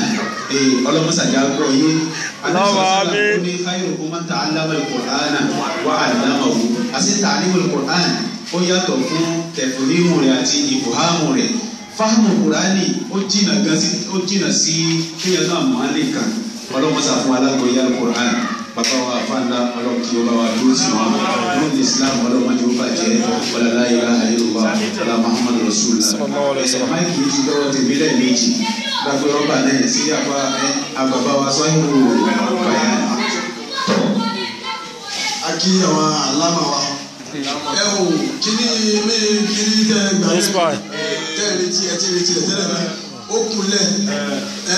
A: ee ọlọmọsà jà gbọ́ yé. aláwa mi. alẹ́ sọ̀rọ̀ sọ̀rọ̀ kó ní káyọ̀ kó máa ta alámọ̀ alukur'an wa alámọ̀ wò. àti tààrí alukur'an ó yàtọ̀ fún tẹ̀fúrímù rẹ̀ àti ìbùhámù rẹ̀ fáàmù kùránì ó jìnà gan sí ó jìnà sí kéèyàn náà mọ́ alẹ́ kan ọlọ́mọsà fún alágbèéyà kùránì bàbá wa fanda ọlọ́mọ tí ó bá wa dúró sí wọn ló ní islam ọlọ́mọ tí ó bàjẹ́ ọlọ́lá ìlà àyẹ̀wò ọlá muhammadu rasulullah ẹ̀ máìkì ti lọ́wọ́ tèmi lẹ́ẹ̀mejì gbàgbé ọba náà sí àbá àbàbá wa sọ́yìn wò ó bàyà.
B: akí àwọn alámà wa ẹ o kíní mi kíní tẹ gbà mí tẹ retí ẹ ti retí ẹ tẹ́lẹ̀ mi ó kunlẹ̀ ẹ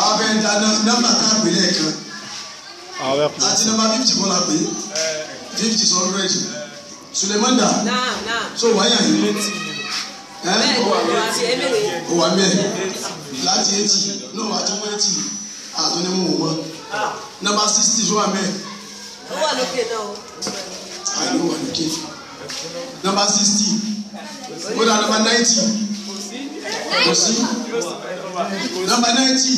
B: àwọn bẹ da nọ́mbà tá a pè lẹ́ẹ̀kan àti nọ́mbà fifty kọ́ la pè fifty sọ hundred Sulemanda so wáyà yìí ẹ ó wà mí ẹ láti etí náà wà tó wọ́n etí àtúndínwó wọn nọ́mbà sixty sọ wà mí ẹ. ó wà lókè náà o. I don't want to give you. Number sixteen. Go down number ninety. Kò sí. Number ninety.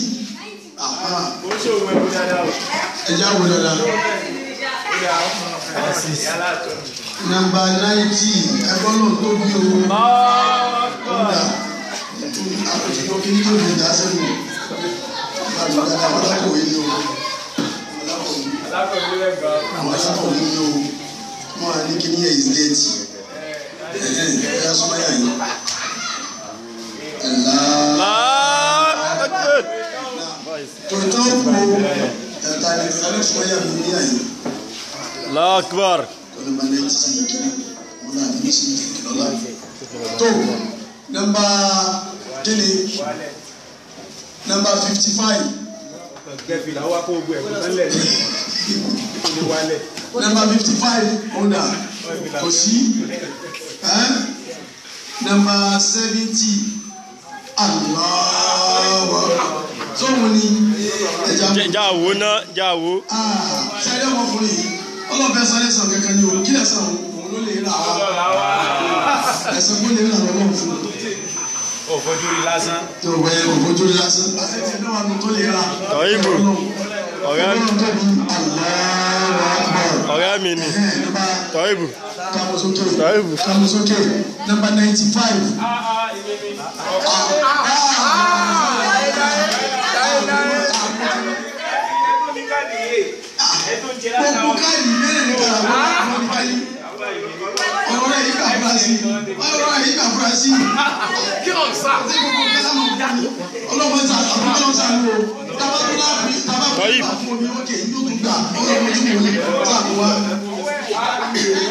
C: Ẹja wo dada.
B: Number ninety. Ẹgbọ́n náà tóbi o. Kódà àpòtò kìíní tó lè dá sẹ́nu. Bàbá mi dada, ọ̀dà kò yí ni o. Àwọn alákọ̀ọ́ mi ni o wọn à ní kíní ẹ̀ is late ẹ̀ ẹ̀ sọ́mọ́ yà yín. tòótọ́ kò ẹ̀ta ni ẹ̀rọ sọ́mọ́ yà mí ní àyè. lákbar. kọ́ni ma ní ti sẹ́yìn kíní wọn náà ní sí ìkìlọ́lá. tó nọ́mbà kíni nọ́mbà fifty five. Number fifty five ọ̀dà kò sí nọmba seventy aláwọ̀ sọ́wọ́n ni ẹja wo ná ẹja wo. sáré ah, ọmọkùnrin yìí ọlọ́fẹ́ sáré sàn kankan ni o kí lè sàn òun ló lè rà wá ẹ̀sìn kó lè rà lọ́wọ́ fún un òfojúri lásán. tó o bẹ òfojúri lásán. àti tẹ̀lé wa nù tó lè rà. tọ́ ibù ọ̀rẹ́ mi ọ̀rẹ́ mi ni tọ́ìbù tọ́ìbù. kàmùsókè nọ́mbà ninety five. Ẹ̀dùn jẹ́ lára wọn yìí gbà fura sí ọ̀rọ̀ yìí gbà fura sí. kí ló ń sá. ló
C: tábà tó náà fi tábà yóò tún gbà ọlọ́mọ tó wọlé sá ló